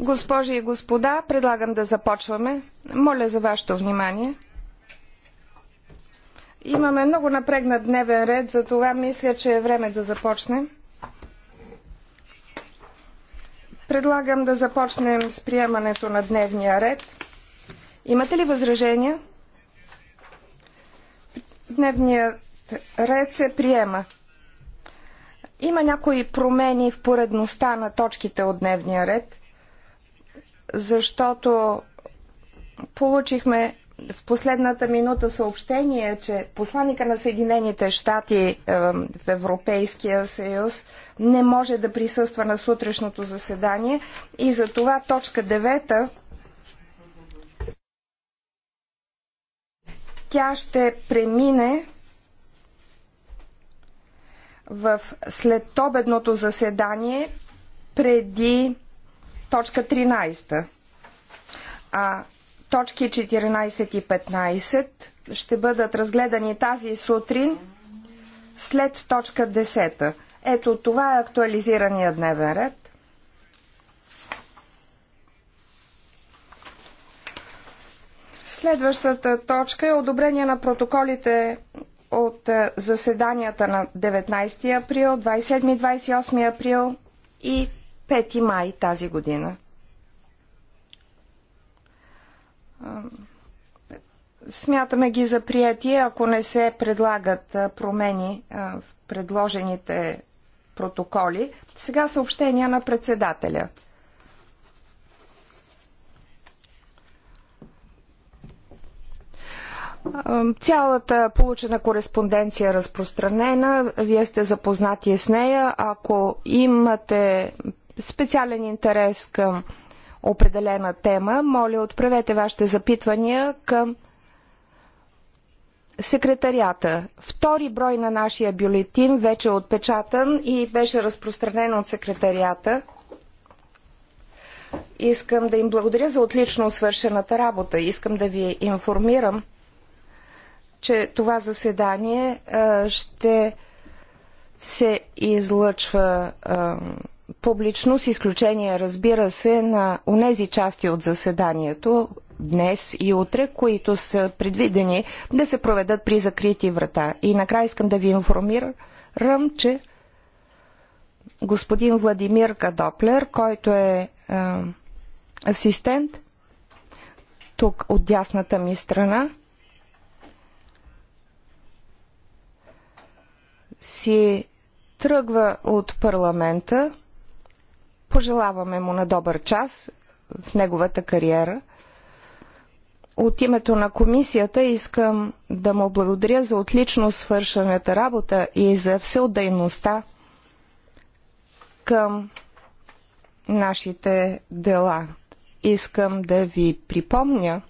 Госпожи и господа, предлагам да започваме. Моля за вашето внимание. Имаме много напрегнат дневен ред, за това мисля, че е време да започнем. Предлагам да започнем с приемането на дневния ред. Имате ли възражения? Дневният ред се приема. Има някои промени в поредността на точките от дневния ред, защото получихме в последната минута съобщение, че посланника на Съединените щати е, в Европейския съюз не може да присъства на сутрешното заседание и за това точка 9 тя ще премине в следобедното заседание преди точка 13. А точки 14 и 15 ще бъдат разгледани тази сутрин след точка 10. Ето това е актуализирания дневен ред. Следващата точка е одобрение на протоколите заседанията на 19 април, 27, 28 април и 5 май тази година. Смятаме ги за прияти, ако не се предлагат промени в предложените протоколи. Сега съобщения на председателя. Цялата получена кореспонденция е разпространена. Вие сте запознати с нея. Ако имате специален интерес към определена тема, моля отправете вашите запитвания към секретарията. Втори брой на нашия бюлетин вече е отпечатан и беше разпространен от секретарията. Искам да им благодаря за отлично свършената работа. Искам да ви информирам, че това заседание ще се излъчва публично, с изключение, разбира се, на онези части от заседанието днес и утре, които са предвидени да се проведат при закрити врата. И накрая искам да ви информирам, че господин Владимир Кадоплер, който е асистент тук от дясната ми страна, си тръгва от парламента. Пожелаваме му на добър час в неговата кариера. От името на комисията искам да му благодаря за отлично свършената работа и за всеотдайността към нашите дела. Искам да ви припомня,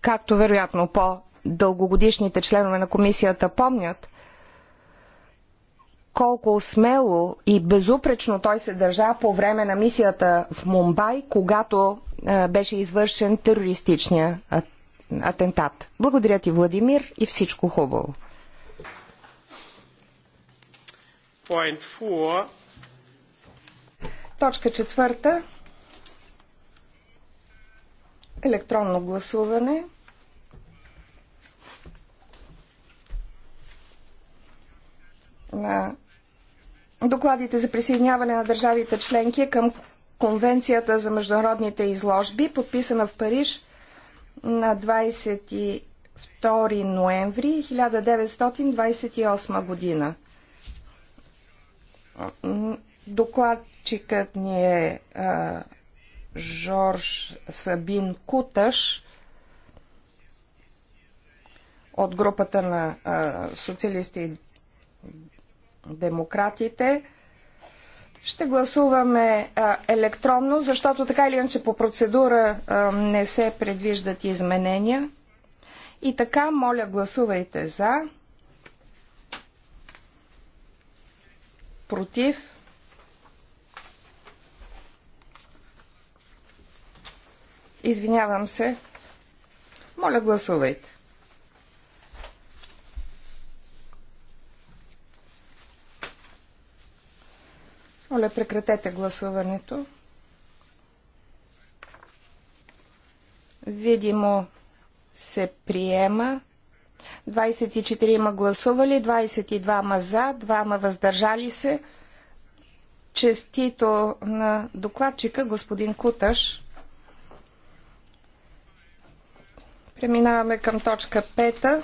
както вероятно по дългогодишните членове на комисията помнят, колко смело и безупречно той се държа по време на мисията в Мумбай, когато е, беше извършен терористичния атентат. Благодаря ти, Владимир, и всичко хубаво. Точка четвърта. Електронно гласуване. на докладите за присъединяване на държавите членки е към Конвенцията за международните изложби, подписана в Париж на 22 ноември 1928 година. Докладчикът ни е а, Жорж Сабин Куташ от групата на а, социалисти и демократите. Ще гласуваме а, електронно, защото така или иначе по процедура а, не се предвиждат изменения. И така, моля, гласувайте за. Против. Извинявам се. Моля, гласувайте. прекратете гласуването. Видимо се приема. 24 ма гласували, 22 ма за, 2 ма въздържали се. Честито на докладчика, господин Куташ. Преминаваме към точка 5.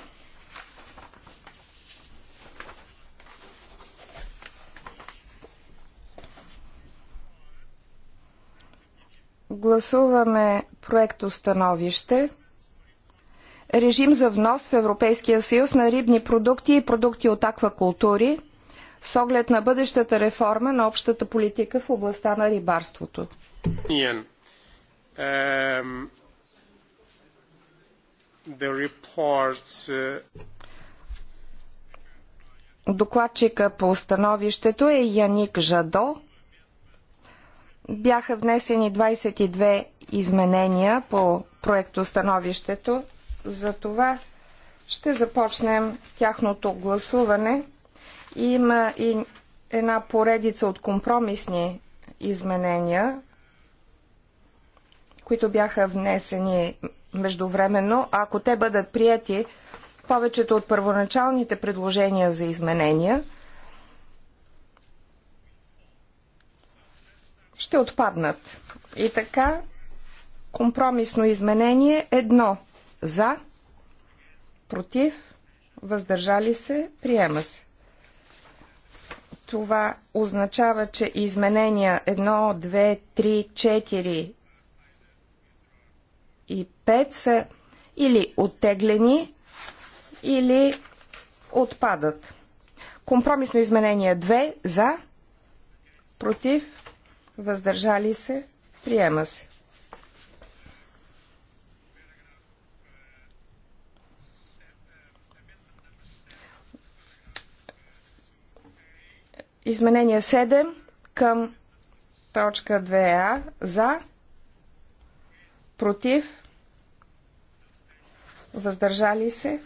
гласуваме проекто становище режим за внос в Европейския съюз на рибни продукти и продукти от аквакултури с оглед на бъдещата реформа на общата политика в областта на рибарството. Е, Докладчика по становището е Яник Жадо. Бяха внесени 22 изменения по проектостановището. За това ще започнем тяхното гласуване. Има и една поредица от компромисни изменения, които бяха внесени междувременно. Ако те бъдат прияти, повечето от първоначалните предложения за изменения – ще отпаднат. И така, компромисно изменение едно за, против, въздържали се, приема се. Това означава, че изменения 1, 2, 3, 4 и 5 са или оттеглени, или отпадат. Компромисно изменение 2 за, против, въздържали се, приема се. Изменение 7 към точка 2а за, против, въздържали се,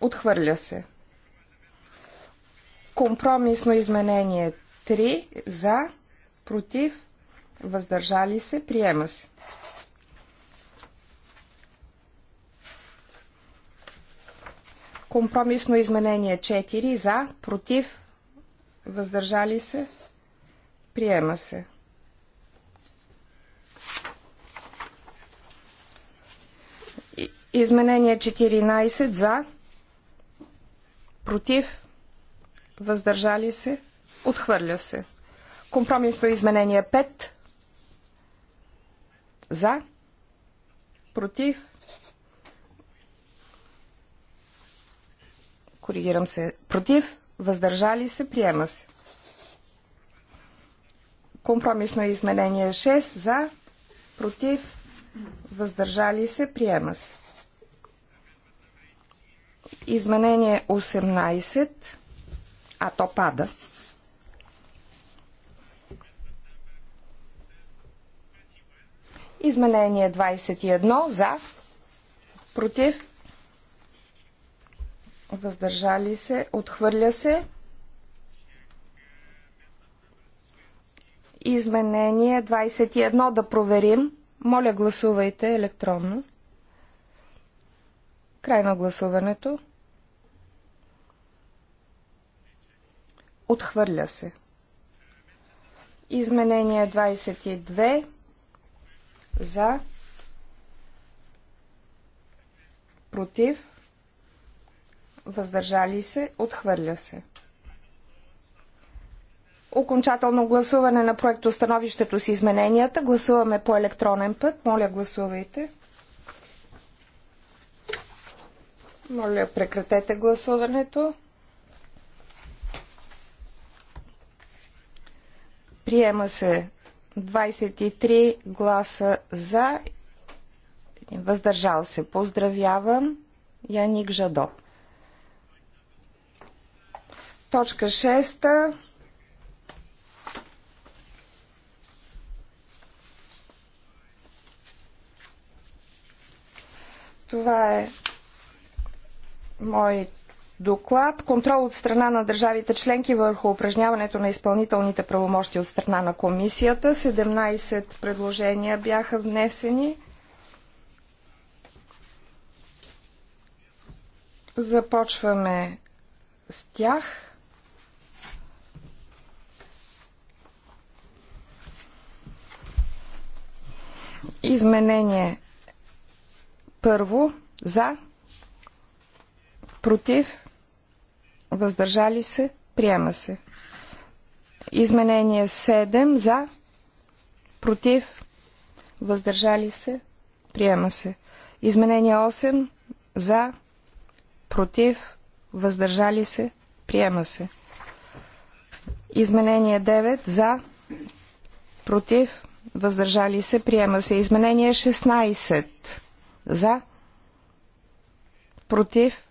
отхвърля се. Компромисно изменение 3 за, против, въздържали се, приема се. Компромисно изменение 4 за, против, въздържали се, приема се. Изменение 14 за, против, въздържали се, отхвърля се. Компромисно изменение 5 за. Против. Коригирам се. Против. Въздържали се. Приема се. Компромисно изменение 6. За. Против. Въздържали се. Приема се. Изменение 18. А то пада. Изменение 21 за, против, въздържали се, отхвърля се. Изменение 21 да проверим. Моля, гласувайте електронно. Край на гласуването. Отхвърля се. Изменение 22 за, против, въздържали се, отхвърля се. Окончателно гласуване на проекто становището с измененията. Гласуваме по електронен път. Моля, гласувайте. Моля, прекратете гласуването. Приема се 23 гласа за, въздържал се. Поздравявам Яник Жадо. Точка 6. Това е моят доклад контрол от страна на държавите членки върху упражняването на изпълнителните правомощи от страна на комисията. 17 предложения бяха внесени. Започваме с тях. Изменение първо за, против, въздържали се, приема се. Изменение 7 за, против, въздържали се, приема се. Изменение 8 за, против, въздържали се, приема се. Изменение 9 за, против, въздържали се, приема се. Изменение 16 за, против,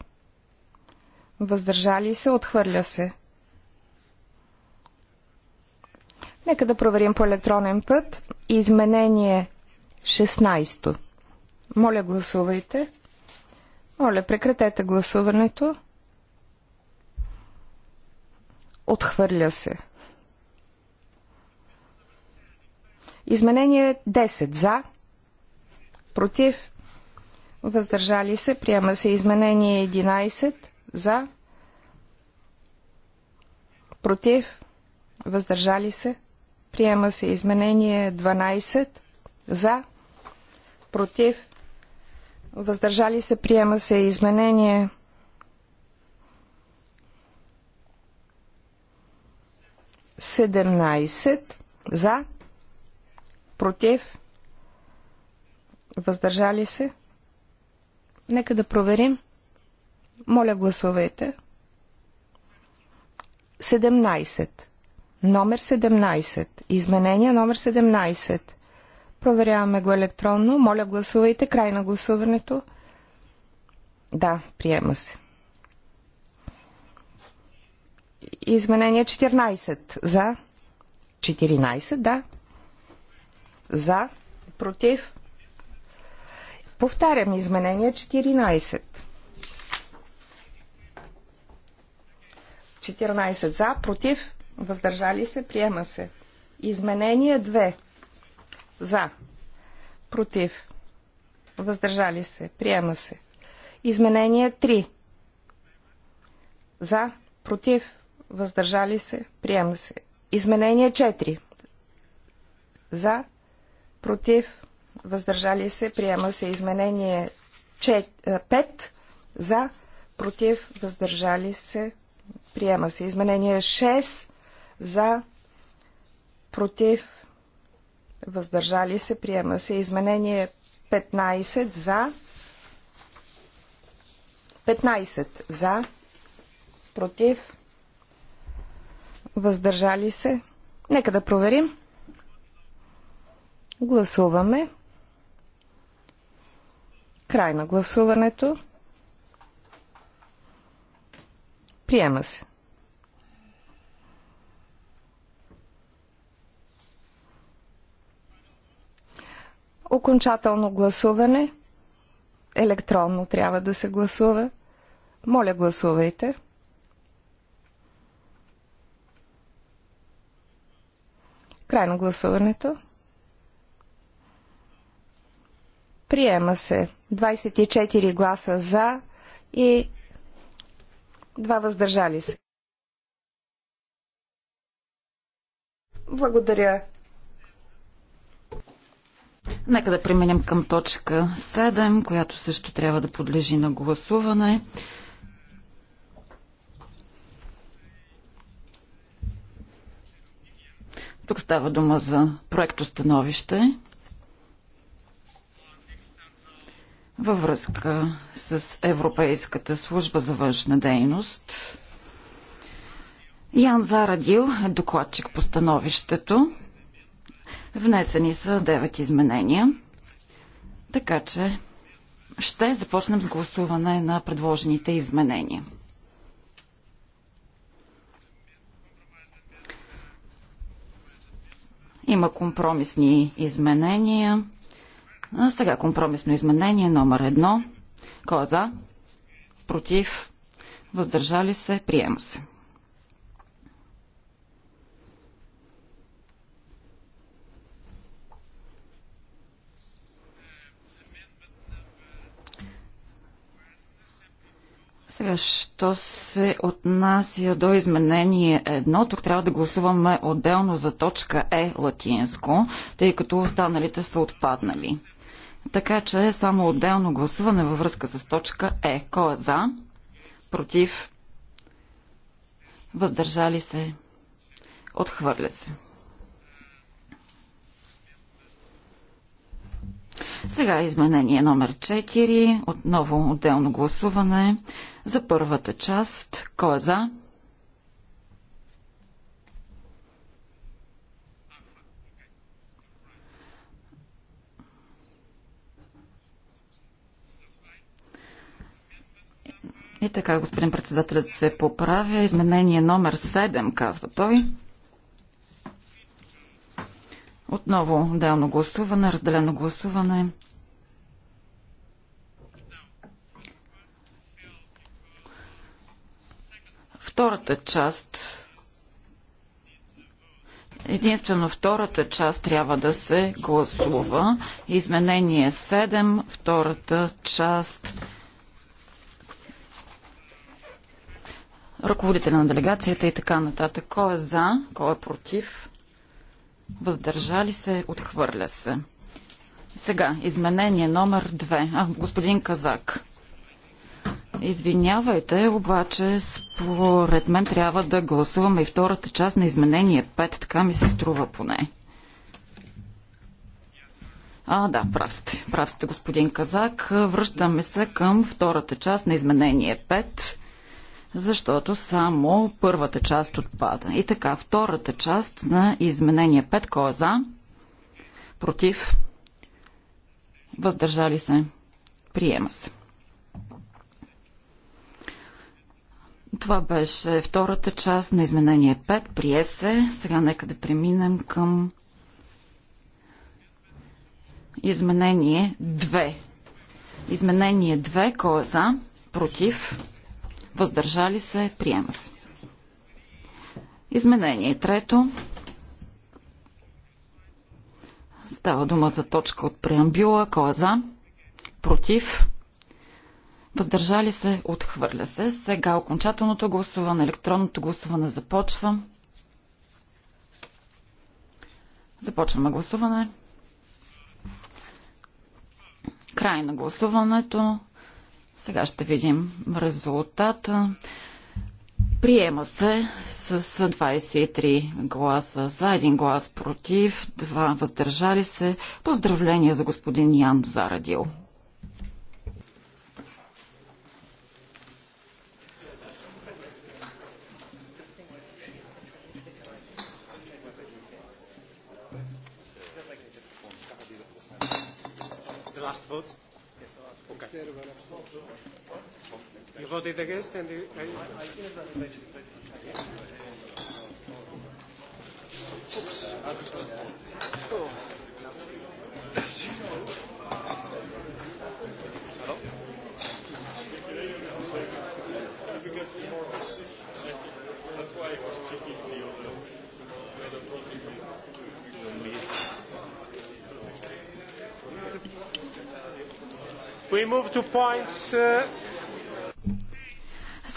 въздържали се, отхвърля се. Нека да проверим по електронен път изменение 16. Моля, гласувайте. Моля, прекратете гласуването. Отхвърля се. Изменение 10 за, против, въздържали се, приема се изменение 11 за. Против. Въздържали се. Приема се изменение 12. За. Против. Въздържали се. Приема се изменение 17. За. Против. Въздържали се. Нека да проверим. Моля, гласувайте. 17. Номер 17. Изменение номер 17. Проверяваме го електронно. Моля, гласувайте. Край на гласуването. Да, приема се. Изменение 14. За. 14, да. За. Против. Повтарям изменение 14. 14 за, против, въздържали се, приема се. Изменение 2 за, против, въздържали се, приема се. Изменение 3 за, против, въздържали се, приема се. Изменение 4 за, против, въздържали се, приема се. Изменение 5 е, за, против, въздържали се, Приема се. Изменение 6 за, против, въздържали се. Приема се. Изменение 15 за, 15 за, против, въздържали се. Нека да проверим. Гласуваме. Край на гласуването. Приема се. Окончателно гласуване. Електронно трябва да се гласува. Моля, гласувайте. Край на гласуването. Приема се 24 гласа за и 2 въздържали се. Благодаря Нека да преминем към точка 7, която също трябва да подлежи на гласуване. Тук става дума за проектостановище във връзка с Европейската служба за външна дейност. Ян Зарадил е докладчик по становището. Внесени са 9 изменения, така че ще започнем с гласуване на предложените изменения. Има компромисни изменения. А сега компромисно изменение номер едно. Кой е за? Против? Въздържали се? Приема се. Сега, що се отнася до изменение едно, тук трябва да гласуваме отделно за точка Е латинско, тъй като останалите са отпаднали. Така че е само отделно гласуване във връзка с точка Е. Кой е за? Против? Въздържали се? Отхвърля се. Сега изменение номер 4, отново отделно гласуване за първата част. Кой е за? И така, господин председателят се поправя. Изменение номер 7, казва той. Отново отделно гласуване, разделено гласуване. Втората част Единствено втората част трябва да се гласува. Изменение 7, втората част. Ръководителя на делегацията и така нататък. Кой е за, кой е против? въздържали се, отхвърля се. Сега, изменение номер 2. А, господин Казак. Извинявайте, обаче според мен трябва да гласуваме и втората част на изменение 5. Така ми се струва поне. А, да, прав сте. Прав сте, господин Казак. Връщаме се към втората част на изменение 5 защото само първата част отпада. И така, втората част на изменение 5 кой е за, против, въздържали се, приема се. Това беше втората част на изменение 5. Прие се. Сега нека да преминем към изменение 2. Изменение 2. Кой е за? Против? въздържали се, приема се. Изменение трето. Става дума за точка от преамбюла. Кой е за? Против? Въздържали се? Отхвърля се. Сега окончателното гласуване, електронното гласуване започва. Започваме гласуване. Край на гласуването. Сега ще видим резултата. Приема се с 23 гласа за, един глас против, два въздържали се. Поздравления за господин Ян Зарадил. You voted against and you, I, Oops. Oh. Merci. That's why it was tricky for the a project with We move to points. Uh,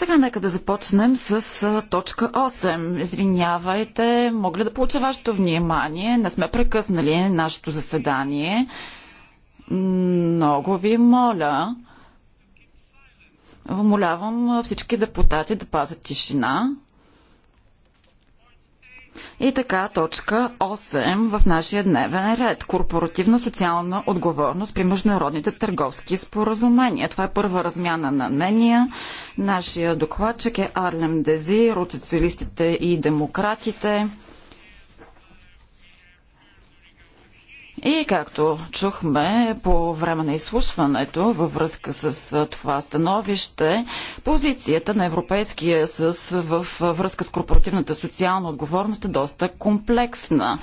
сега нека да започнем с точка 8. Извинявайте, мога ли да получа вашето внимание? Не сме прекъснали нашето заседание. Много ви моля. Умолявам всички депутати да пазят тишина. И така, точка 8 в нашия дневен ред. Корпоративна социална отговорност при международните търговски споразумения. Това е първа размяна на мнения. Нашия докладчик е Арлем Дезир от социалистите и демократите. И както чухме по време на изслушването във връзка с това становище, позицията на Европейския съюз в връзка с корпоративната социална отговорност е доста комплексна.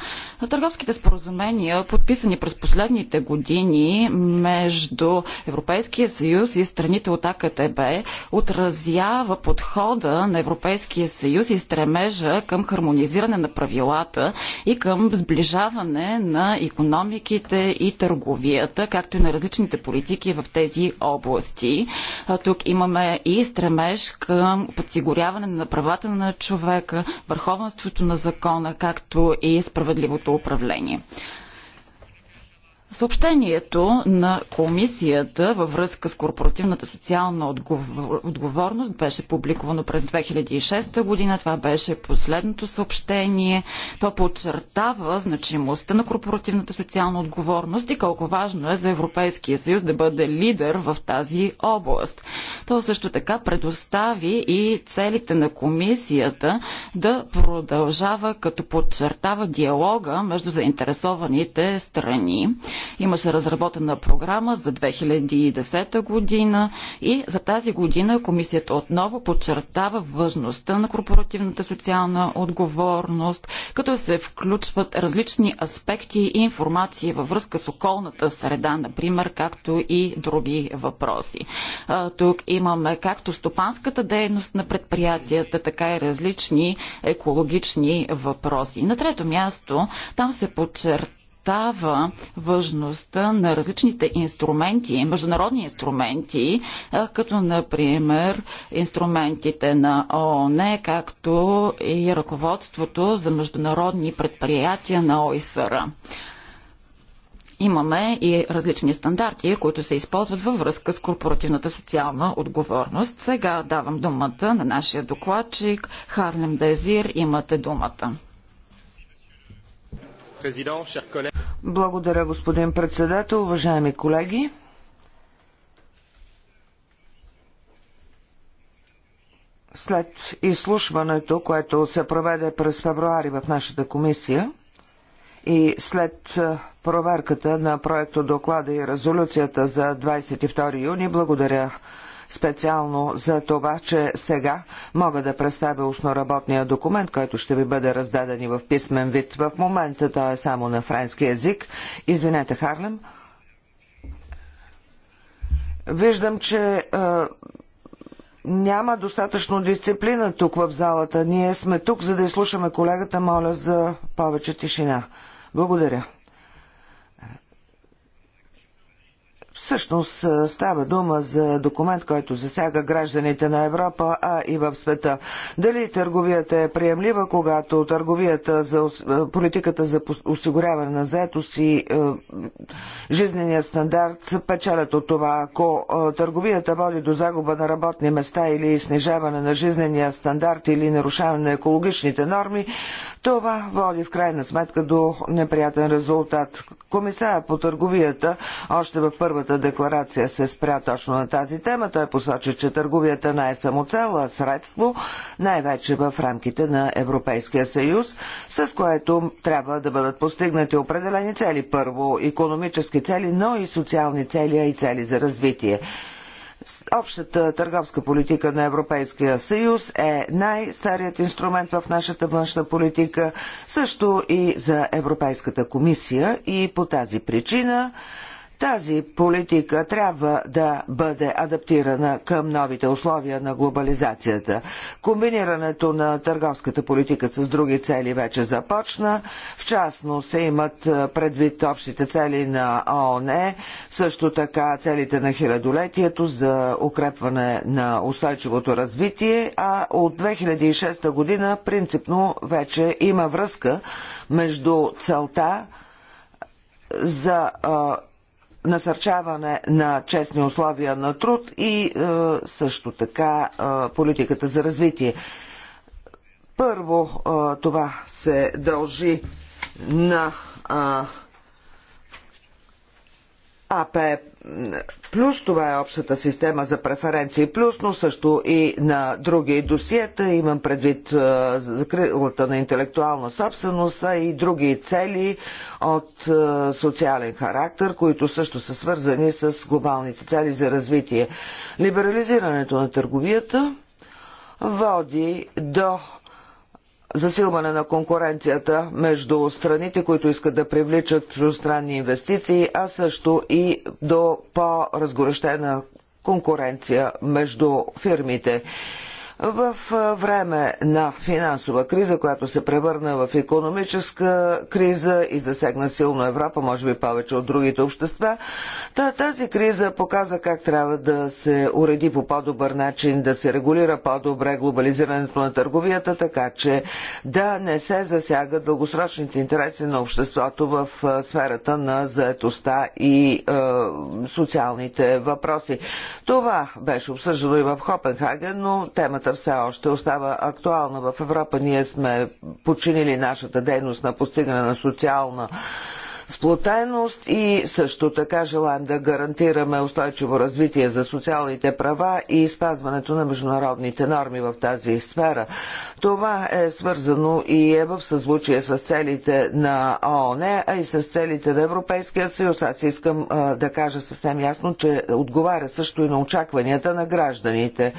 Търговските споразумения, подписани през последните години между Европейския съюз и страните от АКТБ, отразява подхода на Европейския съюз и стремежа към хармонизиране на правилата и към сближаване на економиката економиките и търговията, както и на различните политики в тези области. Тук имаме и стремеж към подсигуряване на правата на човека, върховенството на закона, както и справедливото управление. Съобщението на комисията във връзка с корпоративната социална отговорност беше публикувано през 2006 година. Това беше последното съобщение. То подчертава значимостта на корпоративната социална отговорност и колко важно е за Европейския съюз да бъде лидер в тази област. То също така предостави и целите на комисията да продължава като подчертава диалога между заинтересованите страни Имаше разработена програма за 2010 година и за тази година комисията отново подчертава важността на корпоративната социална отговорност, като се включват различни аспекти и информации във връзка с околната среда, например, както и други въпроси. Тук имаме както стопанската дейност на предприятията, така и различни екологични въпроси. На трето място там се подчертава подчертава важността на различните инструменти, международни инструменти, като например инструментите на ООН, както и ръководството за международни предприятия на ОИСР. Имаме и различни стандарти, които се използват във връзка с корпоративната социална отговорност. Сега давам думата на нашия докладчик Харлем Дезир. Имате думата. Благодаря, господин председател, уважаеми колеги. След изслушването, което се проведе през февруари в нашата комисия и след проверката на проекто доклада и резолюцията за 22 юни, благодаря специално за това, че сега мога да представя основработния документ, който ще ви бъде раздаден и в писмен вид. В момента той е само на френски язик. Извинете, Харлем. Виждам, че няма достатъчно дисциплина тук в залата. Ние сме тук, за да изслушаме колегата. Моля за повече тишина. Благодаря. Всъщност става дума за документ, който засяга гражданите на Европа, а и в света. Дали търговията е приемлива, когато търговията за политиката за осигуряване на заетост и е, жизнения стандарт печелят от това. Ако търговията води до загуба на работни места или снижаване на жизнения стандарт или нарушаване на екологичните норми, това води в крайна сметка до неприятен резултат. Комисая по търговията още в първата декларация се спря точно на тази тема. Той посочи, че търговията не е самоцел, а средство, най-вече в рамките на Европейския съюз, с което трябва да бъдат постигнати определени цели. Първо, економически цели, но и социални цели, а и цели за развитие. Общата търговска политика на Европейския съюз е най-старият инструмент в нашата външна политика, също и за Европейската комисия и по тази причина тази политика трябва да бъде адаптирана към новите условия на глобализацията. Комбинирането на търговската политика с други цели вече започна. В частност се имат предвид общите цели на ООН, също така целите на хилядолетието за укрепване на устойчивото развитие, а от 2006 година принципно вече има връзка между целта за а, насърчаване на честни условия на труд и е, също така е, политиката за развитие. Първо, е, това се дължи на АП плюс, това е общата система за преференции плюс, но също и на други досиета, имам предвид закрилата на интелектуална собственост, и други цели, от е, социален характер, които също са свързани с глобалните цели за развитие. Либерализирането на търговията води до засилване на конкуренцията между страните, които искат да привличат чуждестранни инвестиции, а също и до по-разгорещена конкуренция между фирмите. В време на финансова криза, която се превърна в економическа криза и засегна силно Европа, може би повече от другите общества, тази криза показа как трябва да се уреди по по-добър начин, да се регулира по-добре глобализирането на търговията, така че да не се засягат дългосрочните интереси на обществото в сферата на заетостта и е, социалните въпроси. Това беше обсъждано и в Хопенхаген, но темата темата все още остава актуална. В Европа ние сме починили нашата дейност на постигане на социална сплотеност и също така желаем да гарантираме устойчиво развитие за социалните права и спазването на международните норми в тази сфера. Това е свързано и е в съзвучие с целите на ООН, а и с целите на Европейския съюз. Аз искам а, да кажа съвсем ясно, че отговаря също и на очакванията на гражданите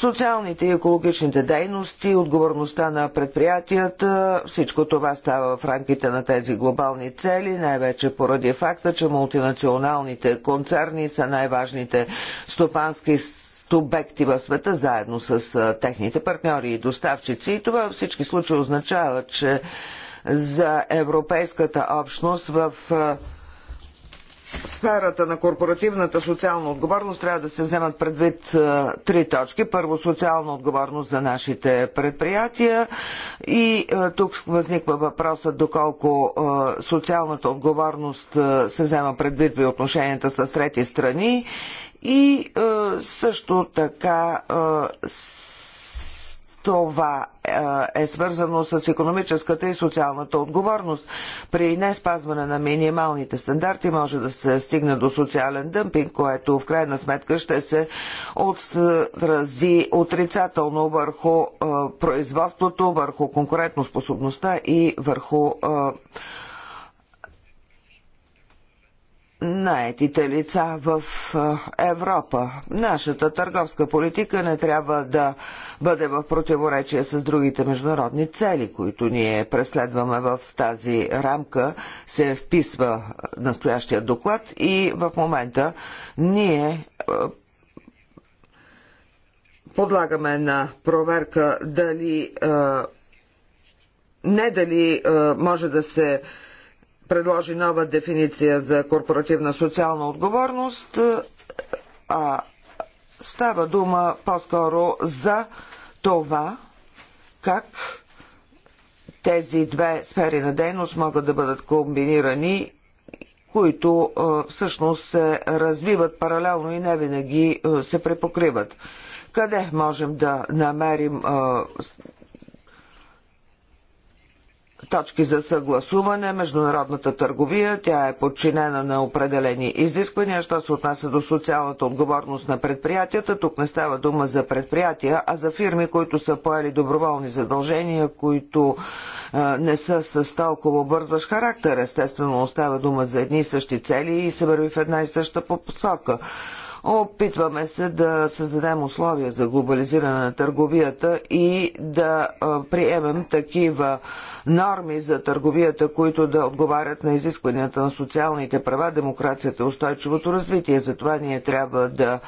социалните и екологичните дейности, отговорността на предприятията, всичко това става в рамките на тези глобални цели, най-вече поради факта, че мултинационалните концерни са най-важните стопански обекти в света, заедно с техните партньори и доставчици. И това във всички случаи означава, че за Европейската общност в сферата на корпоративната социална отговорност трябва да се вземат предвид е, три точки. Първо, социална отговорност за нашите предприятия и е, тук възниква въпросът доколко е, социалната отговорност се взема предвид при отношенията с трети страни и също така това е, е свързано с економическата и социалната отговорност. При не спазване на минималните стандарти може да се стигне до социален дъмпинг, което в крайна сметка ще се отрази отрицателно върху е, производството, върху конкурентоспособността и върху е, наетите лица в Европа. Нашата търговска политика не трябва да бъде в противоречие с другите международни цели, които ние преследваме в тази рамка, се вписва настоящия доклад и в момента ние подлагаме на проверка дали не дали може да се предложи нова дефиниция за корпоративна социална отговорност, а става дума по-скоро за това как тези две сфери на дейност могат да бъдат комбинирани, които всъщност се развиват паралелно и не винаги се препокриват. Къде можем да намерим точки за съгласуване, международната търговия, тя е подчинена на определени изисквания, що се отнася до социалната отговорност на предприятията. Тук не става дума за предприятия, а за фирми, които са поели доброволни задължения, които не са с толкова обързваш характер. Естествено, остава дума за едни и същи цели и се върви в една и съща посока. Опитваме се да създадем условия за глобализиране на търговията и да приемем такива норми за търговията, които да отговарят на изискванията на социалните права, демокрацията и устойчивото развитие. Затова ние трябва да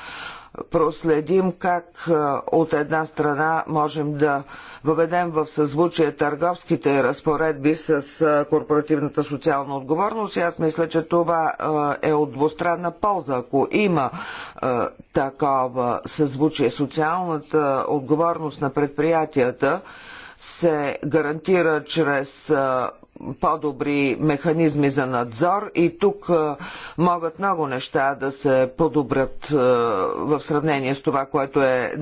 проследим как от една страна можем да въведем в съзвучие търговските разпоредби с корпоративната социална отговорност. И аз мисля, че това е от двустранна полза. Ако има такова съзвучие, социалната отговорност на предприятията се гарантира чрез по-добри механизми за надзор и тук могат много неща да се подобрят в сравнение с това, което е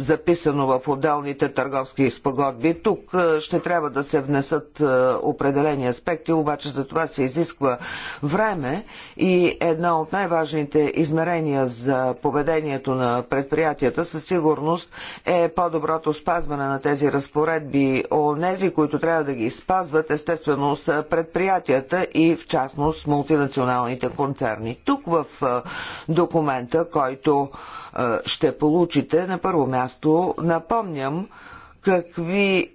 записано в отделните търговски спогодби. Тук е, ще трябва да се внесат е, определени аспекти, обаче за това се изисква време и една от най-важните измерения за поведението на предприятията със сигурност е по-доброто спазване на тези разпоредби. Онези, които трябва да ги спазват, естествено са предприятията и в частност мултинационалните концерни. Тук в е, документа, който ще получите. На първо място напомням какви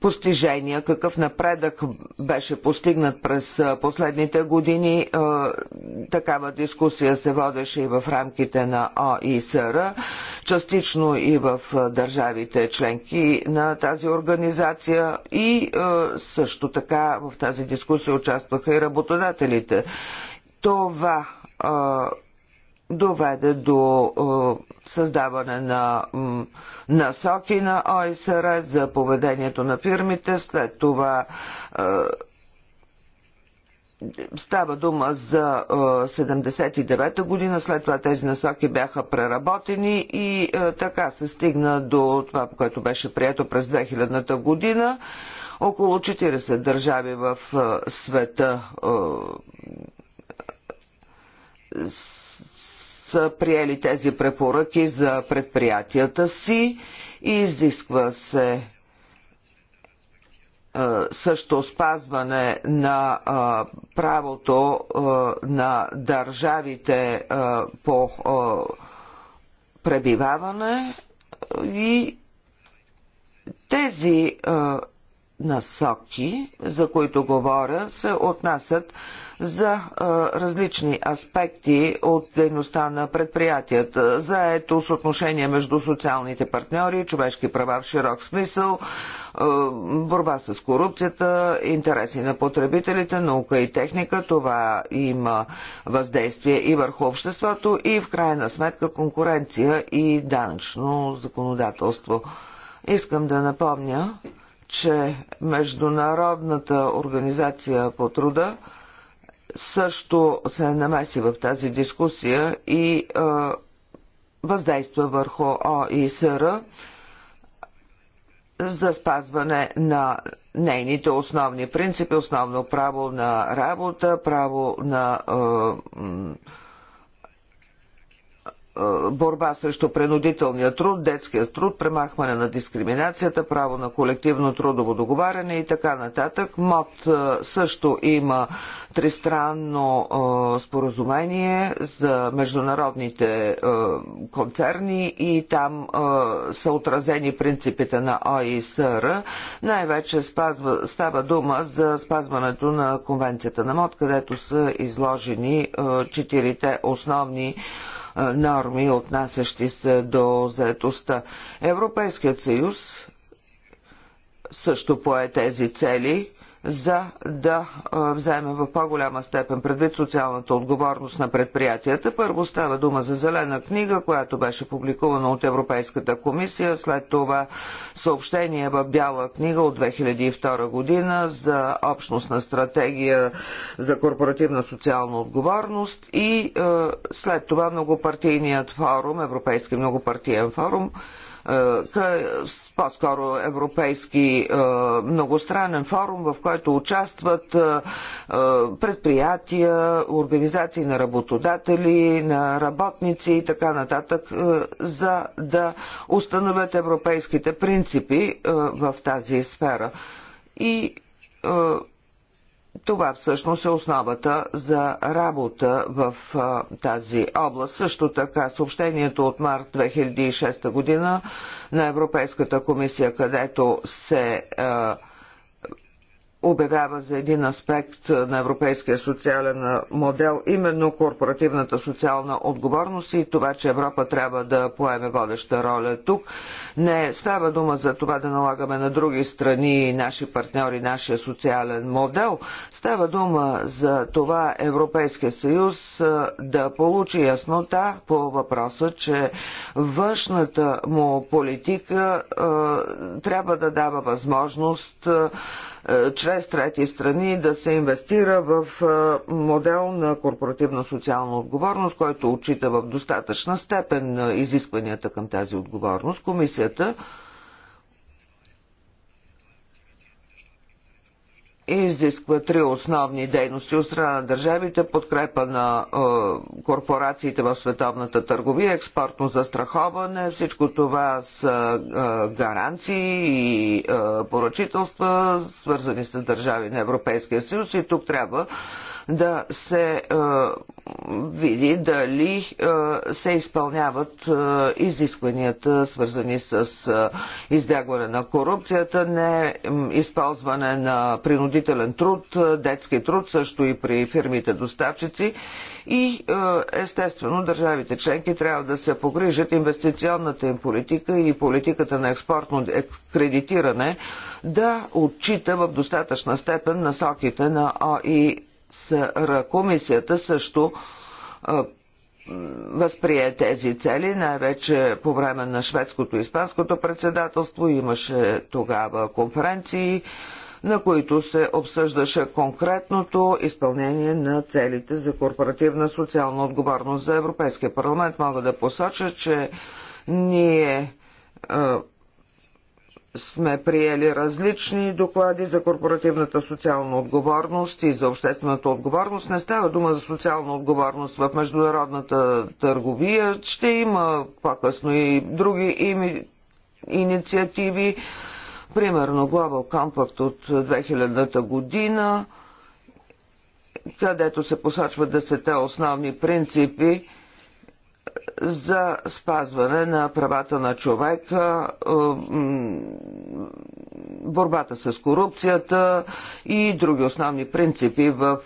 постижения, какъв напредък беше постигнат през последните години. Такава дискусия се водеше и в рамките на ОИСР, частично и в държавите членки на тази организация и също така в тази дискусия участваха и работодателите. Това доведе до създаване на насоки на ОСР за поведението на фирмите. След това Става дума за 79-та година, след това тези насоки бяха преработени и така се стигна до това, което беше прието през 2000-та година. Около 40 държави в света са приели тези препоръки за предприятията си и изисква се също спазване на правото на държавите по пребиваване и тези насоки, за които говоря, се отнасят за различни аспекти от дейността на предприятията. Заето с отношение между социалните партньори, човешки права в широк смисъл, борба с корупцията, интереси на потребителите, наука и техника. Това има въздействие и върху обществото и в крайна сметка конкуренция и данъчно законодателство. Искам да напомня, че Международната организация по труда също се намеси в тази дискусия и а, въздейства върху ОИСР за спазване на нейните основни принципи, основно право на работа, право на а, борба срещу принудителния труд, детския труд, премахване на дискриминацията, право на колективно трудово договаряне и така нататък. МОД също има тристранно споразумение за международните концерни и там са отразени принципите на ОИСР. Най-вече спазва, става дума за спазването на конвенцията на МОД, където са изложени четирите основни норми, отнасящи се до заетостта. Европейският съюз също пое тези цели за да вземе в по-голяма степен предвид социалната отговорност на предприятията. Първо става дума за зелена книга, която беше публикувана от Европейската комисия, след това съобщение в бяла книга от 2002 година за общностна стратегия за корпоративна социална отговорност и след това многопартийният форум, Европейски многопартиен форум, е, е по-скоро европейски е, многостранен форум, в който участват предприятия, организации на работодатели, на работници и така нататък, за да установят европейските принципи в тази сфера. И това всъщност е основата за работа в а, тази област. Също така съобщението от март 2006 година на Европейската комисия, където се а, обявява за един аспект на европейския социален модел, именно корпоративната социална отговорност и това, че Европа трябва да поеме водеща роля тук. Не става дума за това да налагаме на други страни наши партньори нашия социален модел. Става дума за това Европейския съюз да получи яснота по въпроса, че външната му политика трябва да дава възможност е, чрез трети страни да се инвестира в е, модел на корпоративна социална отговорност, който отчита в достатъчна степен е, изискванията към тази отговорност. Комисията изисква три основни дейности от страна на държавите, подкрепа на е, корпорациите в световната търговия, експортно застраховане, всичко това с е, гаранции и е, поръчителства, свързани с държави на Европейския съюз и тук трябва да се е, види дали е, се изпълняват е, изискванията, свързани с е, избягване на корупцията, не е, използване на принудителен труд, е, детски труд, също и при фирмите доставчици. И е, естествено държавите членки трябва да се погрижат инвестиционната им политика и политиката на експортно кредитиране да отчита в достатъчна степен насоките на ОИ комисията също възприе тези цели, най-вече по време на шведското и испанското председателство. Имаше тогава конференции, на които се обсъждаше конкретното изпълнение на целите за корпоративна социална отговорност за Европейския парламент. Мога да посоча, че ние сме приели различни доклади за корпоративната социална отговорност и за обществената отговорност. Не става дума за социална отговорност в международната търговия. Ще има по-късно и други ими, инициативи. Примерно Global Compact от 2000-та година, където се посочват десете основни принципи за спазване на правата на човека, е, борбата с корупцията и други основни принципи в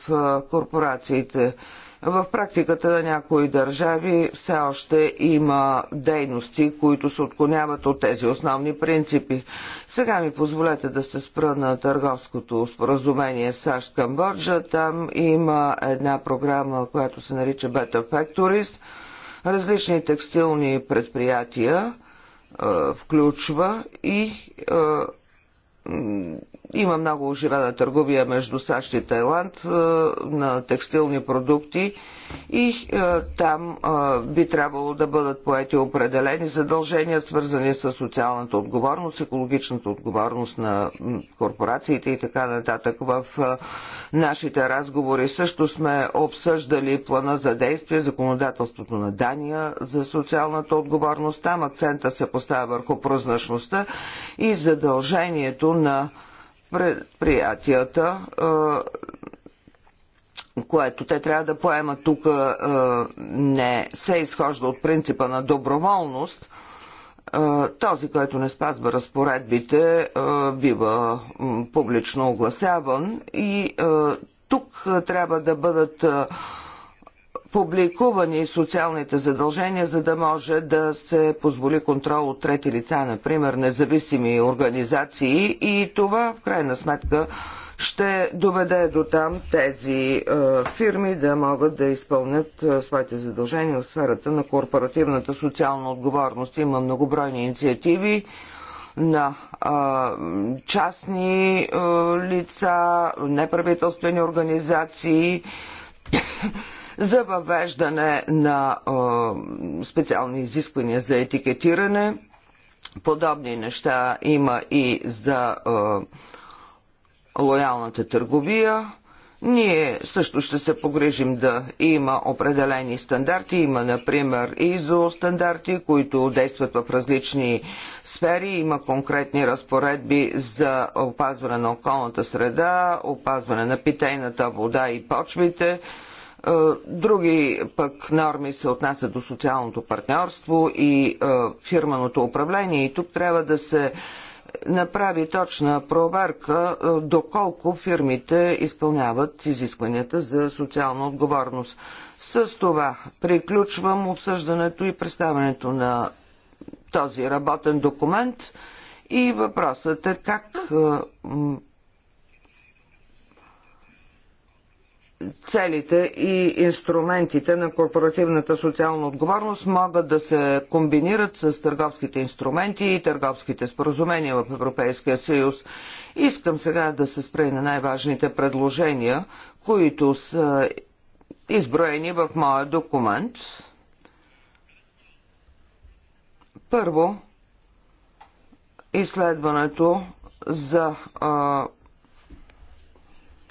е, корпорациите. В практиката на някои държави все още има дейности, които се отклоняват от тези основни принципи. Сега ми позволете да се спра на търговското споразумение САЩ-Камбоджа. Там има една програма, която се нарича Beta Factories – различни текстилни предприятия включва и има много оживена търговия между САЩ и Тайланд е, на текстилни продукти и е, там е, би трябвало да бъдат поети определени задължения, свързани с социалната отговорност, екологичната отговорност на корпорациите и така нататък. В нашите разговори също сме обсъждали плана за действие, законодателството на Дания за социалната отговорност. Там акцента се поставя върху прозначността и задължението на предприятията, е, което те трябва да поемат тук, е, не се изхожда от принципа на доброволност. Е, този, който не спазва разпоредбите, бива публично огласяван и тук трябва да бъдат публикувани социалните задължения, за да може да се позволи контрол от трети лица, например независими организации и това в крайна сметка ще доведе до там тези е, фирми да могат да изпълнят е, своите задължения в сферата на корпоративната социална отговорност. Има многобройни инициативи на а, е, частни а, е, лица, неправителствени организации, за въвеждане на специални изисквания за етикетиране. Подобни неща има и за лоялната търговия. Ние също ще се погрижим да има определени стандарти. Има, например, ИЗО стандарти, които действат в различни сфери. Има конкретни разпоредби за опазване на околната среда, опазване на питейната вода и почвите. Е, други пък норми се отнасят до социалното партньорство и е, фирманото управление. И тук трябва да се направи точна проверка е, доколко фирмите изпълняват изискванията за социална отговорност. С това приключвам обсъждането и представянето на този работен документ и въпросът е как целите и инструментите на корпоративната социална отговорност могат да се комбинират с търговските инструменти и търговските споразумения в Европейския съюз. Искам сега да се спре на най-важните предложения, които са изброени в моя документ. Първо, изследването за а,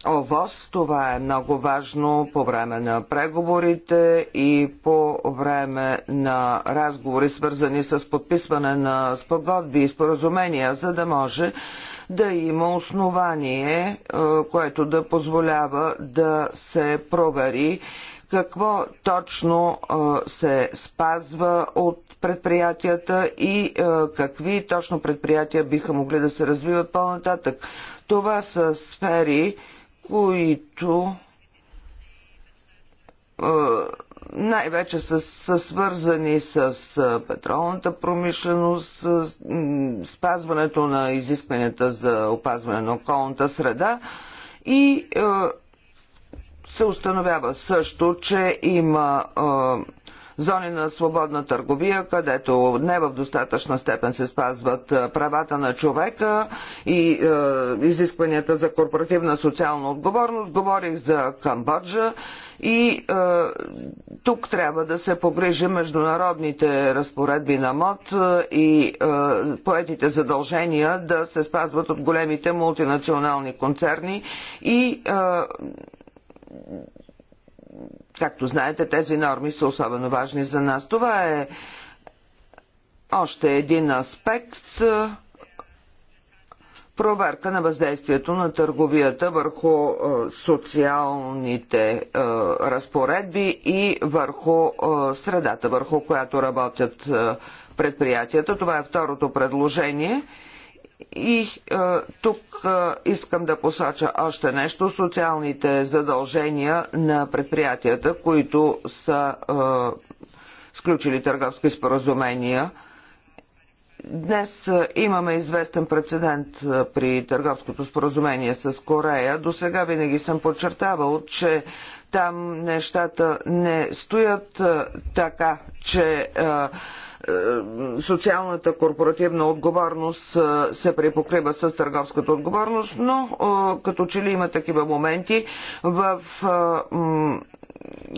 ОВОС. Това е много важно по време на преговорите и по време на разговори, свързани с подписване на спогодби и споразумения, за да може да има основание, е, което да позволява да се провери какво точно е, се спазва от предприятията и е, какви точно предприятия биха могли да се развиват по-нататък. Това са сфери, които най-вече са, са свързани с петролната промишленост, с спазването на изискванията за опазване на околната среда и се установява също, че има зони на свободна търговия, където не в достатъчна степен се спазват правата на човека и е, изискванията за корпоративна социална отговорност. Говорих за Камбоджа и е, тук трябва да се погрижи международните разпоредби на МОД и е, поетите задължения да се спазват от големите мултинационални концерни и е, Както знаете, тези норми са особено важни за нас. Това е още един аспект е, проверка на въздействието на търговията върху е, социалните е, разпоредби и върху средата, върху която работят предприятията. Това е второто предложение. И е, тук е, искам да посоча още нещо. Социалните задължения на предприятията, които са е, сключили търговски споразумения. Днес е, имаме известен прецедент е, при търговското споразумение с Корея. До сега винаги съм подчертавал, че там нещата не стоят е, така, че е, е, социалната корпоративна отговорност е, се препокрива с търговската отговорност, но е, като че ли има такива моменти в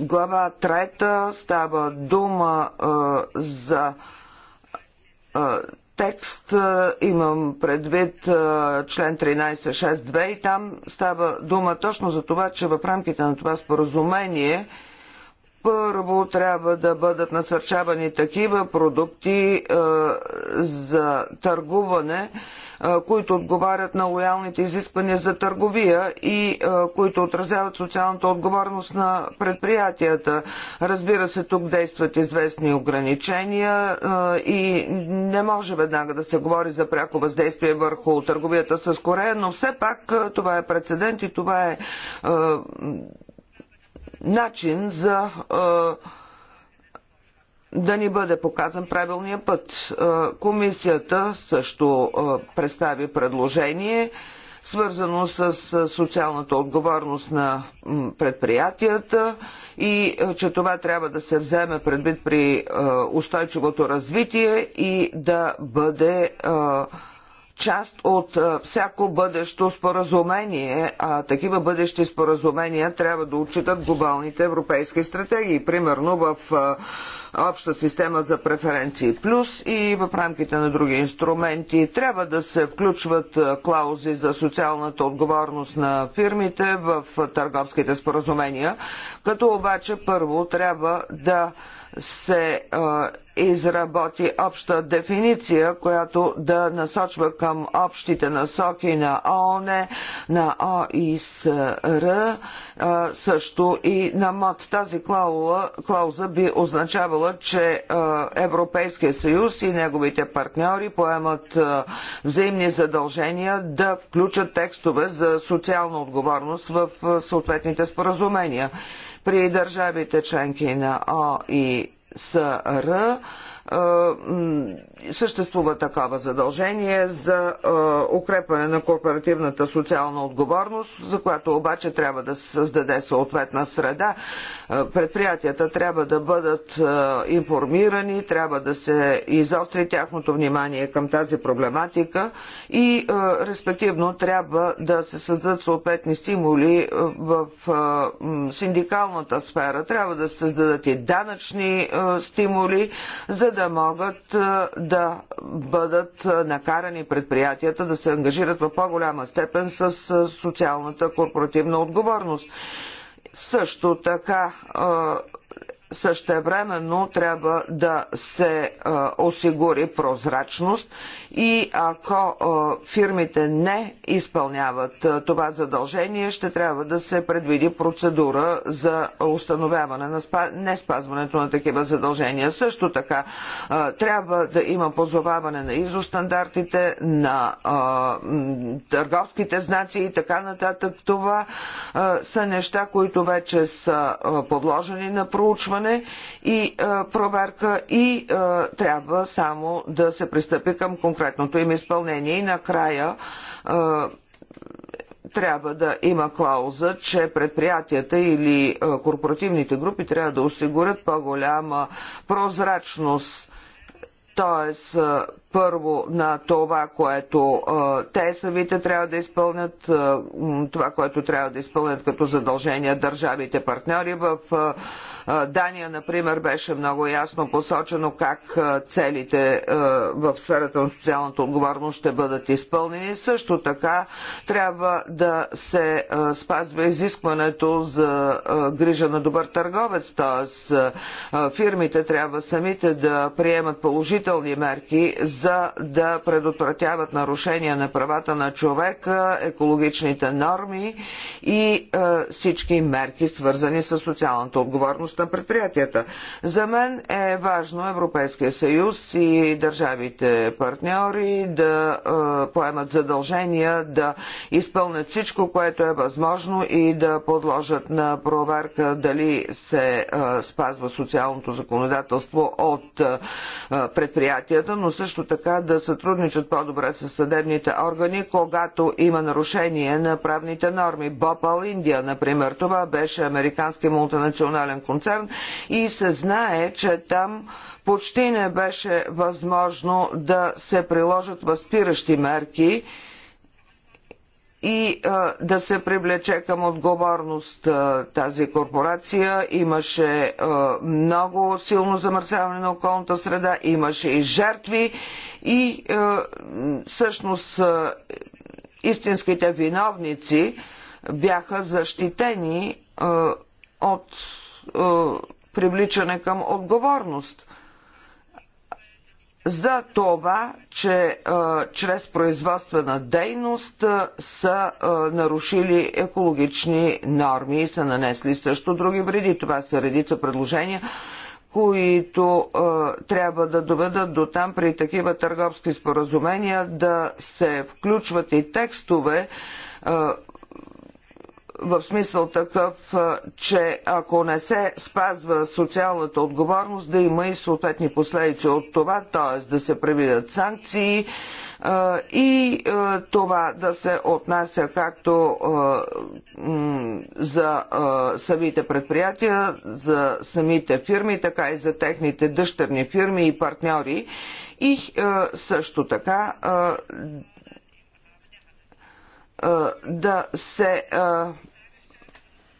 глава 3 става дума за текст, имам предвид член 13.6.2 и там става дума точно за това, че в рамките на това споразумение първо трябва да бъдат насърчавани такива продукти а, е, за търгуване, а, е, които отговарят на лоялните изисквания за търговия и а, е, които отразяват социалната отговорност на предприятията. Разбира се, тук действат известни ограничения и не може веднага да се говори за пряко въздействие върху търговията с Корея, но все пак това е прецедент и това е начин за да ни бъде показан правилния път. Комисията също представи предложение, свързано с социалната отговорност на предприятията и че това трябва да се вземе предвид при устойчивото развитие и да бъде част от всяко бъдещо споразумение, а такива бъдещи споразумения трябва да отчитат глобалните европейски стратегии. Примерно в обща система за преференции плюс и в рамките на други инструменти. Трябва да се включват клаузи за социалната отговорност на фирмите в търговските споразумения, като обаче първо трябва да се изработи обща дефиниция, която да насочва към общите насоки на ООН, на ОИСР, също и на МОД. Тази клауза, клауза би означавала, че Европейския съюз и неговите партньори поемат взаимни задължения да включат текстове за социална отговорност в съответните споразумения. При държавите членки на ОИСР СР съществува такова задължение за е, укрепване на корпоративната социална отговорност, за която обаче трябва да се създаде съответна среда. Е, предприятията трябва да бъдат е, информирани, трябва да се изостри тяхното внимание към тази проблематика и респективно трябва да се създадат съответни стимули в синдикалната сфера. Трябва да се създадат и данъчни стимули, за да могат да бъдат накарани предприятията да се ангажират в по-голяма степен с социалната корпоративна отговорност. Също така същевременно трябва да се осигури прозрачност и ако фирмите не изпълняват това задължение, ще трябва да се предвиди процедура за установяване на неспазването не спазването на такива задължения. Също така трябва да има позоваване на стандартите, на търговските знаци и така нататък. Това са неща, които вече са подложени на проучване и проверка и трябва само да се пристъпи към конкретно конкретното им изпълнение. И накрая трябва да има клауза, че предприятията или корпоративните групи трябва да осигурят по-голяма прозрачност т.е. първо на това, което те самите трябва да изпълнят, това, което трябва да изпълнят като задължения държавите партньори в Дания, например, беше много ясно посочено как целите в сферата на социалната отговорност ще бъдат изпълнени. Също така трябва да се спазва изискването за грижа на добър търговец, т.е. фирмите трябва самите да приемат положителни мерки за да предотвратяват нарушения на правата на човека, екологичните норми и всички мерки, свързани с социалната отговорност дейност на предприятията. За мен е важно Европейския съюз и държавите партньори да поемат задължения да изпълнят всичко, което е възможно и да подложат на проверка дали се спазва социалното законодателство от предприятията, но също така да сътрудничат по-добре с съдебните органи, когато има нарушение на правните норми. Бопал Индия, например, това беше американски мултинационален концерн концерн и се знае, че там почти не беше възможно да се приложат възпиращи мерки и а, да се привлече към отговорност а, тази корпорация. Имаше а, много силно замърсяване на околната среда, имаше и жертви и всъщност истинските виновници бяха защитени от е, привличане към отговорност за това, че а, е, чрез производствена дейност а, е, са а, нарушили екологични норми и са нанесли също други вреди. Това са редица предложения, които а, трябва да доведат до там при такива търговски споразумения да се включват и текстове, а, в смисъл такъв, че ако не се спазва социалната отговорност, да има и съответни последици от това, т.е. да се превидат санкции и това да се отнася както за самите предприятия, за самите фирми, така и за техните дъщерни фирми и партньори. И също така да се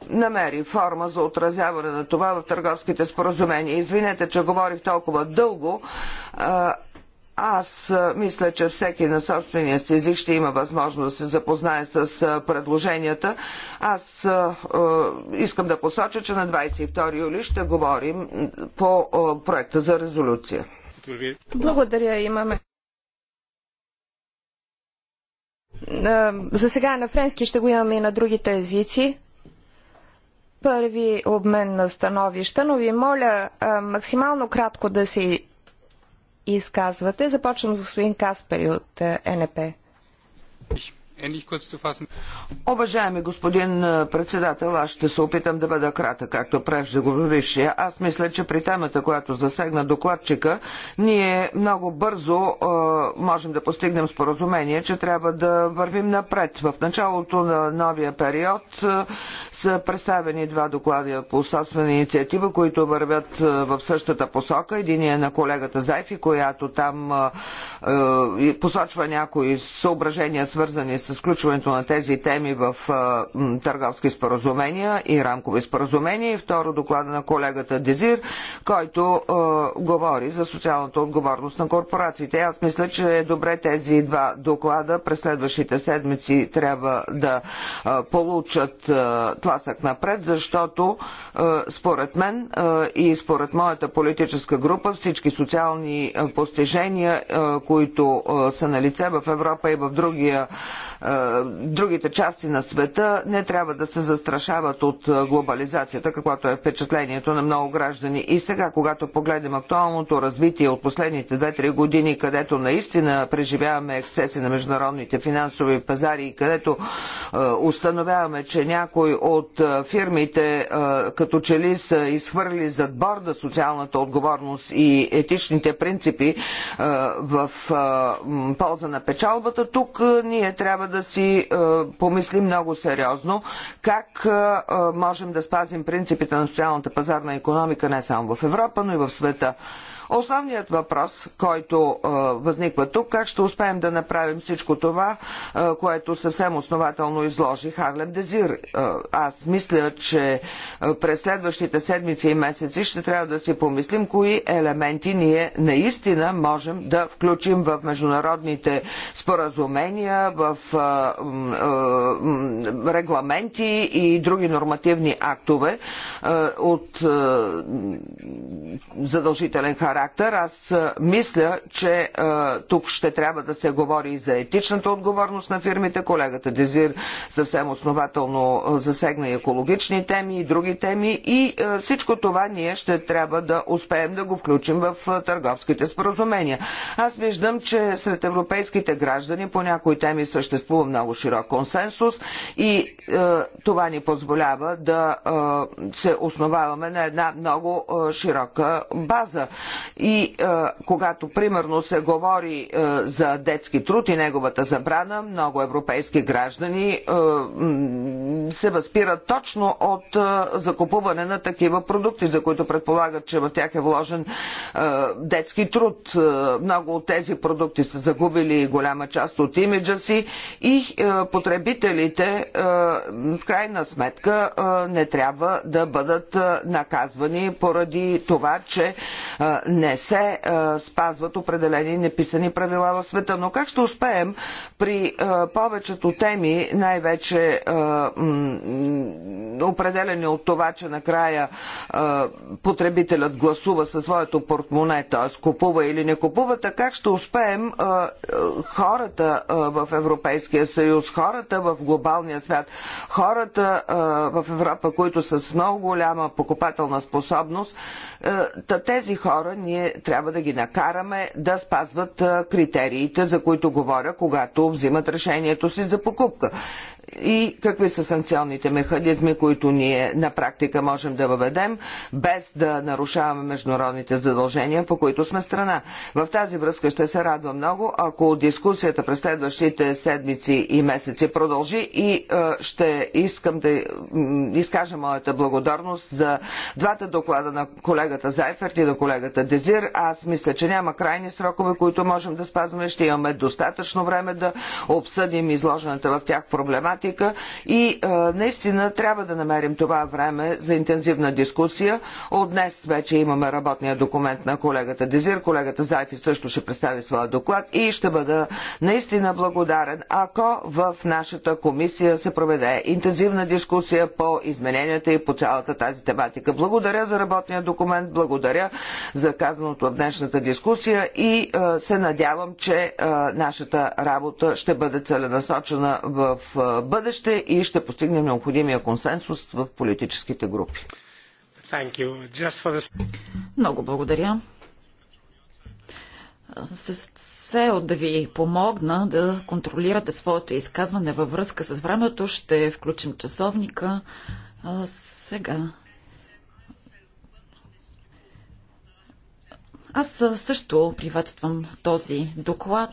намери форма за отразяване на това в търговските споразумения. Извинете, че говорих толкова дълго. Аз мисля, че всеки на собствения си език ще има възможност да се запознае с предложенията. Аз искам да посоча, че на 22 юли ще говорим по проекта за резолюция. Благодаря, имаме. За сега на френски ще го имаме и на другите езици първи обмен на становища, но ви моля а, максимално кратко да си изказвате. Започвам с господин Каспери от НП. Уважаеми господин председател, аз ще се опитам да бъда крата, както преждеговорившия. Аз мисля, че при темата, която засегна докладчика, ние много бързо е, можем да постигнем споразумение, че трябва да вървим напред. В началото на новия период е, са представени два доклада по собствена инициатива, които вървят е, в същата посока. Единият е на колегата Зайфи, която там посочва някои съображения, свързани с с включването на тези теми в търговски споразумения и рамкови споразумения. И второ доклада на колегата Дезир, който говори за социалната отговорност на корпорациите. Аз мисля, че е добре тези два доклада през следващите седмици трябва да получат тласък напред, защото според мен и според моята политическа група всички социални постижения, които са на лице в Европа и в другия другите части на света не трябва да се застрашават от глобализацията, каквото е впечатлението на много граждани. И сега, когато погледнем актуалното развитие от последните 2-3 години, където наистина преживяваме ексцеси на международните финансови пазари и където установяваме, че някои от фирмите като че ли са изхвърли зад борда социалната отговорност и етичните принципи в полза на печалбата, тук ние трябва да си е, помисли много сериозно как е, е, можем да спазим принципите на социалната пазарна економика не само в Европа, но и в света. Основният въпрос, който възниква тук, как ще успеем да направим всичко това, което съвсем основателно изложи Харлем Дезир. Аз мисля, че през следващите седмици и месеци ще трябва да си помислим кои елементи ние наистина можем да включим в международните споразумения, в регламенти и други нормативни актове от задължителен характер характер. Аз мисля, че тук ще трябва да се говори и за етичната отговорност на фирмите. Колегата Дезир съвсем основателно засегна и екологични теми и други теми и всичко това ние ще трябва да успеем да го включим в търговските споразумения. Аз виждам, че сред европейските граждани по някои теми съществува много широк консенсус и това ни позволява да се основаваме на една много широка база. И е, когато примерно се говори е, за детски труд и неговата забрана, много европейски граждани е, се възпират точно от закупуване на такива продукти, за които предполагат, че в тях е вложен детски труд. много от тези продукти са загубили голяма част от имиджа си и потребителите в крайна сметка не трябва да бъдат наказвани поради това, че е, не се а, спазват определени неписани правила в света. Но как ще успеем при а, повечето теми, най-вече е, определени от това, че накрая потребителят гласува със своето портмоне, т.е. купува или не купува, как ще успеем хората в Европейския съюз, хората в глобалния свят, хората в Европа, които са с много голяма покупателна способност, а, тези хора ние трябва да ги накараме да спазват критериите, за които говоря, когато взимат решението си за покупка и какви са санкционните механизми, които ние на практика можем да въведем, без да нарушаваме международните задължения, по които сме страна. В тази връзка ще се радва много, ако дискусията през следващите седмици и месеци продължи и е, ще искам да изкажа моята благодарност за двата доклада на колегата Зайферт и на колегата Дезир. Аз мисля, че няма крайни срокове, които можем да спазваме. Ще имаме достатъчно време да обсъдим изложената в тях проблематика тематика и наистина трябва да намерим това време за интензивна дискусия. От днес вече имаме работния документ на колегата Дезир, колегата Зайфи също ще представи своя доклад и ще бъда наистина благодарен, ако в нашата комисия се проведе интензивна дискусия по измененията и по цялата тази тематика. Благодаря за работния документ, благодаря за казаното в днешната дискусия и се надявам, че нашата работа ще бъде целенасочена в бъдеще и ще постигнем необходимия консенсус в политическите групи. The... Много благодаря. С цел да ви помогна да контролирате своето изказване във връзка с времето, ще включим часовника. сега Аз също приветствам този доклад.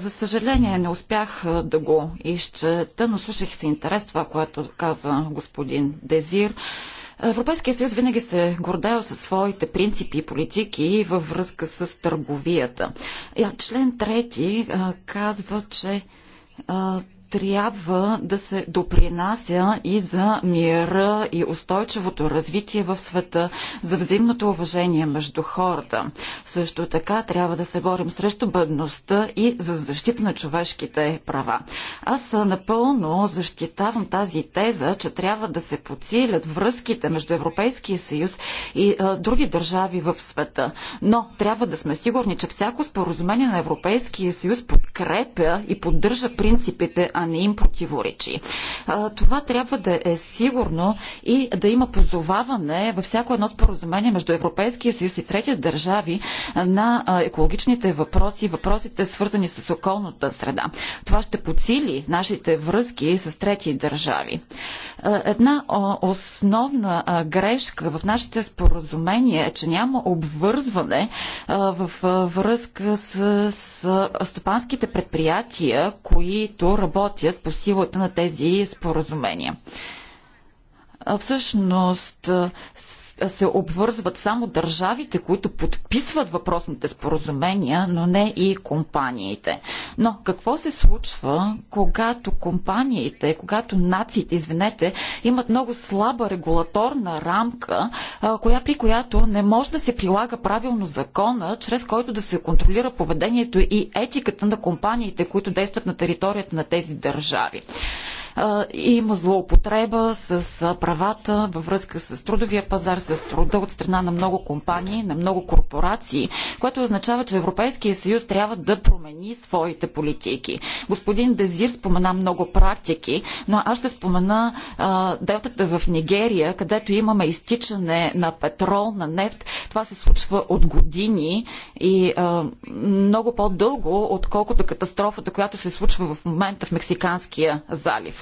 За съжаление не успях да го изчета, но слушах с интерес това, което каза господин Дезир. Европейския съюз винаги се е гордее със своите принципи и политики във връзка с търговията. Член трети казва, че трябва да се допринася и за мира и устойчивото развитие в света, за взаимното уважение между хората. Също така трябва да се борим срещу бъдността и за защита на човешките права. Аз напълно защитавам тази теза, че трябва да се подсилят връзките между Европейския съюз и а, други държави в света. Но трябва да сме сигурни, че всяко споразумение на Европейския съюз подкрепя и поддържа принципите, а не им противоречи. Това трябва да е сигурно и да има позоваване във всяко едно споразумение между Европейския съюз и трети държави на екологичните въпроси, въпросите свързани с околната среда. Това ще подсили нашите връзки с трети държави. Една основна грешка в нашите споразумения е, че няма обвързване в връзка с стопанските предприятия, които работят работят по силата на тези споразумения. Всъщност, се обвързват само държавите, които подписват въпросните споразумения, но не и компаниите. Но какво се случва, когато компаниите, когато нациите, извинете, имат много слаба регулаторна рамка, коя при която не може да се прилага правилно закона, чрез който да се контролира поведението и етиката на компаниите, които действат на територията на тези държави? Има злоупотреба с правата във връзка с трудовия пазар, с труда от страна на много компании, на много корпорации, което означава, че Европейския съюз трябва да промени своите политики. Господин Дезир спомена много практики, но аз ще спомена а, делтата в Нигерия, където имаме изтичане на петрол, на нефт. Това се случва от години и а, много по-дълго, отколкото катастрофата, която се случва в момента в Мексиканския залив.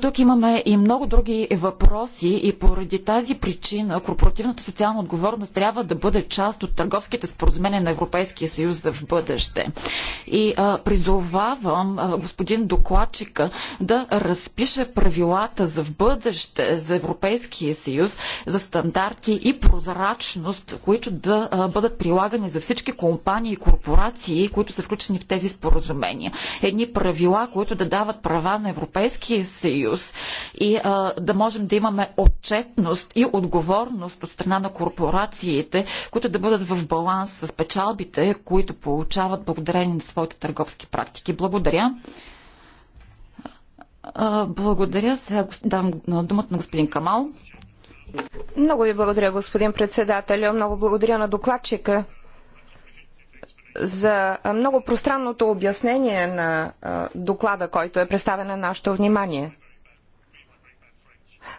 Тук имаме и много други въпроси и поради тази причина корпоративната социална отговорност трябва да бъде част от търговските споразумения на Европейския съюз за в бъдеще. И а, призовавам а, господин докладчика да разпише правилата за в бъдеще за Европейския съюз за стандарти и прозрачност, които да а, бъдат прилагани за всички компании и корпорации, които са включени в тези споразумения. Едни правила, които да дават права на Европейския съюз съюз и а, да можем да имаме отчетност и отговорност от страна на корпорациите, които да бъдат в баланс с печалбите, които получават благодарение на своите търговски практики. Благодаря. А, благодаря. Сега дам думата на господин Камал. Много ви благодаря, господин председател. Много благодаря на докладчика за много пространното обяснение на доклада, който е представен на нашето внимание.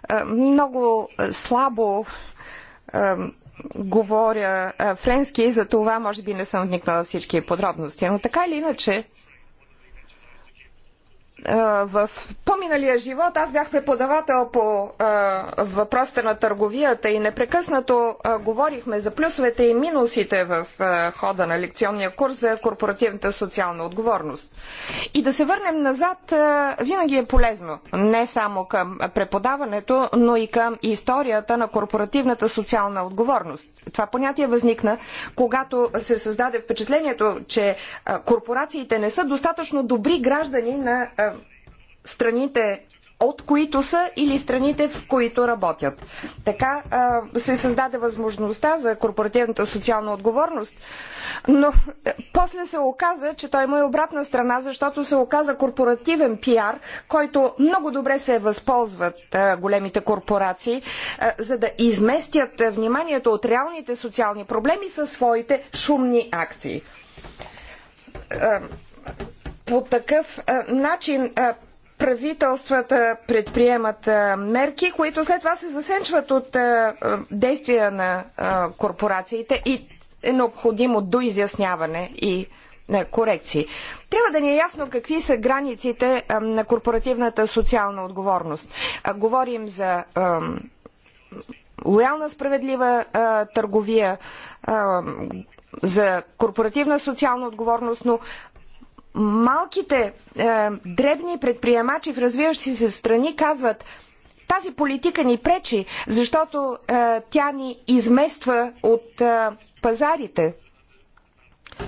Е, много слабо е, говоря френски и за това може би не съм вникнала всички подробности, но така или иначе в по-миналия живот аз бях преподавател по въпросите на търговията и непрекъснато говорихме за плюсовете и минусите в хода на лекционния курс за корпоративната социална отговорност. И да се върнем назад винаги е полезно не само към преподаването, но и към историята на корпоративната социална отговорност. Това понятие възникна, когато се създаде впечатлението, че корпорациите не са достатъчно добри граждани на страните от които са или страните, в които работят. Така а, се създаде възможността за корпоративната социална отговорност, но е, после се оказа, че той има и обратна страна, защото се оказа корпоративен пиар, който много добре се възползват а, големите корпорации, а, за да изместят вниманието от реалните социални проблеми със своите шумни акции. А, е, по такъв а, е, начин а, правителствата предприемат мерки, които след това се засенчват от действия на корпорациите и е необходимо доизясняване и корекции. Трябва да ни е ясно какви са границите на корпоративната социална отговорност. Говорим за лоялна справедлива търговия, за корпоративна социална отговорност, но малките е, дребни предприемачи в развиващи се страни казват тази политика ни пречи, защото е, тя ни измества от е, пазарите.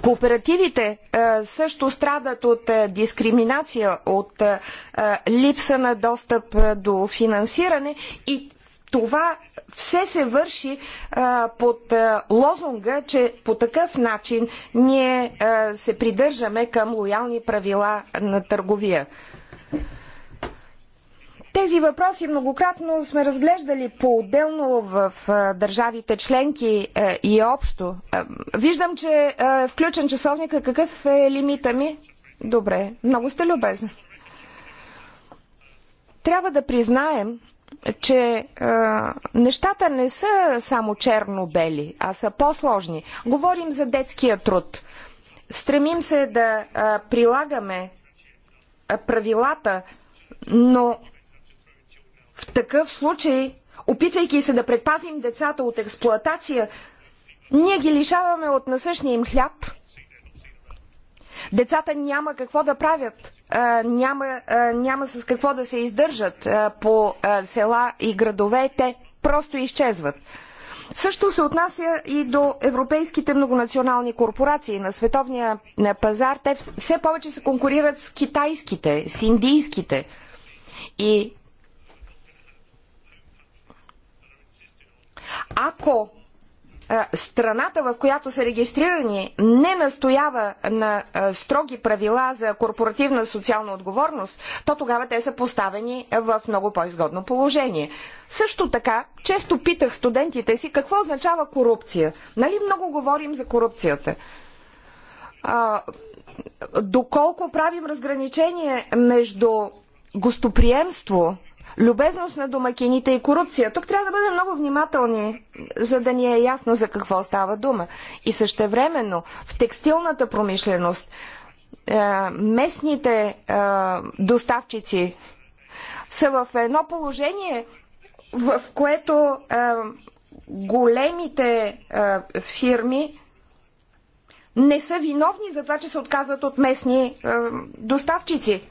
Кооперативите е, също страдат от е, дискриминация, от е, е липса на достъп е, до финансиране и това все се върши а, под а, лозунга, че по такъв начин ние а, се придържаме към лоялни правила на търговия. Тези въпроси многократно сме разглеждали по-отделно в държавите членки и общо. Виждам, че е включен часовника. Какъв е лимита ми? Добре, много сте любезни. Трябва да признаем, че нещата не са само черно-бели, а са по-сложни. Говорим за детския труд. Стремим се да прилагаме правилата, но в такъв случай, опитвайки се да предпазим децата от експлоатация, ние ги лишаваме от насъщния им хляб. Децата няма какво да правят няма, няма с какво да се издържат по села и градове. Те просто изчезват. Също се отнася и до европейските многонационални корпорации на световния пазар. Те все повече се конкурират с китайските, с индийските. И ако страната, в която са регистрирани, не настоява на строги правила за корпоративна социална отговорност, то тогава те са поставени в много по-изгодно положение. Също така, често питах студентите си какво означава корупция. Нали много говорим за корупцията? А, доколко правим разграничение между гостоприемство любезност на домакините и корупция. Тук трябва да бъдем много внимателни, за да ни е ясно за какво става дума. И същевременно в текстилната промишленост е, местните е, доставчици са в едно положение, в което е, големите фирми не са виновни за това, че се отказват от местни доставчици.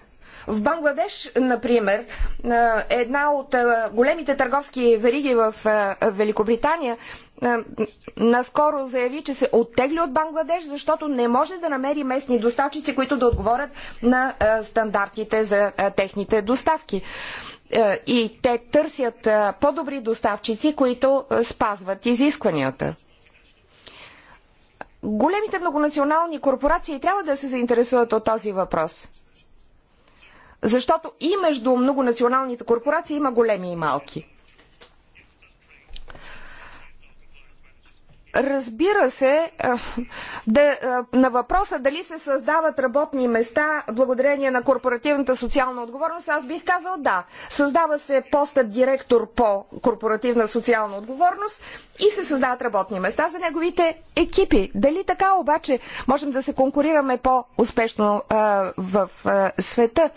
В Бангладеш, например, една от големите търговски вериги в Великобритания наскоро заяви, че се оттегли от Бангладеш, защото не може да намери местни доставчици, които да отговорят на стандартите за техните доставки. И те търсят по-добри доставчици, които спазват изискванията големите многонационални корпорации трябва да се заинтересуват от този въпрос. Защото и между многонационалните корпорации има големи и малки. Разбира се, да, на въпроса дали се създават работни места благодарение на корпоративната социална отговорност, аз бих казал да. Създава се постът директор по корпоративна социална отговорност и се създават работни места за неговите екипи. Дали така обаче можем да се конкурираме по-успешно в а, света?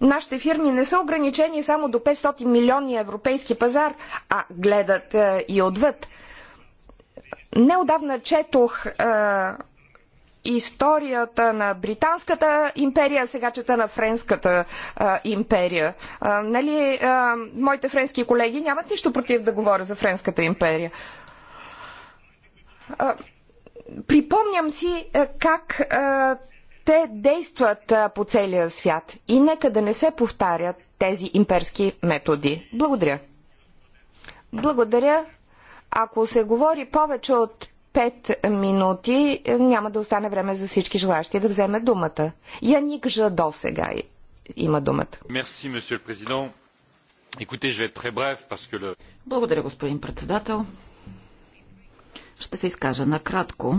Нашите фирми не са ограничени само до 500 милиони европейски пазар, а гледат а, и отвъд. Неодавна четох е, историята на Британската империя, сега чета на Френската е, империя. Е, нали, е, моите френски колеги нямат нищо против да говоря за Френската империя. Е, припомням си е, как те действат по целия свят и нека да не се повтарят тези имперски методи. Благодаря. Благодаря. Ако се говори повече от 5 минути, е, няма да остане време за всички желащи да вземе думата. Яник Жадо сега има думата. Мерси, месье президент. Благодаря, господин председател. Ще се изкажа накратко,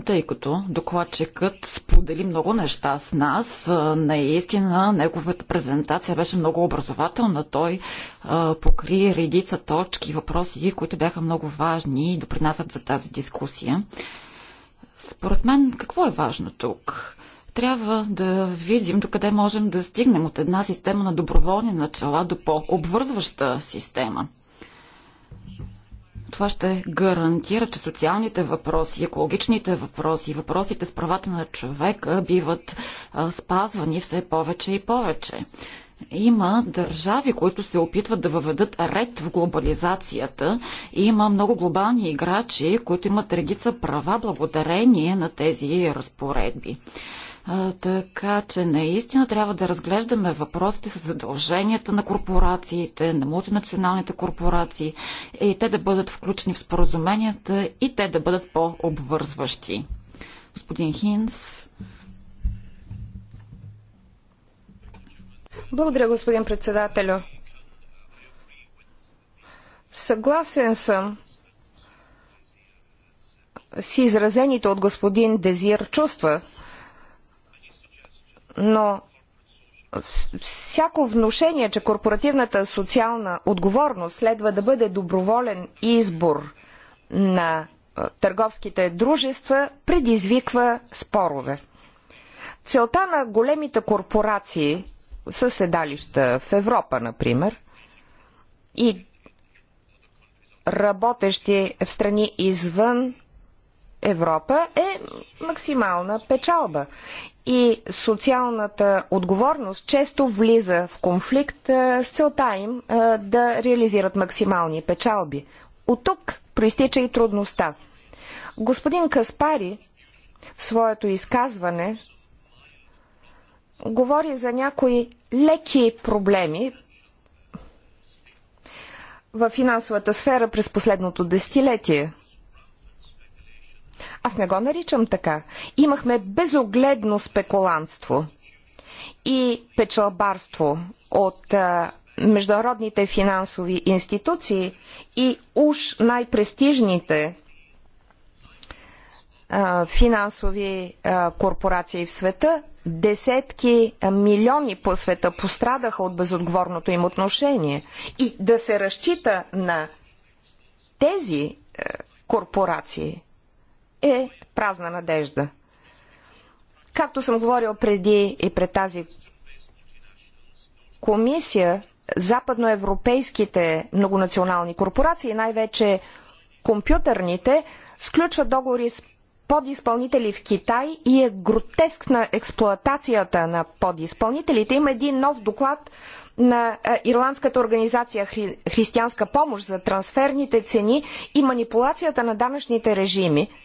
тъй като докладчикът сподели много неща с нас. Наистина, неговата презентация беше много образователна. Той покри редица точки, въпроси, които бяха много важни и допринасят за тази дискусия. Според мен, какво е важно тук? Трябва да видим докъде можем да стигнем от една система на доброволни начала до по-обвързваща система – това ще гарантира, че социалните въпроси, екологичните въпроси, въпросите с правата на човека биват а, спазвани все повече и повече. Има държави, които се опитват да въведат ред в глобализацията и има много глобални играчи, които имат редица права благодарение на тези разпоредби. А, така че наистина трябва да разглеждаме въпросите с задълженията на корпорациите, на мултинационалните корпорации и те да бъдат включени в споразуменията и те да бъдат по-обвързващи. Господин Хинс. Благодаря, господин председателю. Съгласен съм с изразените от господин Дезир чувства, но всяко внушение, че корпоративната социална отговорност следва да бъде доброволен избор на е, търговските дружества, предизвиква спорове. Целта на големите корпорации със седалища в Европа, например, и работещи в страни извън Европа е максимална печалба и социалната отговорност често влиза в конфликт с целта им да реализират максимални печалби. От тук проистича и трудността. Господин Каспари в своето изказване говори за някои леки проблеми в финансовата сфера през последното десетилетие. Аз не го наричам така. Имахме безогледно спекулантство и печалбарство от а, международните финансови институции и уж най-престижните финансови а, корпорации в света. Десетки а, милиони по света пострадаха от безотговорното им отношение. И да се разчита на тези а, корпорации е празна надежда. Както съм говорил преди и пред тази комисия, западноевропейските многонационални корпорации, най-вече компютърните, сключват договори с подиспълнители в Китай и е гротескна експлоатацията на подиспълнителите. Има един нов доклад на Ирландската организация Хри... Християнска помощ за трансферните цени и манипулацията на данъчните режими –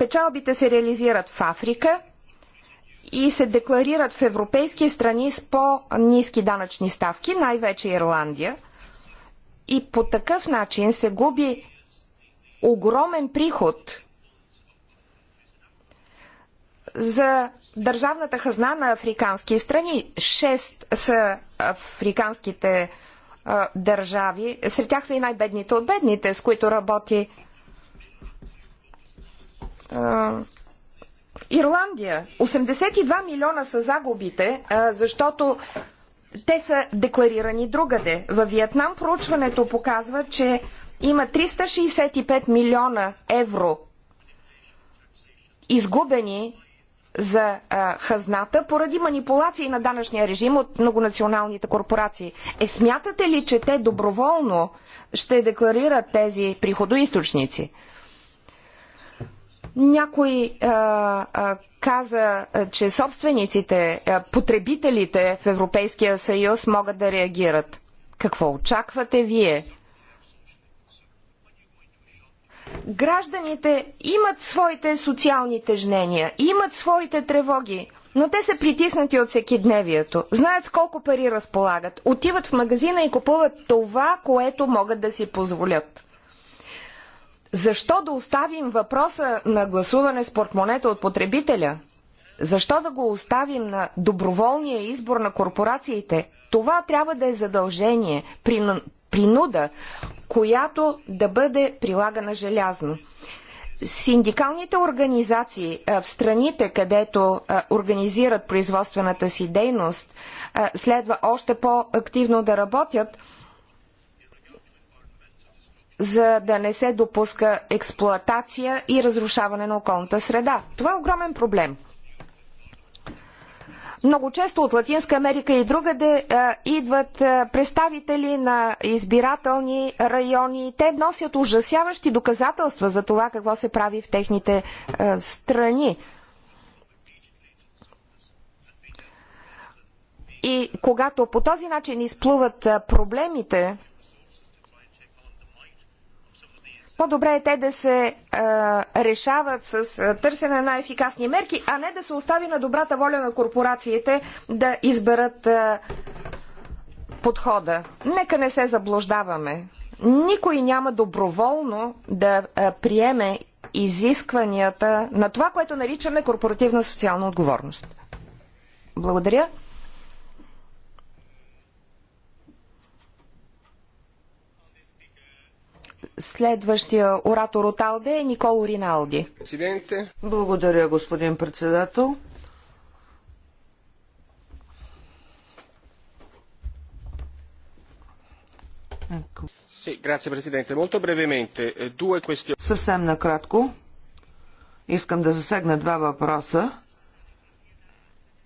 Печалбите се реализират в Африка и се декларират в европейски страни с по-низки данъчни ставки, най-вече Ирландия. И по такъв начин се губи огромен приход за държавната хазна на африкански страни. Шест са африканските а, държави. Сред тях са и най-бедните от бедните, с които работи Ирландия. 82 милиона са загубите, защото те са декларирани другаде. Във Виетнам проучването показва, че има 365 милиона евро изгубени за хазната поради манипулации на данъчния режим от многонационалните корпорации. Е, смятате ли, че те доброволно ще декларират тези приходоисточници? Някой а, е, а, е, каза, е, че собствениците, а, потребителите в Европейския съюз могат да реагират. Какво очаквате вие? Гражданите имат своите социални тежнения, имат своите тревоги, но те са притиснати от всеки дневието. Знаят с колко пари разполагат. Отиват в магазина и купуват това, което могат да си позволят. Защо да оставим въпроса на гласуване с портмонета от потребителя? Защо да го оставим на доброволния избор на корпорациите? Това трябва да е задължение, принуда, която да бъде прилагана желязно. Синдикалните организации в страните, където организират производствената си дейност, следва още по-активно да работят – за да не се допуска експлоатация и разрушаване на околната среда. Това е огромен проблем. Много често от Латинска Америка и другаде е, идват е, представители на избирателни райони те носят ужасяващи доказателства за това какво се прави в техните е, страни. И когато по този начин изплуват проблемите, По-добре е те да се а, е, решават с а, е, търсене на ефикасни мерки, а не да се остави на добрата воля на корпорациите да изберат а, е, подхода. Нека не се заблуждаваме. Никой няма доброволно да а, приеме изискванията на това, което наричаме корпоративна социална отговорност. Благодаря. Следващия оратор от Алде е Николо Риналди. Благодаря, господин председател. Eh, Съвсем накратко, искам да засегна два въпроса.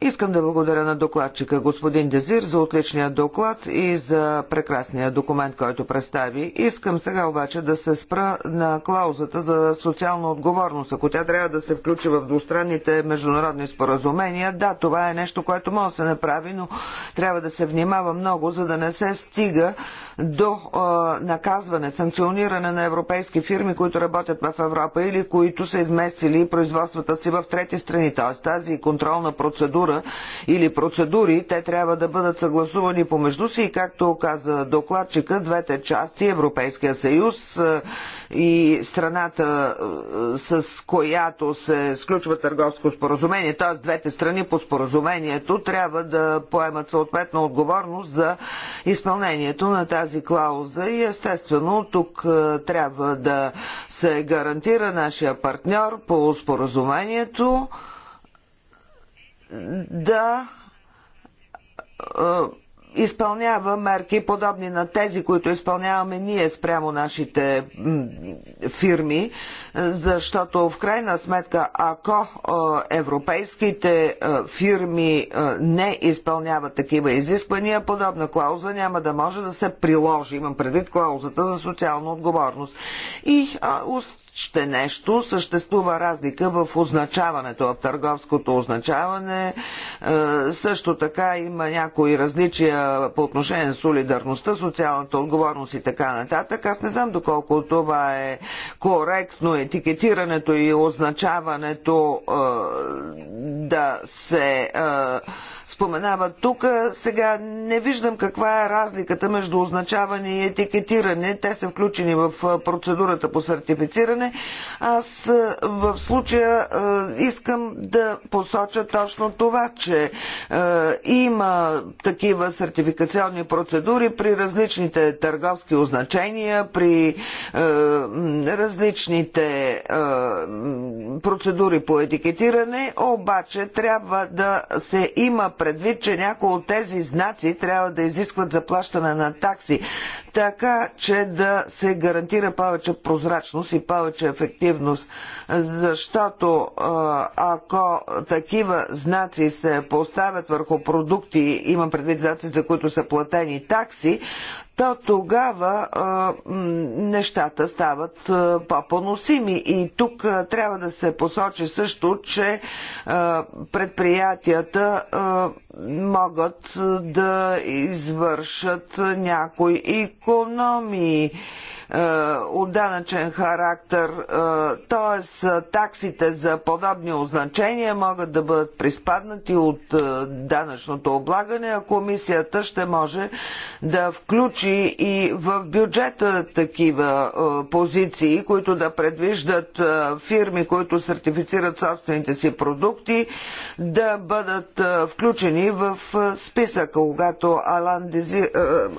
Искам да благодаря на докладчика господин Дезир за отличния доклад и за прекрасния документ, който представи. Искам сега обаче да се спра на клаузата за социална отговорност. Ако тя трябва да се включи в двустранните международни споразумения, да, това е нещо, което може да се направи, но трябва да се внимава много, за да не се стига до е, наказване, санкциониране на европейски фирми, които работят в Европа или които са изместили производствата си в трети страни. Т.е. тази контролна процедура процедура или процедури, те трябва да бъдат съгласувани помежду си и както каза докладчика, двете части, Европейския съюз и страната с която се сключва търговско споразумение, т.е. двете страни по споразумението трябва да поемат съответна отговорност за изпълнението на тази клауза и естествено тук трябва да се гарантира нашия партньор по споразумението, да изпълнява мерки подобни на тези, които изпълняваме ние спрямо нашите фирми, защото в крайна сметка, ако европейските фирми не изпълняват такива изисквания, подобна клауза няма да може да се приложи. Имам предвид клаузата за социална отговорност. И ще нещо, съществува разлика в означаването, в търговското означаване. Е, също така има някои различия по отношение на солидарността, социалната отговорност и така нататък. Аз не знам доколко това е коректно етикетирането и означаването е, да се е, споменават тук. Сега не виждам каква е разликата между означаване и етикетиране. Те са включени в процедурата по сертифициране. Аз в случая искам да посоча точно това, че има такива сертификационни процедури при различните търговски означения, при различните процедури по етикетиране, обаче трябва да се има пред предвид, че някои от тези знаци трябва да изискват заплащане на такси, така че да се гарантира повече прозрачност и повече ефективност. Защото ако такива знаци се поставят върху продукти, имам предвид знаци, за които са платени такси, то тогава а, нещата стават а, по-поносими. И тук а, трябва да се посочи също, че предприятията могат да извършат някои економии е, от данъчен характер, т.е. Е, таксите за подобни означения могат да бъдат приспаднати от е, данъчното облагане, а комисията ще може да включи и в бюджета такива позиции, които да предвиждат фирми, които сертифицират собствените си продукти, да бъдат включени в списъка, когато Алан Дезир,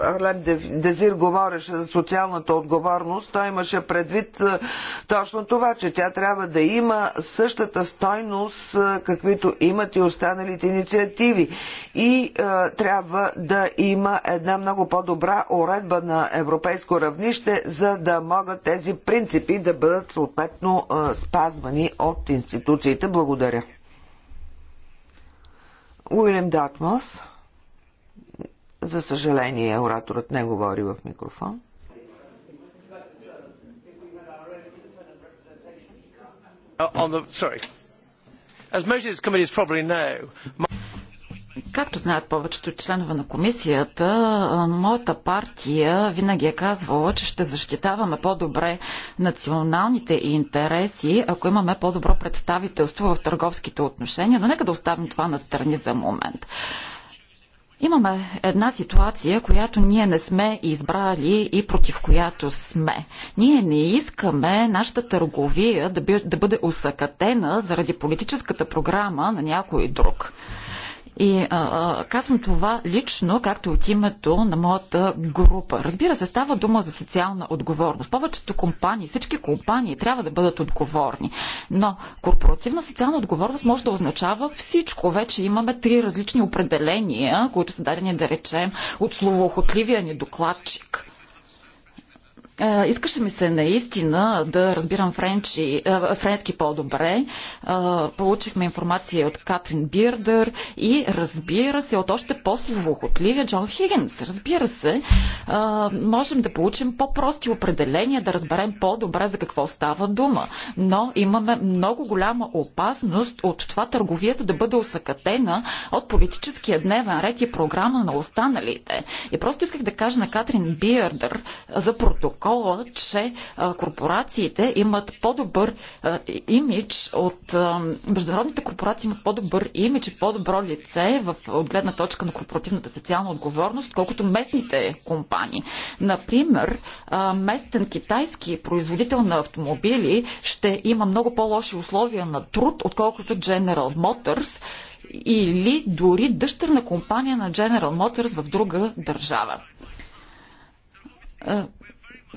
Алан Дезир говореше за социалната отговорност отговорност, той имаше предвид е, точно това, че тя трябва да има същата стойност, е, каквито имат и останалите инициативи. И е, трябва да има една много по-добра уредба на европейско равнище, за да могат тези принципи да бъдат съответно е, спазвани от институциите. Благодаря. Уилям Датмос. За съжаление, ораторът не говори в микрофон. Uh, Както знаят повечето членове на комисията, моята партия винаги е казвала, че ще защитаваме по-добре националните интереси, ако имаме по-добро представителство в търговските отношения, но нека да оставим това на страни за момент. Имаме една ситуация, която ние не сме избрали и против която сме. Ние не искаме нашата търговия да, бъде усъкатена заради политическата програма на някой друг. И а, а, казвам това лично, както от името на моята група. Разбира се, става дума за социална отговорност. Повечето компании, всички компании трябва да бъдат отговорни. Но корпоративна социална отговорност може да означава всичко. Вече имаме три различни определения, които са дадени, да речем, от словоохотливия ни докладчик. Е, искаше ми се наистина да разбирам френчи, е, френски по-добре. Е, получихме информация от Катрин Бирдър и разбира се от още по-словохотливия Джон Хигенс. Разбира се, можем да получим по-прости определения, да разберем по-добре за какво става дума. Но имаме много голяма опасност от това търговията да бъде усъкатена от политическия дневен ред и програма на останалите. И просто исках да кажа на Катрин Бирдър за протокол протокола, че корпорациите имат по-добър имидж от международните корпорации имат по-добър имидж и по-добро лице в гледна точка на корпоративната социална отговорност, колкото местните компании. Например, местен китайски производител на автомобили ще има много по-лоши условия на труд, отколкото General Motors или дори дъщерна компания на General Motors в друга държава.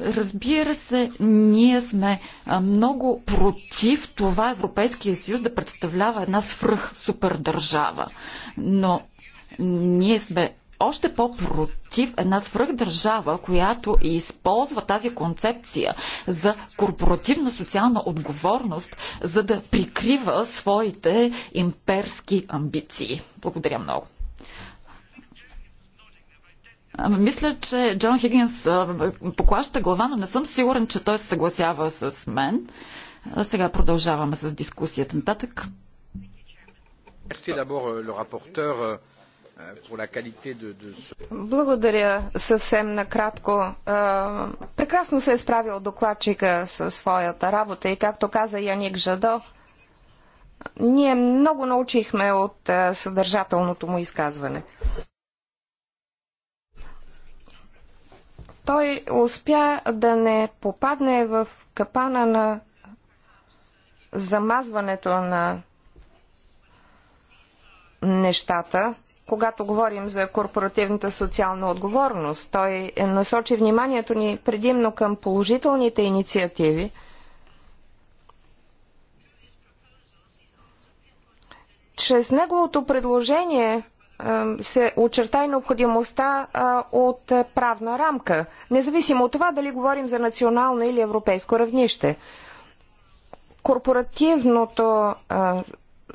Разбира се, ние сме много против това Европейския съюз да представлява една свръх супердържава. Но ние сме още по-против една свръхдържава, която използва тази концепция за корпоративна социална отговорност, за да прикрива своите имперски амбиции. Благодаря много. Ами, мисля, че Джон Хигинс поклаща глава, но не съм сигурен, че той се съгласява с мен. Сега продължаваме с дискусията нататък. Euh, euh, Благодаря съвсем накратко. Прекрасно се е справил докладчика със своята работа и както каза Яник Жадо, ние много научихме от съдържателното му изказване. той успя да не попадне в капана на замазването на нещата, когато говорим за корпоративната социална отговорност. Той насочи вниманието ни предимно към положителните инициативи чрез неговото предложение се очерта и необходимостта от правна рамка, независимо от това дали говорим за национално или европейско равнище. Корпоративното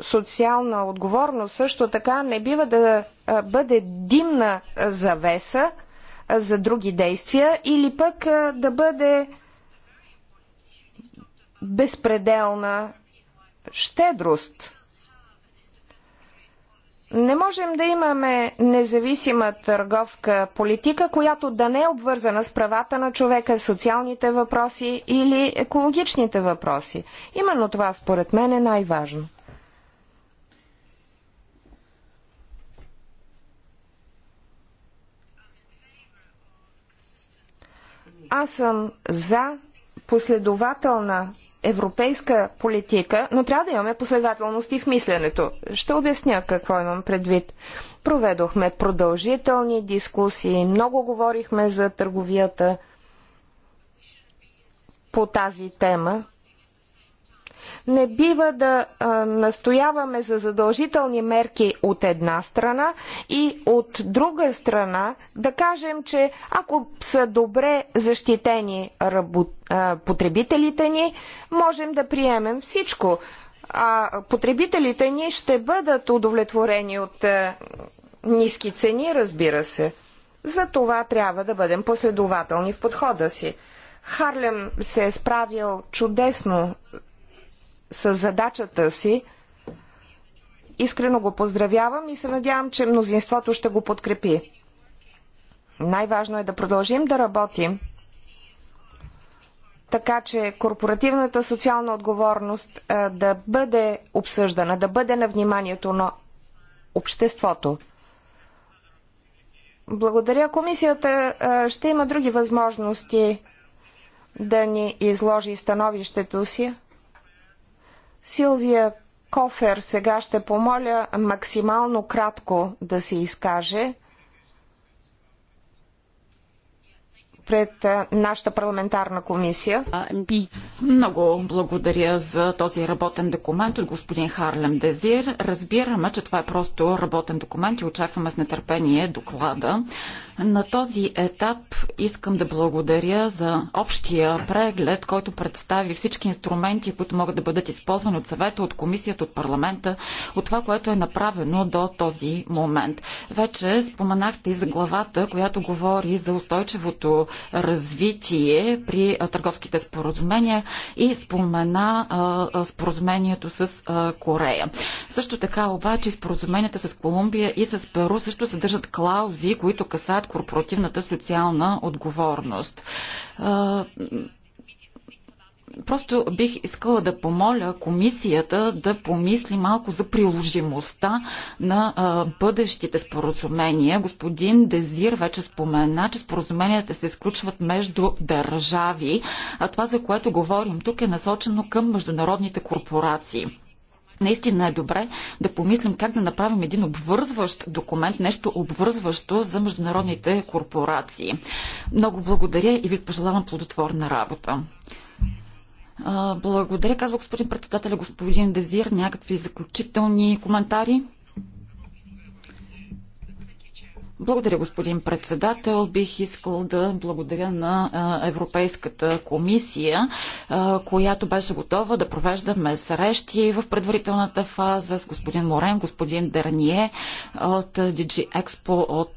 социална отговорност също така не бива да бъде димна завеса за други действия или пък да бъде безпределна щедрост. Не можем да имаме независима търговска политика, която да не е обвързана с правата на човека, социалните въпроси или екологичните въпроси. Именно това според мен е най-важно. Аз съм за последователна европейска политика, но трябва да имаме последователност и в мисленето. Ще обясня какво имам предвид. Проведохме продължителни дискусии, много говорихме за търговията по тази тема. Не бива да а, настояваме за задължителни мерки от една страна и от друга страна да кажем, че ако са добре защитени работ... а, потребителите ни, можем да приемем всичко. А потребителите ни ще бъдат удовлетворени от а, ниски цени, разбира се. За това трябва да бъдем последователни в подхода си. Харлем се е справил чудесно с задачата си. Искрено го поздравявам и се надявам, че мнозинството ще го подкрепи. Най-важно е да продължим да работим, така че корпоративната социална отговорност да бъде обсъждана, да бъде на вниманието на обществото. Благодаря. Комисията ще има други възможности да ни изложи становището си. Силвия Кофер сега ще помоля максимално кратко да се изкаже. пред нашата парламентарна комисия. Много благодаря за този работен документ от господин Харлем Дезир. Разбираме, че това е просто работен документ и очакваме с нетърпение доклада. На този етап искам да благодаря за общия преглед, който представи всички инструменти, които могат да бъдат използвани от съвета, от комисията, от парламента, от това, което е направено до този момент. Вече споменахте и за главата, която говори за устойчивото развитие при търговските споразумения и спомена споразумението с Корея. Също така обаче споразуменията с Колумбия и с Перу също съдържат клаузи, които касаят корпоративната социална отговорност Просто бих искала да помоля комисията да помисли малко за приложимостта на а, бъдещите споразумения. Господин Дезир вече спомена, че споразуменията се изключват между държави, а това, за което говорим тук, е насочено към международните корпорации. Наистина е добре да помислим как да направим един обвързващ документ, нещо обвързващо за международните корпорации. Много благодаря и ви пожелавам плодотворна работа. А, благодаря, казва господин председател, господин Дезир. Някакви заключителни коментари? Благодаря, господин председател. Бих искал да благодаря на Европейската комисия, която беше готова да провеждаме срещи в предварителната фаза с господин Морен, господин Дерние от DG Expo, от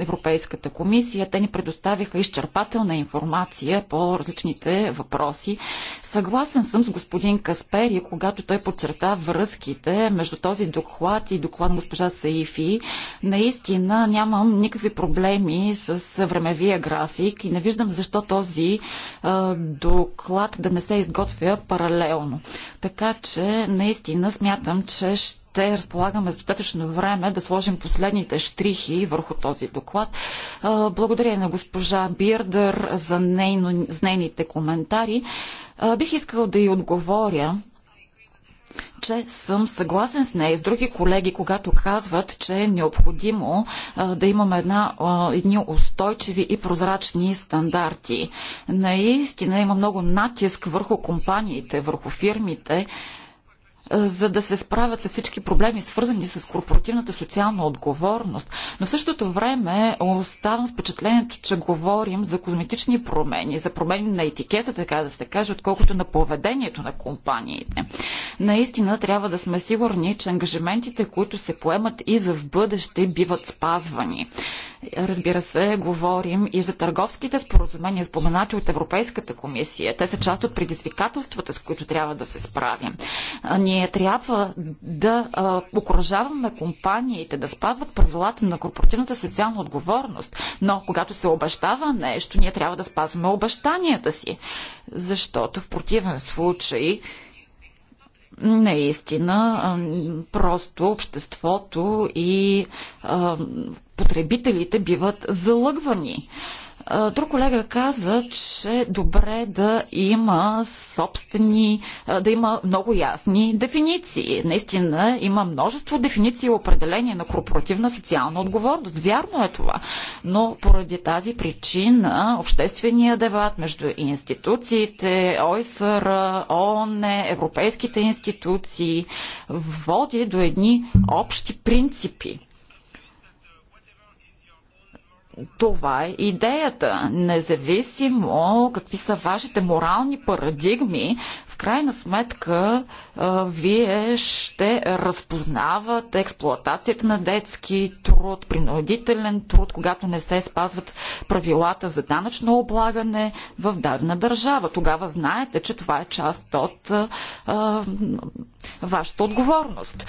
Европейската комисия. Те ни предоставиха изчерпателна информация по различните въпроси. Съгласен съм с господин Каспери, когато той подчерта връзките между този доклад и доклад на госпожа Саифи. Наистина нямам никакви проблеми с времевия график и не виждам защо този доклад да не се изготвя паралелно. Така че наистина смятам, че ще те разполагаме с достатъчно време да сложим последните штрихи върху този доклад. Благодаря на госпожа Бирдър за, нейно, за нейните коментари. Бих искал да й отговоря че съм съгласен с нея и с други колеги, когато казват, че е необходимо а, да имаме една, а, едни устойчиви и прозрачни стандарти. Наистина има много натиск върху компаниите, върху фирмите, за да се справят с всички проблеми, свързани с корпоративната социална отговорност. Но в същото време оставам с впечатлението, че говорим за козметични промени, за промени на етикета, така да се каже, отколкото на поведението на компаниите. Наистина трябва да сме сигурни, че ангажиментите, които се поемат и за в бъдеще, биват спазвани. Разбира се, говорим и за търговските споразумения, споменати от Европейската комисия. Те са част от предизвикателствата, с които трябва да се справим. Ние ние трябва да а, окоръжаваме компаниите да спазват правилата на корпоративната социална отговорност, но когато се обещава нещо, ние трябва да спазваме обещанията си, защото в противен случай наистина просто обществото и а, потребителите биват залъгвани. А, Друг колега каза, че добре да има собствени, да има много ясни дефиниции. Наистина има множество дефиниции и определения на корпоративна социална отговорност. Вярно е това. Но поради тази причина обществения дебат между институциите, ОИСР, ООН, европейските институции води до едни общи принципи това е идеята. Независимо какви са вашите морални парадигми, в крайна сметка, вие ще разпознавате експлоатацията на детски труд, принудителен труд, когато не се спазват правилата за данъчно облагане в дадена държава. Тогава знаете, че това е част от а, вашата отговорност.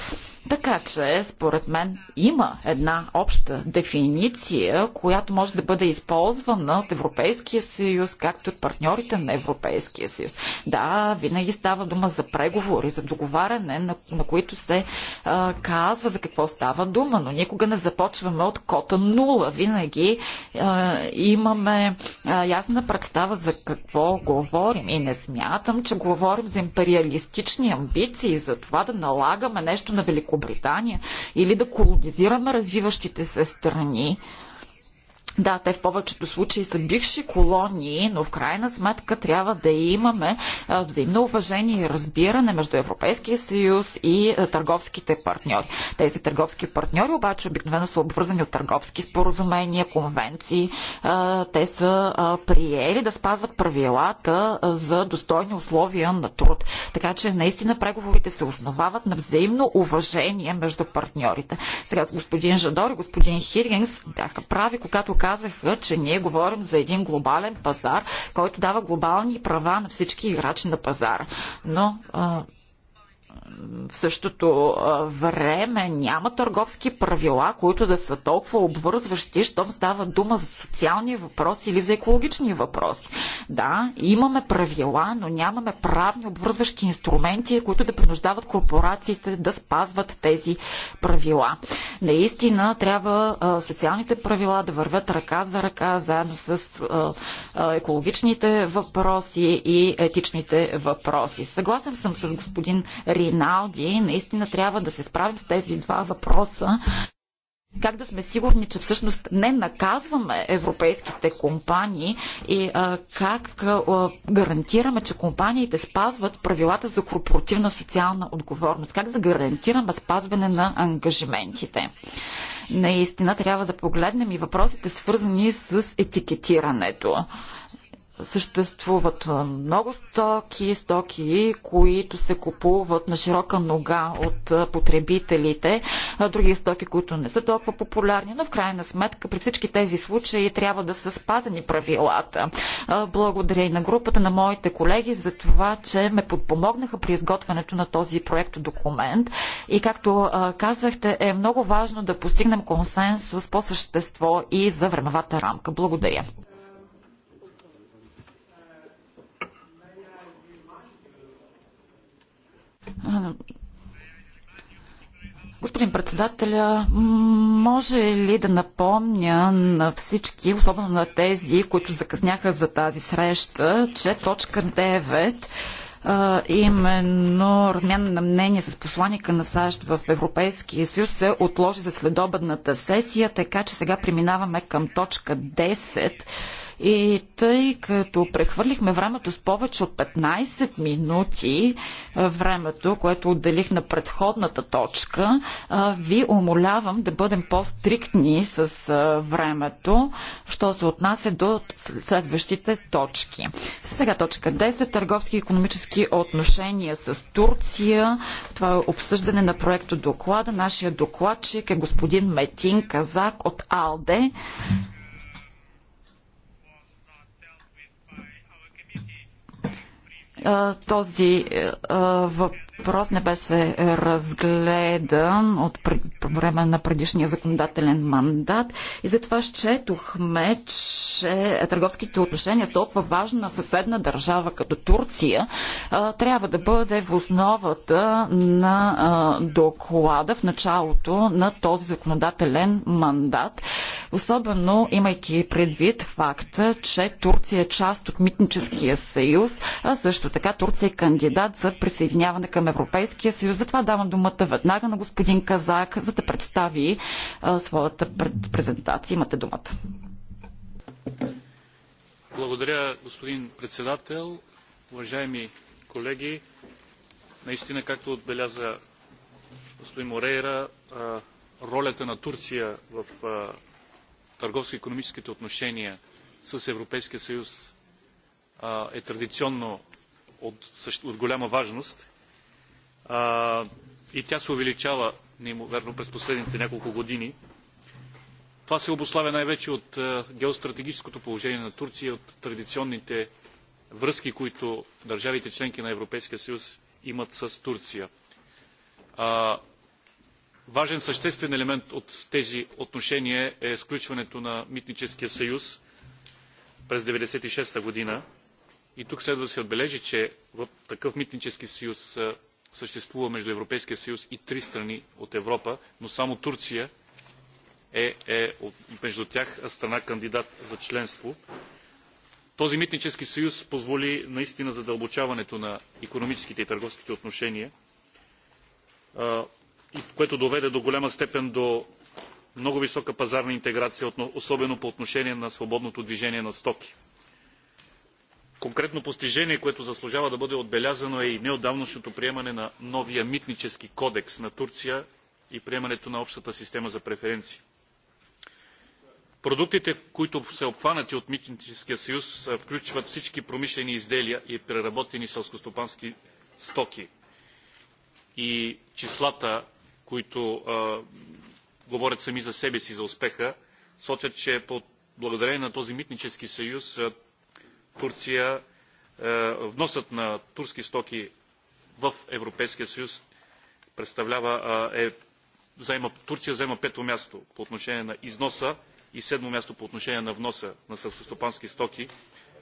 Така че, според мен, има една обща дефиниция, която може да бъде използвана от Европейския съюз, както и от партньорите на Европейския съюз. Да, винаги винаги става дума за преговори, за договаряне, на, на които се а, казва за какво става дума, но никога не започваме от кота нула. Винаги а, имаме а, ясна представа за какво говорим и не смятам, че говорим за империалистични амбиции, за това да налагаме нещо на Великобритания или да колонизираме развиващите се страни. Да, те в повечето случаи са бивши колонии, но в крайна сметка трябва да имаме взаимно уважение и разбиране между Европейския съюз и търговските партньори. Тези търговски партньори обаче обикновено са обвързани от търговски споразумения, конвенции. Те са приели да спазват правилата за достойни условия на труд. Така че наистина преговорите се основават на взаимно уважение между партньорите. Сега с господин Жадор и господин Хиргенс бяха прави, когато показаха, че ние говорим за един глобален пазар, който дава глобални права на всички играчи на пазара. Но а, в същото време няма търговски правила, които да са толкова обвързващи, щом става дума за социални въпроси или за екологични въпроси. Да, имаме правила, но нямаме правни обвързващи инструменти, които да принуждават корпорациите да спазват тези правила. Наистина трябва социалните правила да вървят ръка за ръка, заедно с екологичните въпроси и етичните въпроси. Съгласен съм с господин Рин Риналди, наистина трябва да се справим с тези два въпроса. Как да сме сигурни, че всъщност не наказваме европейските компании и а, как а, гарантираме, че компаниите спазват правилата за корпоративна социална отговорност? Как да гарантираме спазване на ангажиментите? наистина трябва да погледнем и въпросите свързани с етикетирането. Съществуват много стоки, стоки, които се купуват на широка нога от потребителите, други стоки, които не са толкова популярни, но в крайна сметка при всички тези случаи трябва да са спазени правилата. Благодаря и на групата на моите колеги за това, че ме подпомогнаха при изготвянето на този проект документ. И както казахте, е много важно да постигнем консенсус по същество и за времевата рамка. Благодаря. Господин председателя, може ли да напомня на всички, особено на тези, които закъсняха за тази среща, че точка 9 именно размяна на мнение с посланика на САЩ в Европейския съюз се отложи за следобедната сесия, така че сега преминаваме към точка 10 и тъй като прехвърлихме времето с повече от 15 минути, времето, което отделих на предходната точка, ви умолявам да бъдем по-стриктни с времето, що се отнася до следващите точки. Сега точка 10. Търговски и економически отношения с Турция. Това е обсъждане на проекто доклада. Нашия докладчик е господин Метин Казак от АЛДЕ. този въпрос въпрос не беше разгледан от време на предишния законодателен мандат и затова счетохме, че търговските отношения с толкова важна съседна държава като Турция трябва да бъде в основата на доклада в началото на този законодателен мандат, особено имайки предвид факта, че Турция е част от митническия съюз, а също така Турция е кандидат за присъединяване към към Европейския съюз. Затова давам думата веднага на господин Казак, за да представи а, своята презентация. Имате думата. Благодаря, господин председател. Уважаеми колеги, наистина, както отбеляза господин Морейра, ролята на Турция в търговско-економическите отношения с Европейския съюз е традиционно от, от голяма важност и тя се увеличава неимоверно през последните няколко години. Това се обославя най-вече от геостратегическото положение на Турция, от традиционните връзки, които държавите членки на Европейския съюз имат с Турция. Важен съществен елемент от тези отношения е сключването на Митническия съюз през 1996 година. И тук следва да се отбележи, че в такъв митнически съюз съществува между Европейския съюз и три страни от Европа, но само Турция е, е между тях страна кандидат за членство. Този митнически съюз позволи наистина задълбочаването на економическите и търговските отношения, което доведе до голяма степен до много висока пазарна интеграция, особено по отношение на свободното движение на стоки конкретно постижение, което заслужава да бъде отбелязано е и неотдавнашното приемане на новия митнически кодекс на Турция и приемането на общата система за преференции. Продуктите, които са обхванати от Митническия съюз, включват всички промишлени изделия и преработени селскостопански стоки. И числата, които а, говорят сами за себе си за успеха, сочат, че под благодарение на този митнически съюз Турция, е, вносът на турски стоки в Европейския съюз представлява, е, заема, Турция заема пето място по отношение на износа и седмо място по отношение на вноса на селскостопански стоки,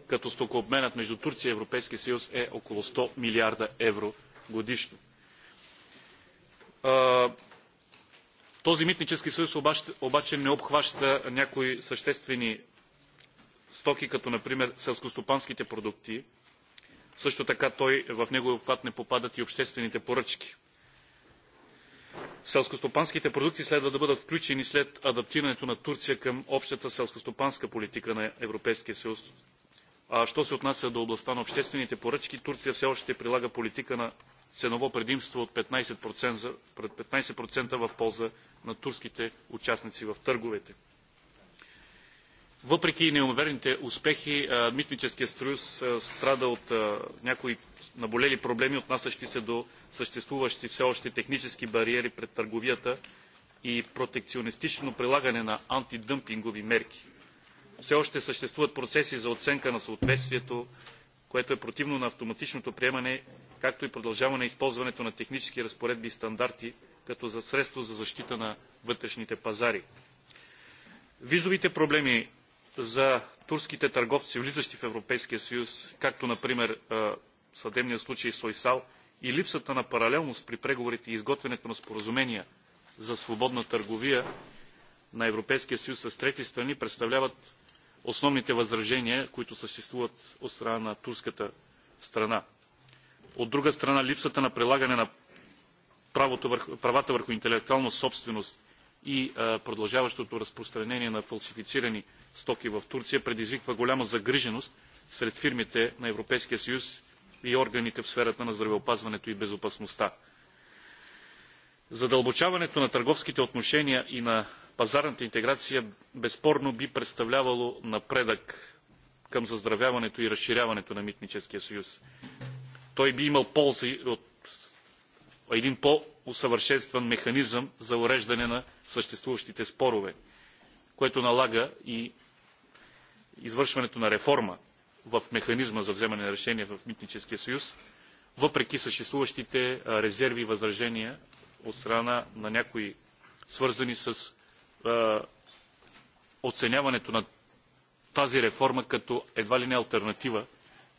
като стокообменът между Турция и Европейския съюз е около 100 милиарда евро годишно. Е, този митнически съюз обаче не обхваща някои съществени стоки, като например селскостопанските продукти. Също така той, в неговия обхват не попадат и обществените поръчки. Селскостопанските продукти следва да бъдат включени след адаптирането на Турция към общата селскостопанска политика на Европейския съюз. А що се отнася до областта на обществените поръчки, Турция все още прилага политика на ценово предимство от 15%, 15 в полза на турските участници в търговете. Въпреки неумерените успехи, Митническия съюз страда от някои наболели проблеми, отнасящи се до съществуващи все още технически бариери пред търговията и протекционистично прилагане на антидъмпингови мерки. Все още съществуват процеси за оценка на съответствието, което е противно на автоматичното приемане, както и продължаване използването на технически разпоредби и стандарти като за средство за защита на вътрешните пазари. Визовите проблеми за турските търговци, влизащи в Европейския съюз, както например съдебния случай Сойсал и липсата на паралелност при преговорите и изготвянето на споразумения за свободна търговия на Европейския съюз с трети страни представляват основните възражения, които съществуват от страна на турската страна. От друга страна, липсата на прилагане на правата върху интелектуална собственост и е, продължаващото разпространение на фалшифицирани стоки в Турция предизвиква голяма загриженост сред фирмите на Европейския съюз и органите в сферата на здравеопазването и безопасността. Задълбочаването на търговските отношения и на пазарната интеграция безспорно би представлявало напредък към заздравяването и разширяването на митническия съюз. Той би имал ползи от един по-усъвършенстван механизъм за уреждане на съществуващите спорове, което налага и извършването на реформа в механизма за вземане на решения в Митническия съюз, въпреки съществуващите резерви и възражения от страна на някои свързани с е, оценяването на тази реформа като едва ли не альтернатива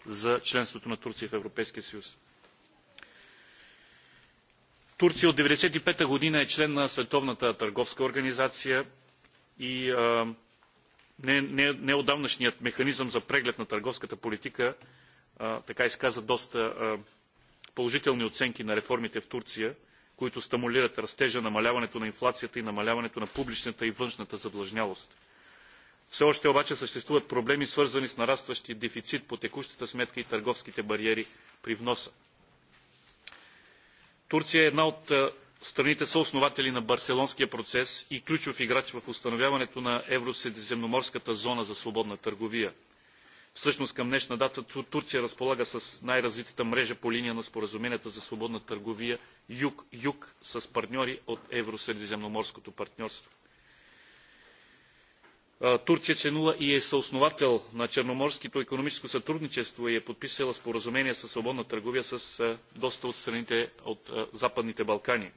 за членството на Турция в Европейския съюз. Турция от 1995 година е член на Световната търговска организация и неотдавнашният неодавнашният механизъм за преглед на търговската политика така изказа доста положителни оценки на реформите в Турция, които стимулират растежа, намаляването на инфлацията и намаляването на публичната и външната задлъжнялост. Все още обаче съществуват проблеми, свързани с нарастващия дефицит по текущата сметка и търговските бариери при вноса. Турция е една от е, страните съоснователи на Барселонския процес и ключов играч в установяването на Евросредиземноморската зона за свободна търговия. Всъщност към днешна дата Турция разполага с най-развитата мрежа по линия на споразуменията за свободна търговия юг-юг с партньори от Евросредиземноморското партньорство. Турция членува и е съосновател на Черноморското економическо сътрудничество и е подписала споразумение за свободна търговия с доста от страните от Западните Балкани.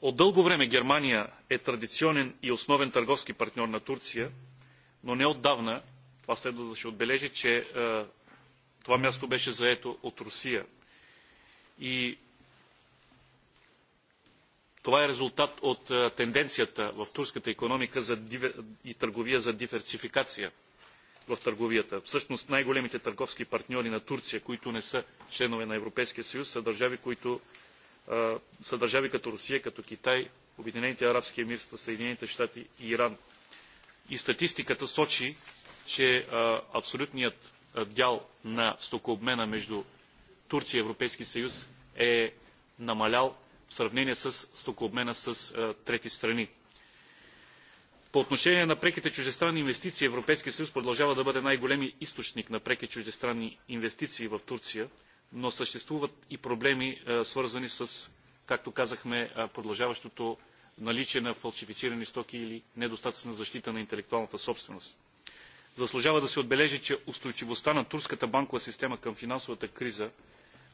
От дълго време Германия е традиционен и основен търговски партньор на Турция, но не отдавна, това следва да се отбележи, че това място беше заето от Русия. И това е резултат от е, тенденцията в турската економика за и търговия за диверсификация в търговията. Всъщност най-големите търговски партньори на Турция, които не са членове на Европейския съюз, са държави, които, а, е, са държави като Русия, като Китай, Обединените арабски емирства, Съединените щати и Иран. И статистиката сочи, че а, е, абсолютният дял на стокообмена между Турция и Европейски съюз е намалял в сравнение с стокообмена с трети страни. По отношение на преките чуждестранни инвестиции, Европейския съюз продължава да бъде най-големи източник на преки чуждестранни инвестиции в Турция, но съществуват и проблеми, свързани с, както казахме, продължаващото наличие на фалшифицирани стоки или недостатъчна защита на интелектуалната собственост. Заслужава да се отбележи, че устойчивостта на турската банкова система към финансовата криза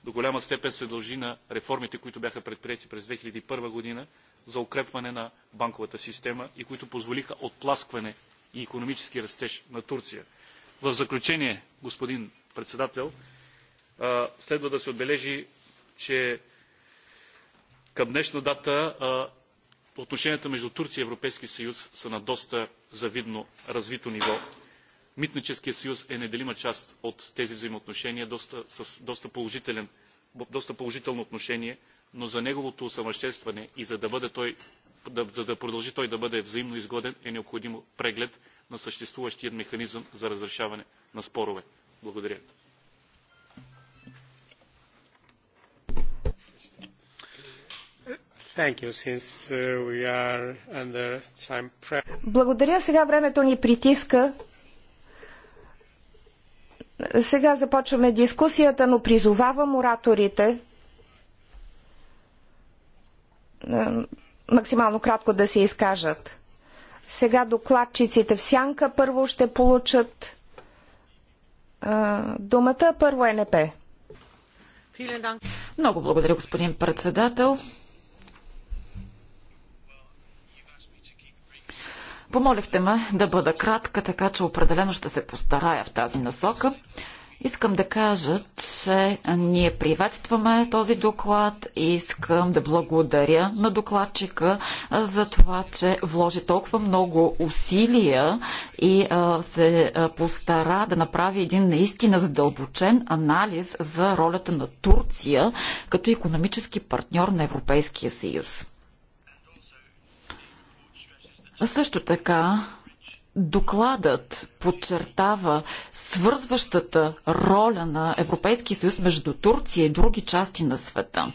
до голяма степен се дължи на реформите, които бяха предприяти през 2001 година за укрепване на банковата система и които позволиха отласкване и економически растеж на Турция. В заключение, господин председател, следва да се отбележи, че към днешна дата отношенията между Турция и Европейския съюз са на доста завидно развито ниво. Митническия съюз е неделима част от тези взаимоотношения, доста, с доста, доста положително отношение, но за неговото усъвършенстване и за да, бъде той, да, за да продължи той да бъде взаимно изгоден, е необходим преглед на съществуващия механизъм за разрешаване на спорове. Благодаря. Uh, Благодаря. Сега времето ни притиска. Сега започваме дискусията, но призовавам ораторите е, максимално кратко да се изкажат. Сега докладчиците в сянка първо ще получат а, е, думата. Първо е НП. Много благодаря, господин председател. Помолихте ме да бъда кратка, така че определено ще се постарая в тази насока. Искам да кажа, че ние приветстваме този доклад и искам да благодаря на докладчика за това, че вложи толкова много усилия и се постара да направи един наистина задълбочен анализ за ролята на Турция като економически партньор на Европейския съюз. Също така, Докладът подчертава свързващата роля на Европейския съюз между Турция и други части на света.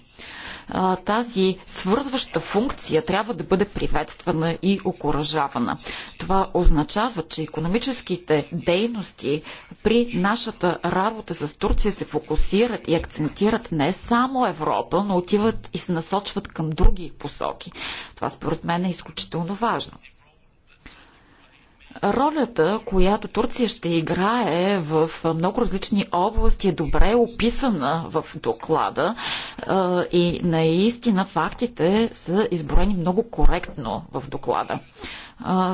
Тази свързваща функция трябва да бъде приветствана и окоръжавана. Това означава, че економическите дейности при нашата работа с Турция се фокусират и акцентират не само Европа, но отиват и се насочват към други посоки. Това според мен е изключително важно. Ролята, която Турция ще играе в много различни области е добре описана в доклада и наистина фактите са изброени много коректно в доклада.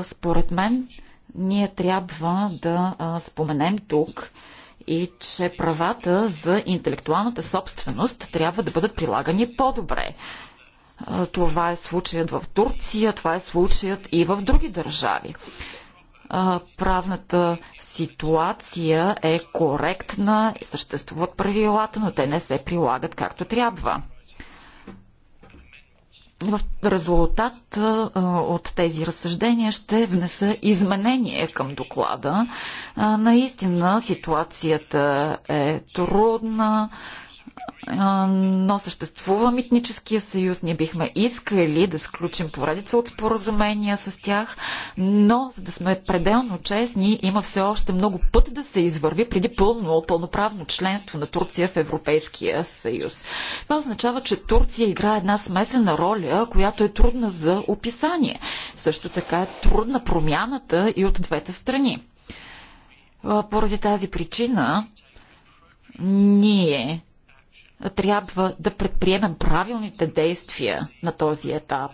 Според мен, ние трябва да споменем тук, и че правата за интелектуалната собственост трябва да бъдат прилагани по-добре. Това е случаят в Турция, това е случаят и в други държави правната ситуация е коректна, съществуват правилата, но те не се прилагат както трябва. В резултат от тези разсъждения ще внеса изменение към доклада. Наистина ситуацията е трудна, но съществува митническия съюз. Ние бихме искали да сключим поредица от споразумения с тях, но за да сме пределно честни, има все още много път да се извърви преди пълно, пълноправно членство на Турция в Европейския съюз. Това означава, че Турция играе една смесена роля, която е трудна за описание. Също така е трудна промяната и от двете страни. Поради тази причина ние трябва да предприемем правилните действия на този етап.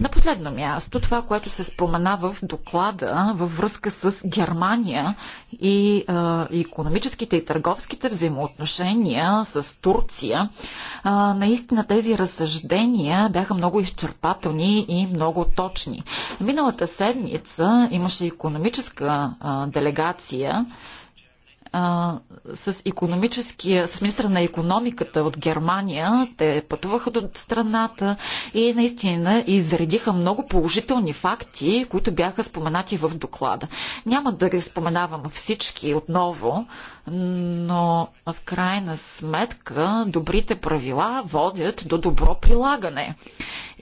На последно място, това, което се спомена в доклада във връзка с Германия и е, економическите и търговските взаимоотношения с Турция, е, наистина тези разсъждения бяха много изчерпателни и много точни. Миналата седмица имаше економическа е, делегация а, с, економическия, с министра на економиката от Германия. Те пътуваха до страната и наистина изредиха много положителни факти, които бяха споменати в доклада. Няма да ги споменавам всички отново, но в крайна сметка добрите правила водят до добро прилагане.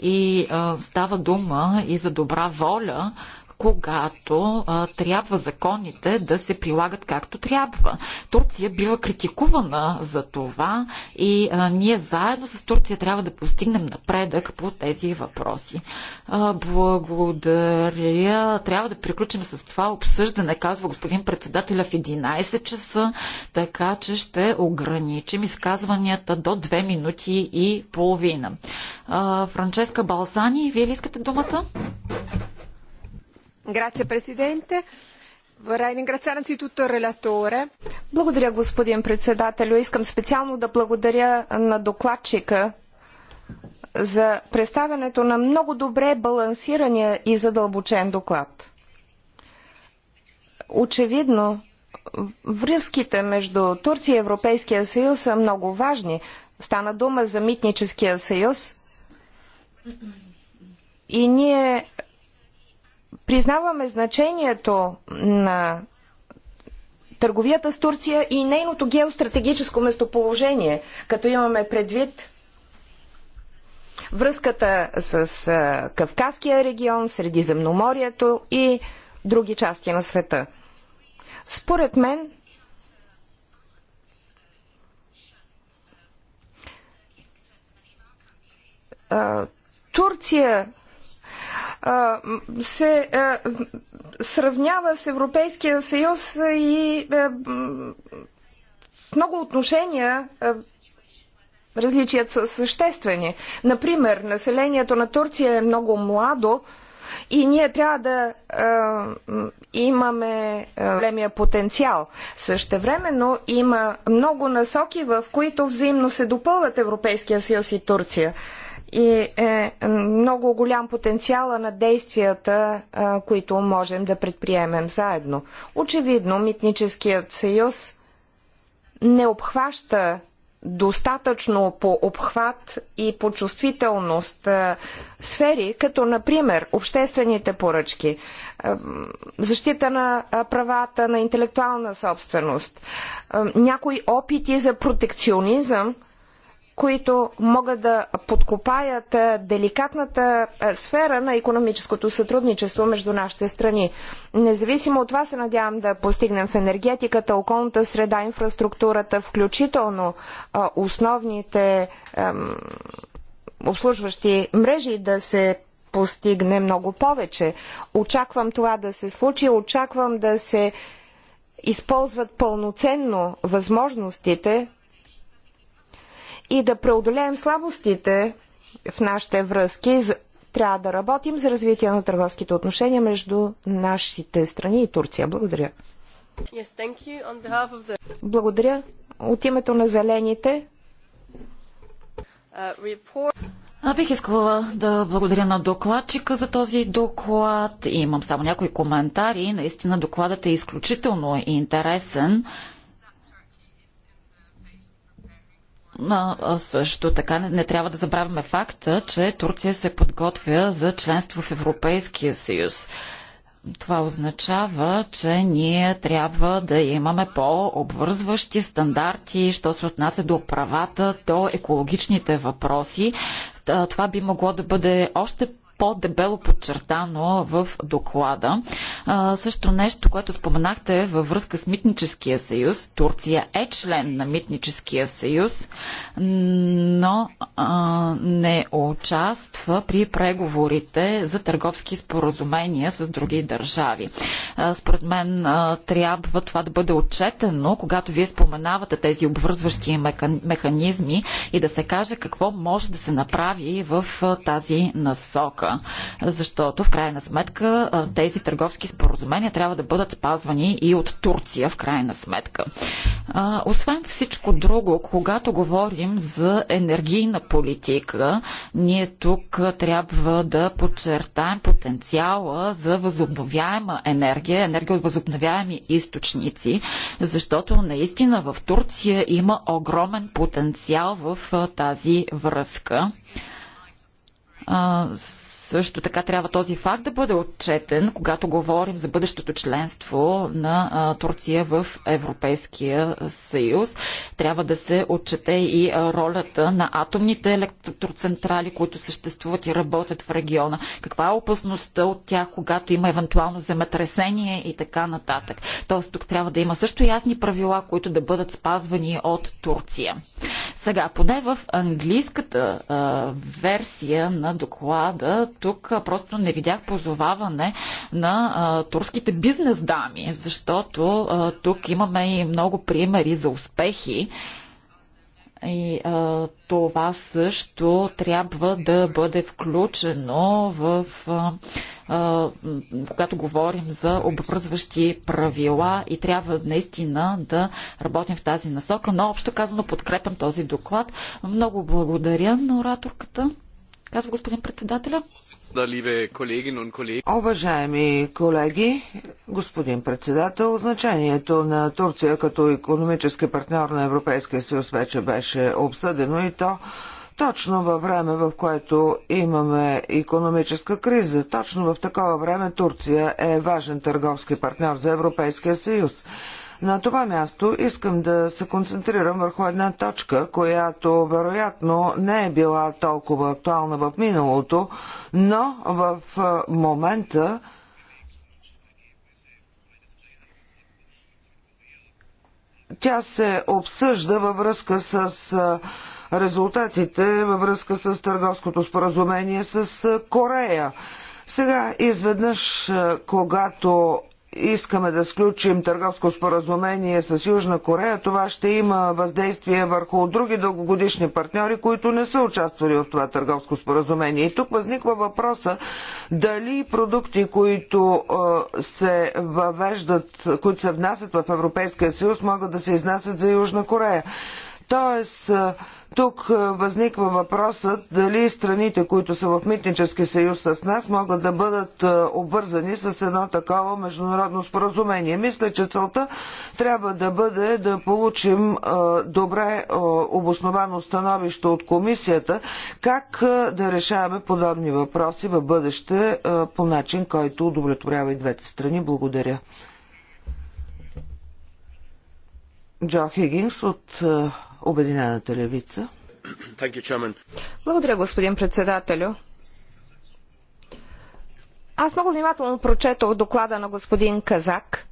И а, става дума и за добра воля когато а, трябва законите да се прилагат както трябва. Турция бива критикувана за това и а, ние заедно с Турция трябва да постигнем напредък по тези въпроси. А, благодаря. Трябва да приключим с това обсъждане, казва господин председателя в 11 часа, така че ще ограничим изказванията до 2 минути и половина. А, Франческа Балсани, вие ли искате думата? Grazie Presidente. Vorrei ringraziare anzitutto il relatore. Благодаря, господин председателю. Искам специално да благодаря на докладчика за представянето на много добре балансирания и задълбочен доклад. Очевидно, връзките между Турция и Европейския съюз са много важни. Стана дума за митническия съюз и ние Признаваме значението на търговията с Турция и нейното геостратегическо местоположение, като имаме предвид връзката с Кавказския регион, Средиземноморието и други части на света. Според мен, Турция се сравнява с Европейския съюз и в много отношения различията са съществени. Например, населението на Турция е много младо и ние трябва да е, имаме големия потенциал. Същевременно има много насоки, в които взаимно се допълват Европейския съюз и Турция и е много голям потенциала на действията, е, които можем да предприемем заедно. Очевидно, митническият съюз не обхваща достатъчно по обхват и по чувствителност е, сфери, като например обществените поръчки, е, защита на правата на интелектуална собственост, някои опити за протекционизъм, които могат да подкопаят деликатната сфера на економическото сътрудничество между нашите страни. Независимо от това се надявам да постигнем в енергетиката, околната среда, инфраструктурата, включително основните обслужващи мрежи да се постигне много повече. Очаквам това да се случи, очаквам да се използват пълноценно възможностите, и да преодолеем слабостите в нашите връзки. Трябва да работим за развитие на търговските отношения между нашите страни и Турция. Благодаря. Yes, the... Благодаря. От името на зелените. Uh, report... А бих искала да благодаря на докладчика за този доклад. Имам само някои коментари. Наистина докладът е изключително интересен. Също така не, не трябва да забравяме факта, че Турция се подготвя за членство в Европейския съюз. Това означава, че ние трябва да имаме по-обвързващи стандарти, що се отнася до правата, до екологичните въпроси. Това би могло да бъде още по-дебело подчертано в доклада. А, също нещо, което споменахте във връзка с Митническия съюз. Турция е член на Митническия съюз, но а, не участва при преговорите за търговски споразумения с други държави. А, според мен а, трябва това да бъде отчетено, когато вие споменавате тези обвързващи механизми и да се каже какво може да се направи в а, тази насока посока, защото в крайна сметка тези търговски споразумения трябва да бъдат спазвани и от Турция в крайна сметка. Освен всичко друго, когато говорим за енергийна политика, ние тук трябва да подчертаем потенциала за възобновяема енергия, енергия от възобновяеми източници, защото наистина в Турция има огромен потенциал в тази връзка. Също така трябва този факт да бъде отчетен, когато говорим за бъдещото членство на Турция в Европейския съюз. Трябва да се отчете и ролята на атомните електроцентрали, които съществуват и работят в региона. Каква е опасността от тях, когато има евентуално земетресение и така нататък. Тоест тук трябва да има също ясни правила, които да бъдат спазвани от Турция. Сега, поне в английската а, версия на доклада, тук просто не видях позоваване на а, турските бизнес дами, защото а, тук имаме и много примери за успехи. И а, това също трябва да бъде включено в. А, а, когато говорим за обвързващи правила и трябва наистина да работим в тази насока. Но общо казано подкрепям този доклад. Много благодаря на ораторката, казва господин председателя. Уважаеми колеги, господин председател, значението на Турция като економически партньор на Европейския съюз вече беше обсъдено и то точно във време, в което имаме економическа криза. Точно в такова време Турция е важен търговски партньор за Европейския съюз. На това място искам да се концентрирам върху една точка, която вероятно не е била толкова актуална в миналото, но в момента тя се обсъжда във връзка с резултатите, във връзка с търговското споразумение с Корея. Сега изведнъж, когато искаме да сключим търговско споразумение с Южна Корея, това ще има въздействие върху други дългогодишни партньори, които не са участвали в това търговско споразумение. И тук възниква въпроса дали продукти, които се въвеждат, които се внасят в Европейския съюз, могат да се изнасят за Южна Корея. Тоест, тук възниква въпросът дали страните, които са в митнически съюз с нас, могат да бъдат обвързани с едно такова международно споразумение. Мисля, че целта трябва да бъде да получим добре обосновано становище от комисията, как да решаваме подобни въпроси в бъдеще по начин, който удовлетворява и двете страни. Благодаря. Джо Хигинс от Обединената левица. Благодаря, господин председателю. Аз много внимателно прочетох доклада на господин Казак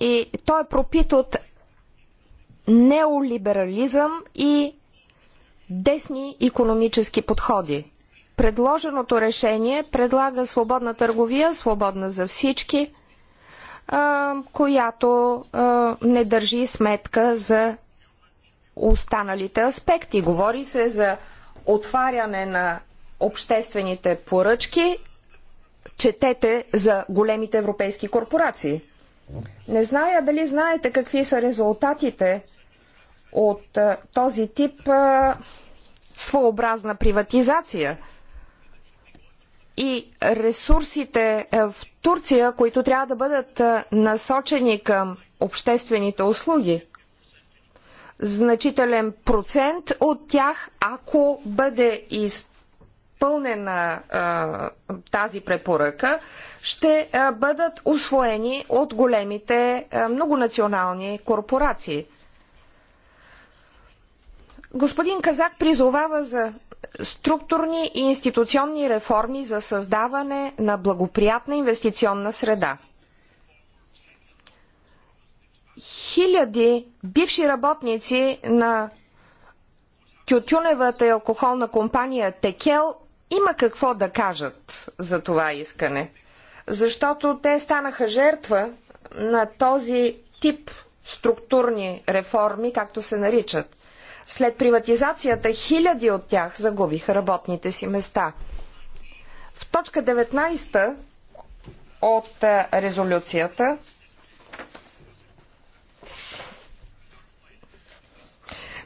и той е пропит от неолиберализъм и десни економически подходи. Предложеното решение предлага свободна търговия, свободна за всички, която не държи сметка за останалите аспекти. Говори се за отваряне на обществените поръчки, четете за големите европейски корпорации. Не зная дали знаете какви са резултатите от този тип своеобразна приватизация и ресурсите в Турция, които трябва да бъдат насочени към обществените услуги значителен процент от тях, ако бъде изпълнена а, тази препоръка, ще а, бъдат освоени от големите а, многонационални корпорации. Господин Казак призовава за структурни и институционни реформи за създаване на благоприятна инвестиционна среда хиляди бивши работници на тютюневата и алкохолна компания Текел има какво да кажат за това искане, защото те станаха жертва на този тип структурни реформи, както се наричат. След приватизацията хиляди от тях загубиха работните си места. В точка 19 от резолюцията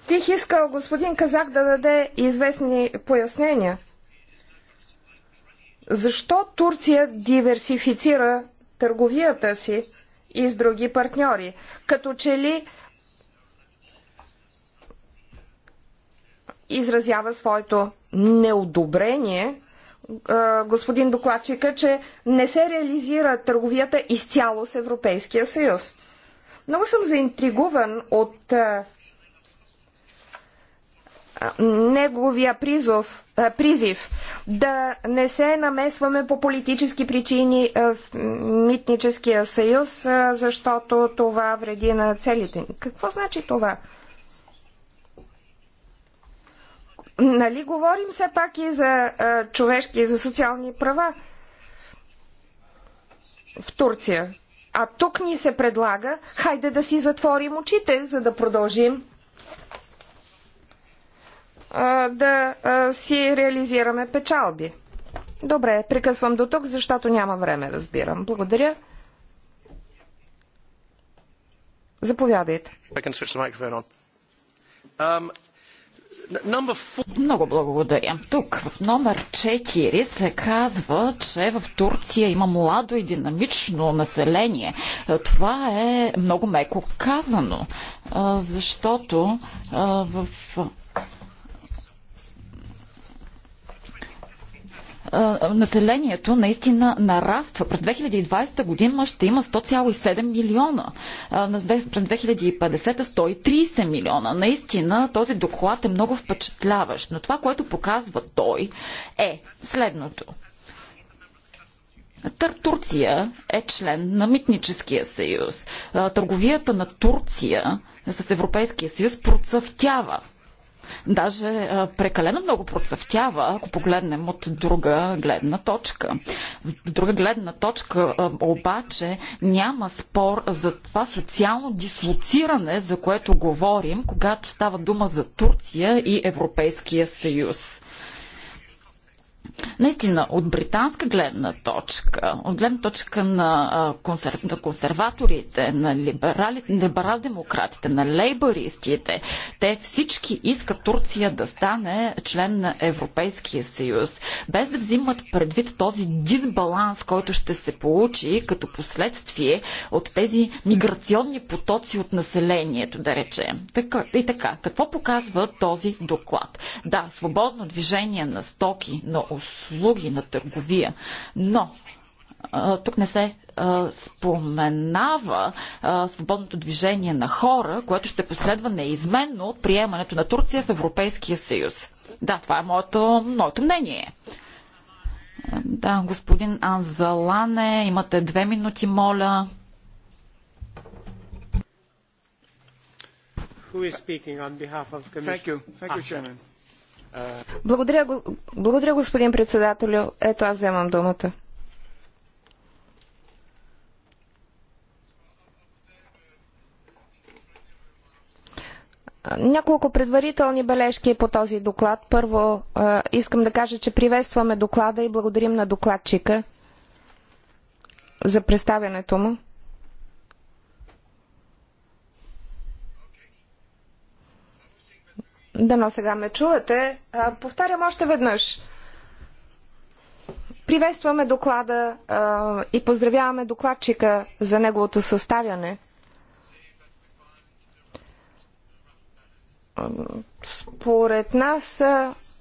Бих искал господин Казак да даде известни пояснения. Защо Турция диверсифицира търговията си и с други партньори? Като че ли изразява своето неодобрение господин докладчика, че не се реализира търговията изцяло с Европейския съюз. Много съм заинтригуван от неговия призов, призив да не се намесваме по политически причини в митническия съюз, защото това вреди на целите ни. Какво значи това? Нали говорим все пак и за човешки, и за социални права в Турция? А тук ни се предлага, хайде да си затворим очите, за да продължим да си реализираме печалби. Добре, прекъсвам до тук, защото няма време, разбирам. Благодаря. Заповядайте. Um, много благодаря. Тук в номер 4 се казва, че в Турция има младо и динамично население. Това е много меко казано, защото в населението наистина нараства. През 2020 година ще има 100,7 милиона. През 2050 130 милиона. Наистина този доклад е много впечатляващ. Но това, което показва той е следното. Турция е член на Митническия съюз. Търговията на Турция с Европейския съюз процъфтява. Даже прекалено много процъфтява, ако погледнем от друга гледна точка. В друга гледна точка обаче няма спор за това социално дислоциране, за което говорим, когато става дума за Турция и Европейския съюз. Наистина, от британска гледна точка, от гледна точка на, консер... на консерваторите, на либерали... либерал-демократите, на лейбористите, те всички искат Турция да стане член на Европейския съюз, без да взимат предвид този дисбаланс, който ще се получи като последствие от тези миграционни потоци от населението, да речем. Така, и така, какво показва този доклад? Да, свободно движение на стоки, на услуги, на търговия. Но тук не се споменава свободното движение на хора, което ще последва неизменно от приемането на Турция в Европейския съюз. Да, това е моето, моето мнение. Да, господин Анзалане, имате две минути, моля. Who is speaking on behalf of Commission? Thank you. Thank you, Chairman. Благодаря, благодаря господин председателю. Ето аз вземам думата. Няколко предварителни бележки по този доклад. Първо, искам да кажа, че приветстваме доклада и благодарим на докладчика за представянето му. Дано сега ме чувате. А, повтарям още веднъж. Приветстваме доклада а, и поздравяваме докладчика за неговото съставяне. Според нас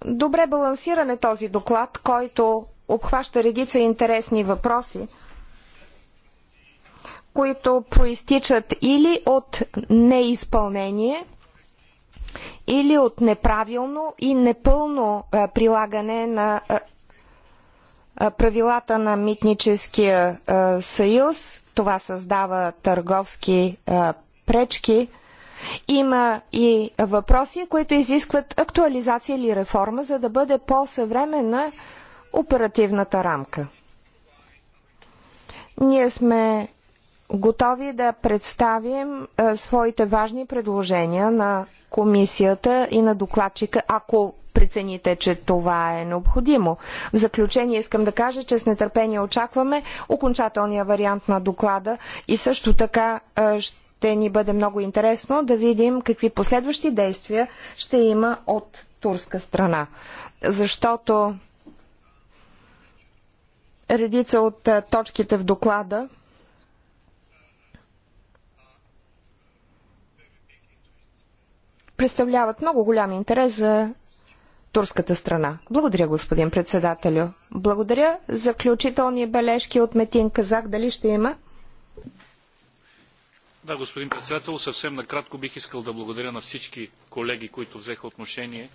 добре балансиран е този доклад, който обхваща редица интересни въпроси, които проистичат или от неизпълнение – или от неправилно и непълно е, прилагане на е, е, правилата на митническия съюз. Това създава търговски пречки. Има и въпроси, които изискват актуализация или реформа, за да бъде по-съвременна оперативната рамка. Ние сме готови да представим а, е, своите важни предложения на комисията и на докладчика, ако прецените, че това е необходимо. В заключение искам да кажа, че с нетърпение очакваме окончателния вариант на доклада и също така а, е, ще ни бъде много интересно да видим какви последващи действия ще има от турска страна. Защото редица от е, точките в доклада представляват много голям интерес за турската страна. Благодаря, господин председателю. Благодаря. Заключителни бележки от Метин Казак. Дали ще има? Да, господин председател, съвсем накратко бих искал да благодаря на всички колеги, които взеха отношение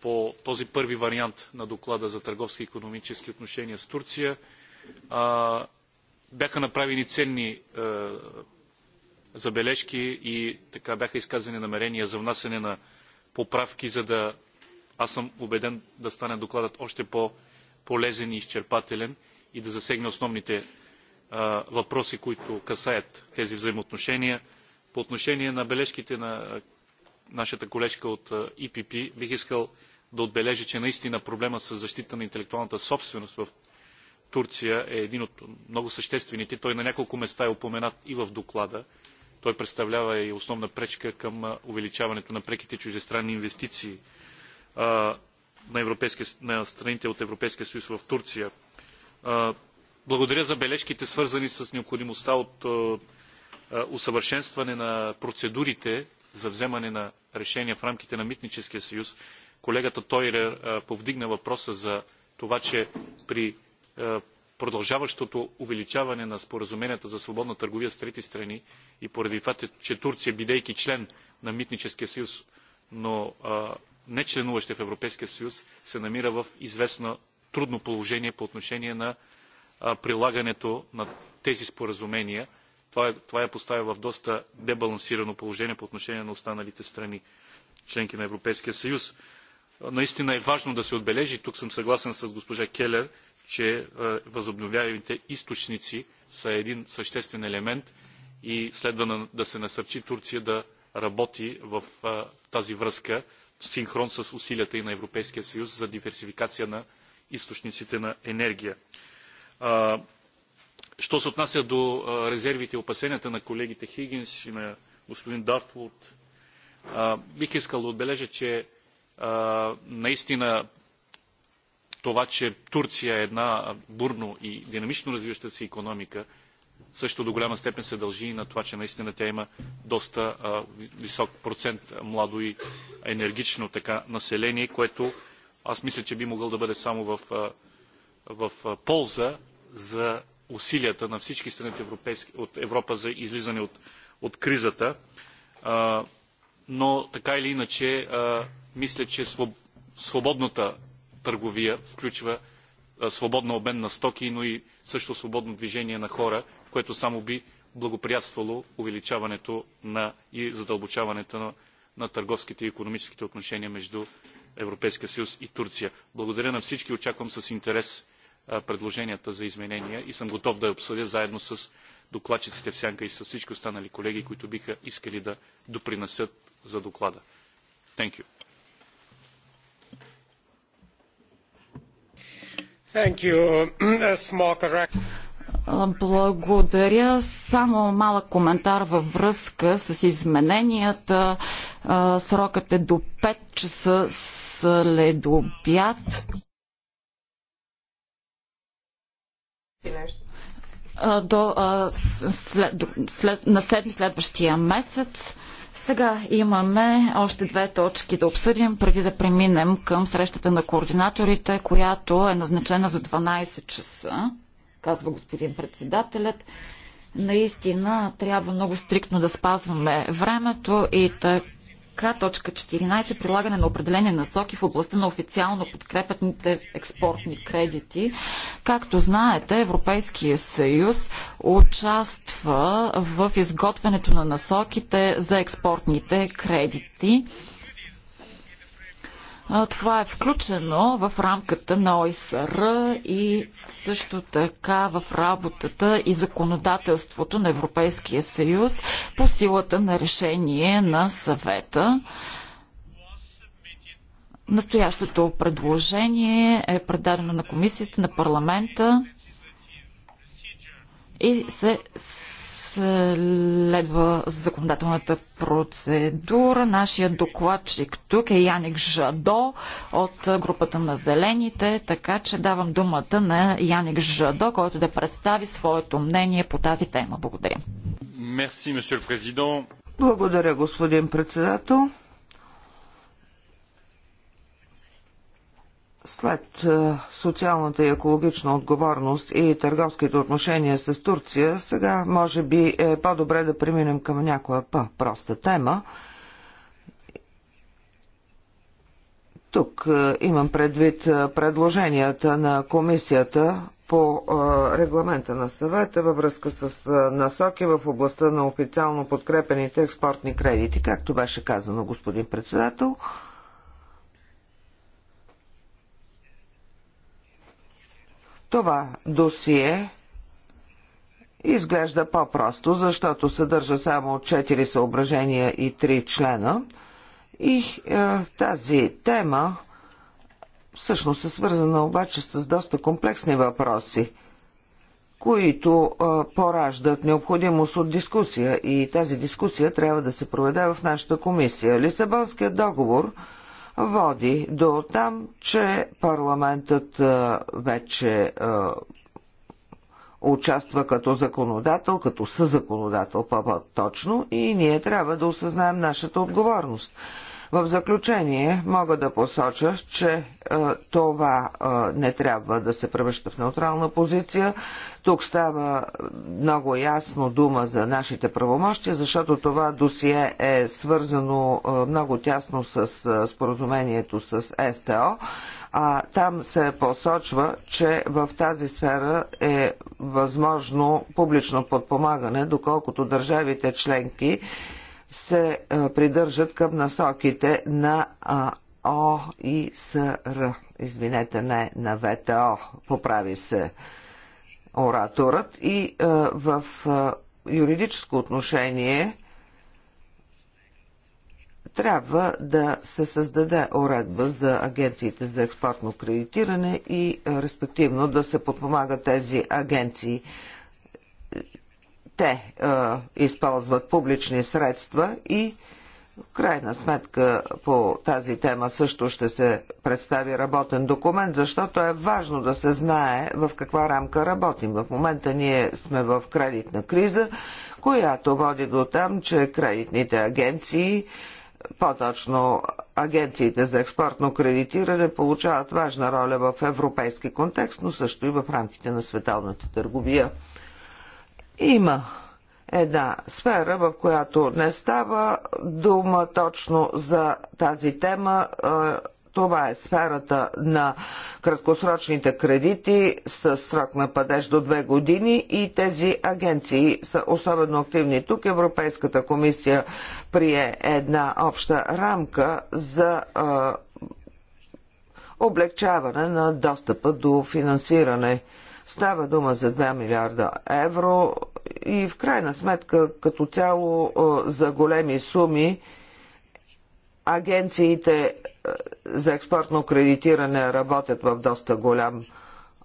по този първи вариант на доклада за търговски и економически отношения с Турция. бяха направени ценни е, забележки и така бяха изказани намерения за внасяне на поправки, за да аз съм убеден да стане докладът още по-полезен и изчерпателен и да засегне основните а, въпроси, които касаят тези взаимоотношения. По отношение на бележките на нашата колежка от ИПП, бих искал да отбележа, че наистина проблемът с защита на интелектуалната собственост в Турция е един от много съществените. Той на няколко места е упоменат и в доклада той представлява и основна пречка към увеличаването на преките чуждестранни инвестиции на, на страните от Европейския съюз в Турция. Благодаря за бележките, свързани с необходимостта от усъвършенстване на процедурите за вземане на решения в рамките на Митническия съюз. Колегата Тойрер повдигна въпроса за това, че при продължаващото увеличаване на споразуменията за свободна търговия с трети страни и поради това, че Турция, бидейки член на Митническия съюз, но не членуваща в Европейския съюз, се намира в известно трудно положение по отношение на прилагането на тези споразумения. Това, е, това я поставя в доста дебалансирано положение по отношение на останалите страни, членки на Европейския съюз. Наистина е важно да се отбележи, тук съм съгласен с госпожа Келер, че е, възобновяемите източници са един съществен елемент и следва да се насърчи Турция да работи в е, тази връзка в синхрон с усилията и на Европейския съюз за диверсификация на източниците на енергия. Що се отнася до е, резервите и опасенията на колегите Хигинс и на господин Дартфорд, бих искал да отбележа, че наистина това, че Турция е една бурно и динамично развиваща се економика, също до голяма степен се дължи и на това, че наистина тя има доста а, висок процент младо и енергично така население, което аз мисля, че би могъл да бъде само в, в полза за усилията на всички страни от Европа за излизане от, от кризата. А, но така или иначе, а, мисля, че своб, свободната търговия включва свободен обмен на стоки, но и също свободно движение на хора, което само би благоприятствало увеличаването на и задълбочаването на, на търговските и економическите отношения между Европейския съюз и Турция. Благодаря на всички. Очаквам с интерес предложенията за изменения и съм готов да я обсъдя заедно с докладчиците в сянка и с всички останали колеги, които биха искали да допринесат за доклада. Thank you. Благодаря. Само малък коментар във връзка с измененията. Срокът е до 5 часа след обяд. До, след, след, на следващия месец. Сега имаме още две точки да обсъдим, преди да преминем към срещата на координаторите, която е назначена за 12 часа, казва господин председателят. Наистина трябва много стриктно да спазваме времето и така К.14 точка 14, прилагане на определени насоки в областта на официално подкрепятните експортни кредити. Както знаете, Европейския съюз участва в изготвянето на насоките за експортните кредити. Това е включено в рамката на ОИСР и също така в работата и законодателството на Европейския съюз по силата на решение на съвета. Настоящото предложение е предадено на комисията, на парламента и се следва законодателната процедура. Нашия докладчик тук е Яник Жадо от групата на Зелените, така че давам думата на Яник Жадо, който да представи своето мнение по тази тема. Благодаря. Благодаря, господин председател. След е, социалната и екологична отговорност и търговските отношения с Турция, сега може би е по-добре да преминем към някоя по-проста тема. Тук е, имам предвид е, предложенията на комисията по регламента на съвета във връзка с насоки в областта на официално подкрепените експортни кредити, както беше казано господин председател. Това досие изглежда по-просто, защото съдържа само 4 съображения и 3 члена. И е, тази тема всъщност е свързана обаче с доста комплексни въпроси, които е, пораждат необходимост от дискусия. И тази дискусия трябва да се проведе в нашата комисия. Лисабонският договор – води до там, че парламентът е, вече е, участва като законодател, като съзаконодател по-точно и ние трябва да осъзнаем нашата отговорност. В заключение мога да посоча, че е, това е, не трябва да се превръща в неутрална позиция. Тук става много ясно дума за нашите правомощия, защото това досие е свързано е, много тясно с споразумението с СТО а там се посочва, че в тази сфера е възможно публично подпомагане, доколкото държавите членки се придържат към насоките на ОИСР. Извинете, не на ВТО, поправи се ораторът. И в юридическо отношение трябва да се създаде уредба за агенциите за експортно кредитиране и респективно да се подпомагат тези агенции те е, използват публични средства и в крайна сметка по тази тема също ще се представи работен документ, защото е важно да се знае в каква рамка работим. В момента ние сме в кредитна криза, която води до там, че кредитните агенции, по-точно агенциите за експортно кредитиране, получават важна роля в европейски контекст, но също и в рамките на световната търговия. Има една сфера, в която не става дума точно за тази тема. Е, това е сферата на краткосрочните кредити с срок на падеж до две години и тези агенции са особено активни. Тук Европейската комисия прие една обща рамка за е, облегчаване на достъпа до финансиране. Става дума за 2 милиарда евро и в крайна сметка като цяло е, за големи суми агенциите е, за експортно кредитиране работят в доста голям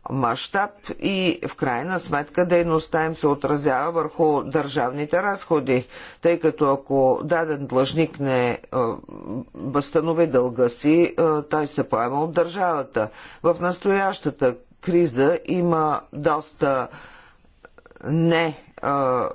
мащаб и в крайна сметка дейността им се отразява върху държавните разходи, тъй като ако даден длъжник не е, възстанови дълга си, той се поема от държавата. В настоящата криза има доста не а,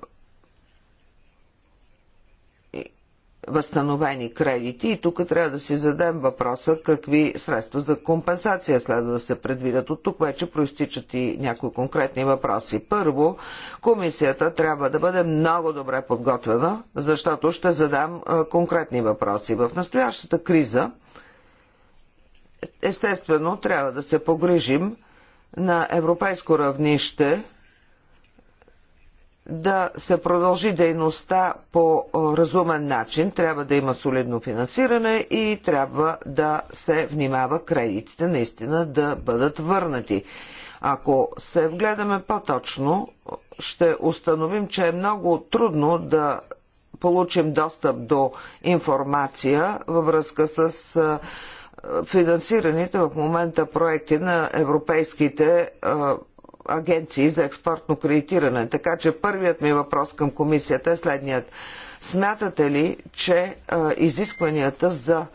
възстановени кредити и тук трябва да си зададем въпроса какви средства за компенсация следва да се предвидят. От тук вече проистичат и някои конкретни въпроси. Първо, комисията трябва да бъде много добре подготвена, защото ще задам конкретни въпроси. В настоящата криза, естествено, трябва да се погрижим на европейско равнище да се продължи дейността по разумен начин, трябва да има солидно финансиране и трябва да се внимава кредитите наистина да бъдат върнати. Ако се вгледаме по-точно, ще установим, че е много трудно да получим достъп до информация във връзка с финансираните в момента проекти на европейските агенции за експортно кредитиране. Така че първият ми въпрос към комисията е следният. Смятате ли, че изискванията за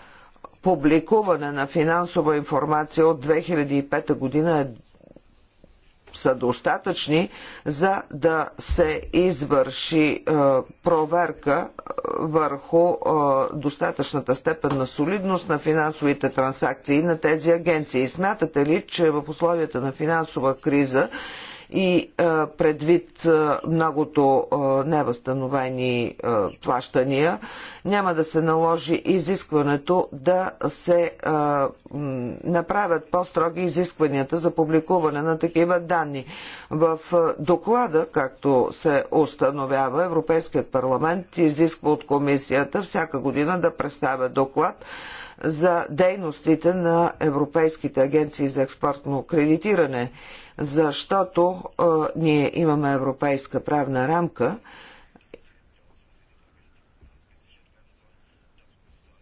публикуване на финансова информация от 2005 година е са достатъчни, за да се извърши е, проверка е, върху е, достатъчната степен на солидност на финансовите транзакции на тези агенции. Смятате ли, че в условията на финансова криза и предвид многото невъзстановени плащания, няма да се наложи изискването да се направят по-строги изискванията за публикуване на такива данни. В доклада, както се установява, Европейският парламент изисква от комисията всяка година да представя доклад за дейностите на европейските агенции за експортно кредитиране защото ние имаме европейска правна рамка,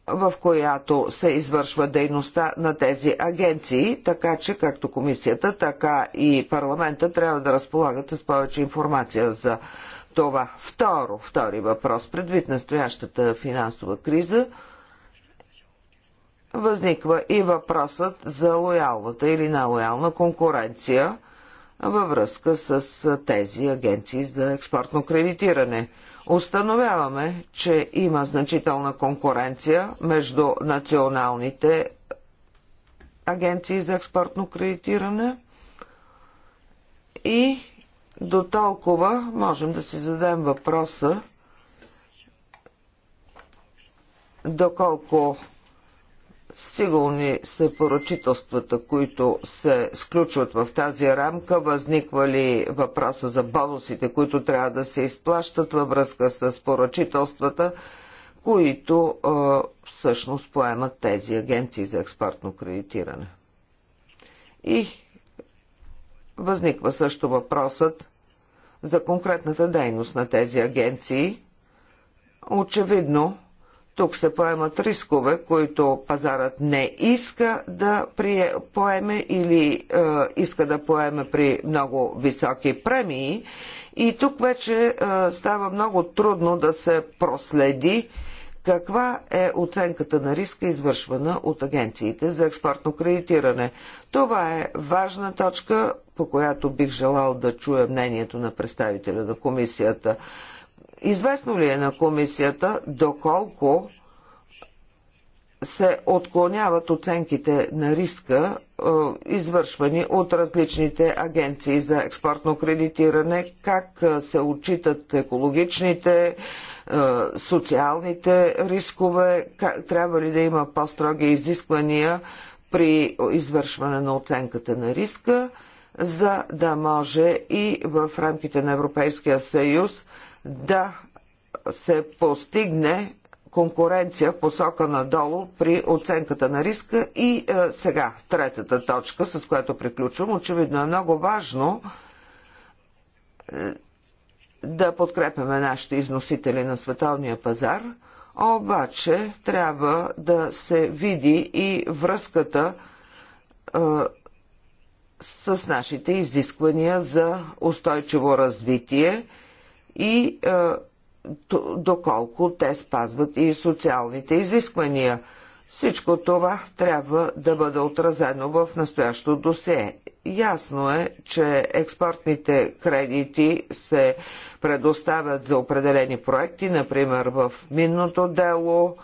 в която се извършва дейността на тези агенции, така че както комисията, така и парламента трябва да разполагат с повече информация за това. Второ, втори въпрос. Предвид настоящата финансова криза, възниква и въпросът за лоялната или нелоялна конкуренция във връзка с тези агенции за експортно кредитиране. Установяваме, че има значителна конкуренция между националните агенции за експортно кредитиране и до толкова можем да си зададем въпроса доколко Сигурни са поръчителствата, които се сключват в тази рамка. Възниква ли въпроса за бонусите, които трябва да се изплащат във връзка с поръчителствата, които всъщност поемат тези агенции за експортно кредитиране? И възниква също въпросът за конкретната дейност на тези агенции. Очевидно, тук се поемат рискове, които пазарът не иска да поеме или е, иска да поеме при много високи премии. И тук вече е, става много трудно да се проследи каква е оценката на риска, извършвана от агенциите за експортно кредитиране. Това е важна точка, по която бих желал да чуя мнението на представителя на комисията. Известно ли е на комисията доколко се отклоняват оценките на риска, е, извършвани от различните агенции за експортно кредитиране, как е, се отчитат екологичните, е, социалните рискове, трябва ли да има по-строги изисквания при извършване на оценката на риска, за да може и в рамките на Европейския съюз да се постигне конкуренция в посока надолу при оценката на риска. И е, сега, третата точка, с която приключвам, очевидно е много важно е, да подкрепяме нашите износители на световния пазар, обаче трябва да се види и връзката е, с нашите изисквания за устойчиво развитие – и е, доколко те спазват и социалните изисквания. Всичко това трябва да бъде отразено в настоящото досие. Ясно е, че експортните кредити се предоставят за определени проекти, например в минното дело.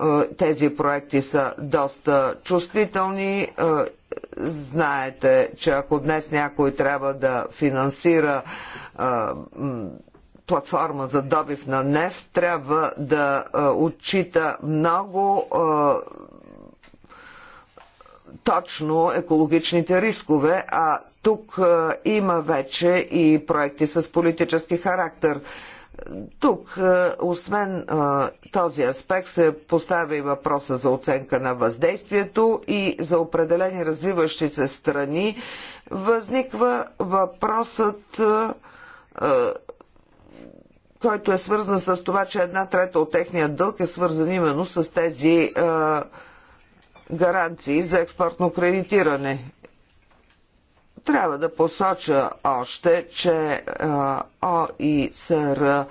Е, тези проекти са доста чувствителни. Е, знаете, че ако днес някой трябва да финансира платформа за добив на нефт трябва да е, отчита много е, точно екологичните рискове, а тук е, има вече и проекти с политически характер. Тук, освен този аспект, се поставя и въпроса за оценка на въздействието и за определени развиващи се страни. Възниква въпросът който е свързан с това, че една трета от техния дълг е свързан именно с тези а, е, гаранции за експортно кредитиране. Трябва да посоча още, че е, ОИСР е,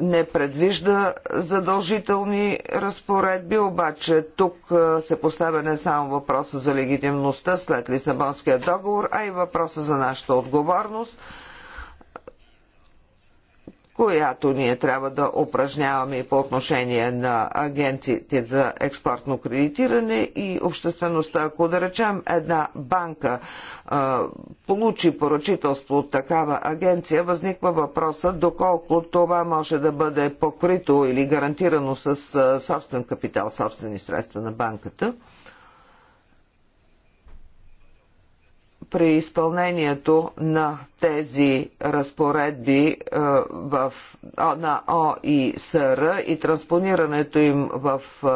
не предвижда задължителни разпоредби, обаче тук се поставя не само въпроса за легитимността след Лисабонския договор, а и въпроса за нашата отговорност – която ние трябва да упражняваме по отношение на агенциите за експортно кредитиране и обществеността. Ако да речем една банка а, получи поръчителство от такава агенция, възниква въпроса доколко това може да бъде покрито или гарантирано с а, собствен капитал, собствени средства на банката. при изпълнението на тези разпоредби е, в, на ОИСР и транспонирането им в е,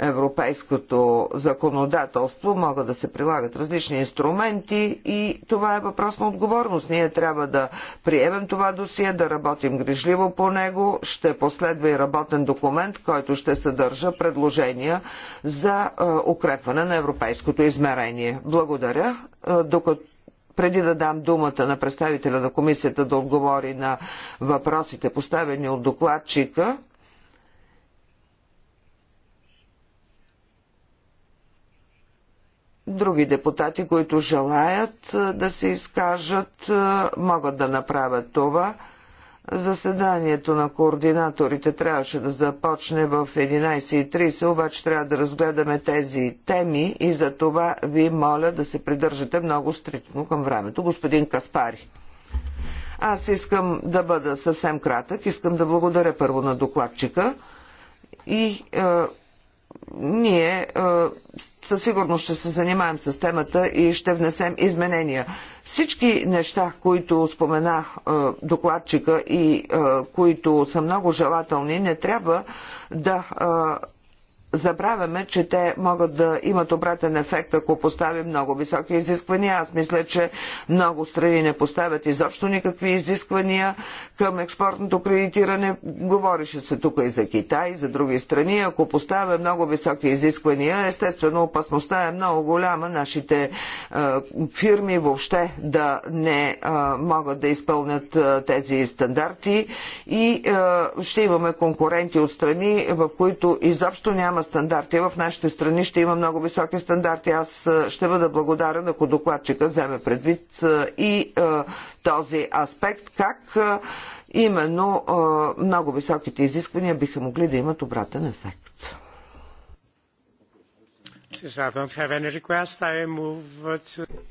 европейското законодателство могат да се прилагат различни инструменти и това е въпрос на отговорност. Ние трябва да приемем това досие, да работим грижливо по него. Ще последва и работен документ, който ще съдържа предложения за укрепване на европейското измерение. Благодаря. Докато преди да дам думата на представителя на комисията да отговори на въпросите, поставени от докладчика, Други депутати, които желаят да се изкажат, могат да направят това. Заседанието на координаторите трябваше да започне в 11.30, обаче трябва да разгледаме тези теми и за това ви моля да се придържате много стритно към времето. Господин Каспари. Аз искам да бъда съвсем кратък. Искам да благодаря първо на докладчика и е, ние е, със сигурност ще се занимаем с темата и ще внесем изменения. Всички неща, които спомена е, докладчика и е, които са много желателни, не трябва да забравяме, че те могат да имат обратен ефект, ако поставим много високи изисквания. Аз мисля, че много страни не поставят изобщо никакви изисквания към експортното кредитиране. Говореше се тук и за Китай, и за други страни. Ако поставяме много високи изисквания, естествено опасността е много голяма нашите е, фирми въобще да не е, могат да изпълнят е, тези стандарти и е, ще имаме конкуренти от страни, в които изобщо няма няма стандарти. В нашите страни ще има много високи стандарти. Аз ще бъда благодарен, ако докладчика вземе предвид и този аспект, как именно много високите изисквания биха могли да имат обратен ефект.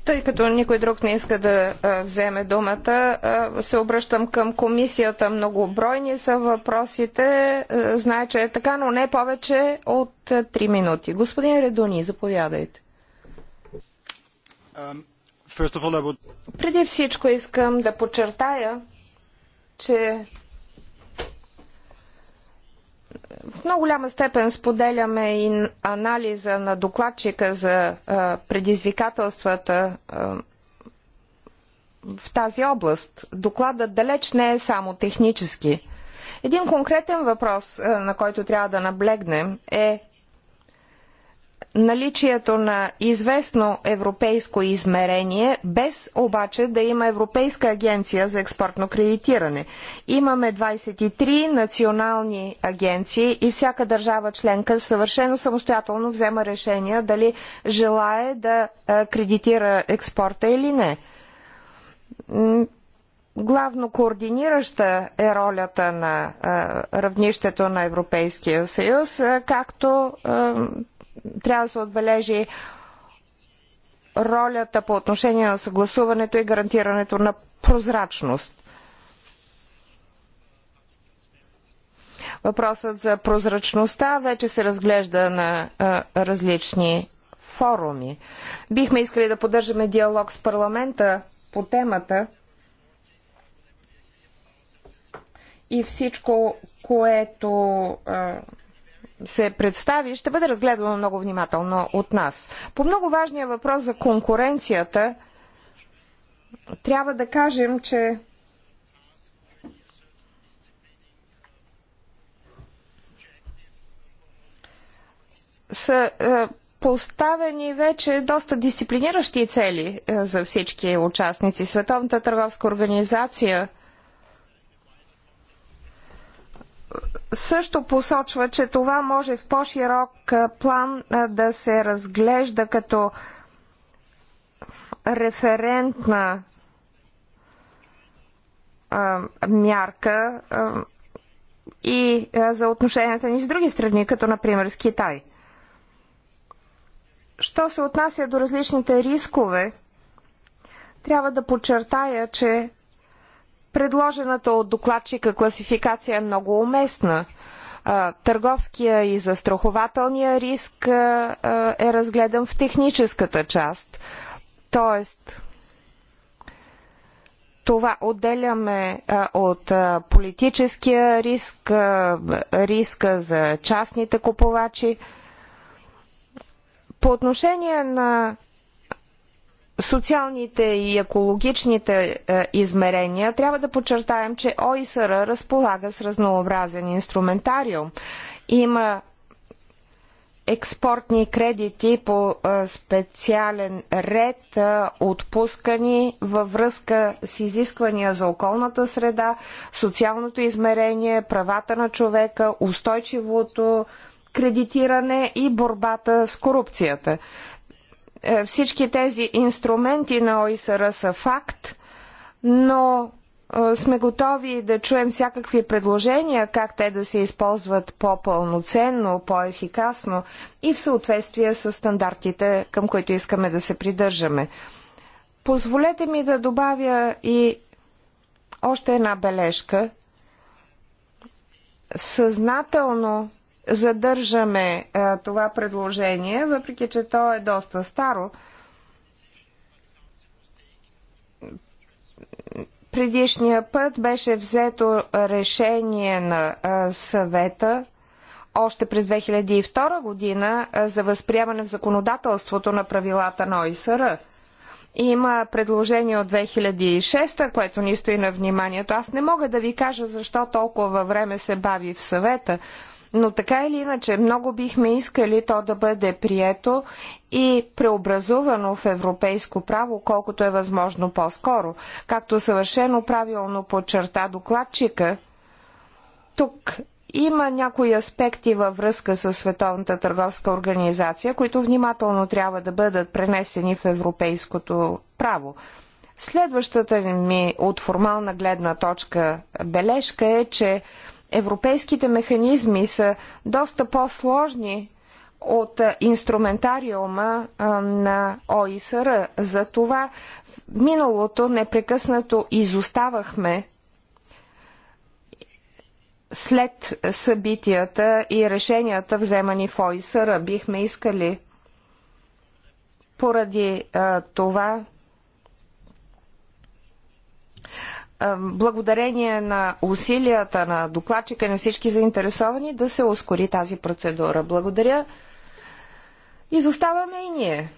Тъй като никой друг не иска да вземе думата, се обръщам към комисията. Многобройни са въпросите. Знае, че е така, но не повече от 3 минути. Господин Редуни, заповядайте. Um, Преди всичко искам да подчертая, че В много голяма степен споделяме и анализа на докладчика за предизвикателствата в тази област. Докладът далеч не е само технически. Един конкретен въпрос, на който трябва да наблегнем, е наличието на известно европейско измерение, без обаче да има Европейска агенция за експортно кредитиране. Имаме 23 национални агенции и всяка държава членка съвършено самостоятелно взема решение дали желае да кредитира експорта или не. Главно координираща е ролята на равнището на Европейския съюз, както трябва да се отбележи ролята по отношение на съгласуването и гарантирането на прозрачност. Въпросът за прозрачността вече се разглежда на а, различни форуми. Бихме искали да поддържаме диалог с парламента по темата и всичко, което а, се представи, ще бъде разгледано много внимателно от нас. По много важния въпрос за конкуренцията, трябва да кажем, че са е, поставени вече доста дисциплиниращи цели е, за всички участници. Световната търговска организация – също посочва, че това може в по-широк план да се разглежда като референтна а, мярка а, и а, за отношенията ни с други страни, като например с Китай. Що се отнася до различните рискове, трябва да подчертая, че Предложената от докладчика класификация е много уместна. Търговския и застрахователния риск е разгледан в техническата част. Тоест, това отделяме от политическия риск, риска за частните купувачи. По отношение на социалните и екологичните е, измерения, трябва да подчертаем, че ОИСР разполага с разнообразен инструментариум. Има експортни кредити по е, специален ред, е, отпускани във връзка с изисквания за околната среда, социалното измерение, правата на човека, устойчивото кредитиране и борбата с корупцията. Е, всички тези инструменти на ОИСР са факт, но е, сме готови да чуем всякакви предложения, как те да се използват по-пълноценно, по-ефикасно и в съответствие с стандартите, към които искаме да се придържаме. Позволете ми да добавя и още една бележка. Съзнателно задържаме а, това предложение, въпреки че то е доста старо. Предишния път беше взето решение на а, съвета още през 2002 година а, за възприемане в законодателството на правилата на ОИСР. Има предложение от 2006, което ни стои на вниманието. Аз не мога да ви кажа защо толкова време се бави в съвета но така или иначе много бихме искали то да бъде прието и преобразувано в европейско право, колкото е възможно по-скоро. Както съвършено правилно подчерта докладчика, тук има някои аспекти във връзка с Световната търговска организация, които внимателно трябва да бъдат пренесени в европейското право. Следващата ми от формална гледна точка бележка е, че европейските механизми са доста по-сложни от инструментариума на ОИСР. За това в миналото непрекъснато изоставахме след събитията и решенията вземани в ОИСР. Бихме искали поради а, това Е, благодарение на усилията на докладчика и на всички заинтересовани да се ускори тази процедура. Благодаря. Изоставаме и ние.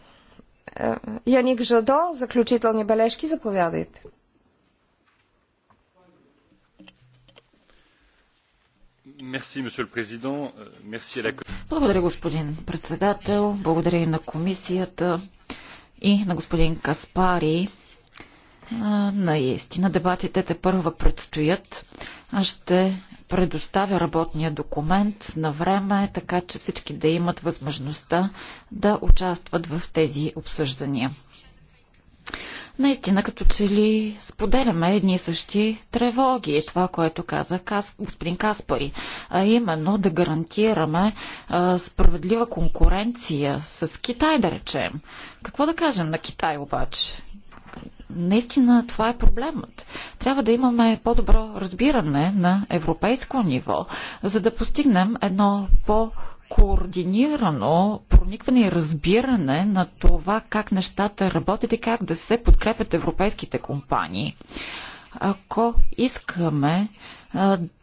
Е, Яник Жадо, заключителни бележки, заповядайте. Благодаря, господин председател. Благодаря и на комисията и на господин Каспари наистина дебатите те първа предстоят. Аз ще предоставя работния документ на време, така че всички да имат възможността да участват в тези обсъждания. Наистина, като че ли споделяме едни и същи тревоги, това, което каза Кас... господин Каспари, а именно да гарантираме а, справедлива конкуренция с Китай, да речем. Какво да кажем на Китай обаче? Наистина това е проблемът. Трябва да имаме по-добро разбиране на европейско ниво, за да постигнем едно по- координирано проникване и разбиране на това как нещата работят и как да се подкрепят европейските компании ако искаме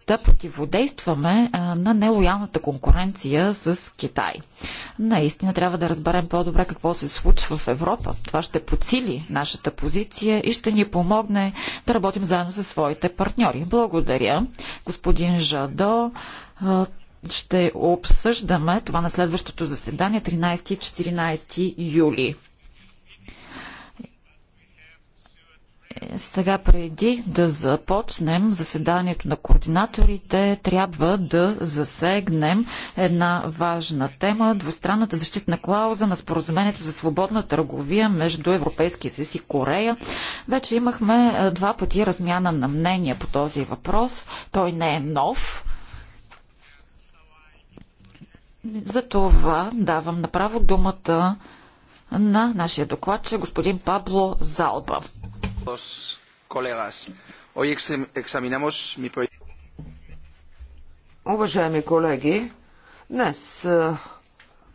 да противодействаме на нелоялната конкуренция с Китай. Наистина трябва да разберем по-добре какво се случва в Европа. Това ще подсили нашата позиция и ще ни помогне да работим заедно със своите партньори. Благодаря, господин Жадо. Ще обсъждаме това на следващото заседание 13 и 14 юли. Сега преди да започнем заседанието на координаторите, трябва да засегнем една важна тема двустранната защитна клауза на споразумението за свободна търговия между Европейския съюз и Корея. Вече имахме е, два пъти размяна на мнения по този въпрос. Той не е нов. Затова давам направо думата на нашия докладче, господин Пабло Залба. Уважаеми колеги, днес е,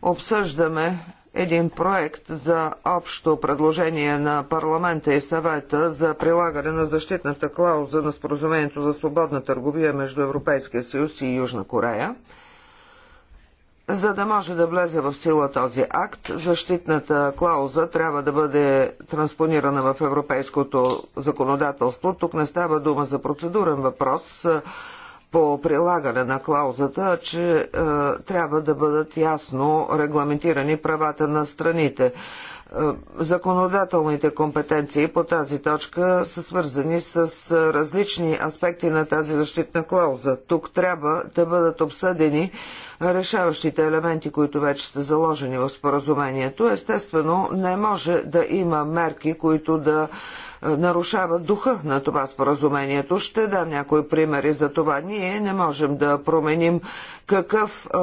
обсъждаме един проект за общо предложение на парламента и съвета за прилагане на защитната клауза на споразумението за свободна търговия между Европейския съюз и Южна Корея – за да може да влезе в сила този акт, защитната клауза трябва да бъде транспонирана в европейското законодателство. Тук не става дума за процедурен въпрос по прилагане на клаузата, че е, трябва да бъдат ясно регламентирани правата на страните. Е, законодателните компетенции по тази точка са свързани с различни аспекти на тази защитна клауза. Тук трябва да бъдат обсъдени решаващите елементи, които вече са заложени в споразумението. Естествено, не може да има мерки, които да е, нарушава духа на това споразумението. Ще дам някои примери за това. Ние не можем да променим какъв е,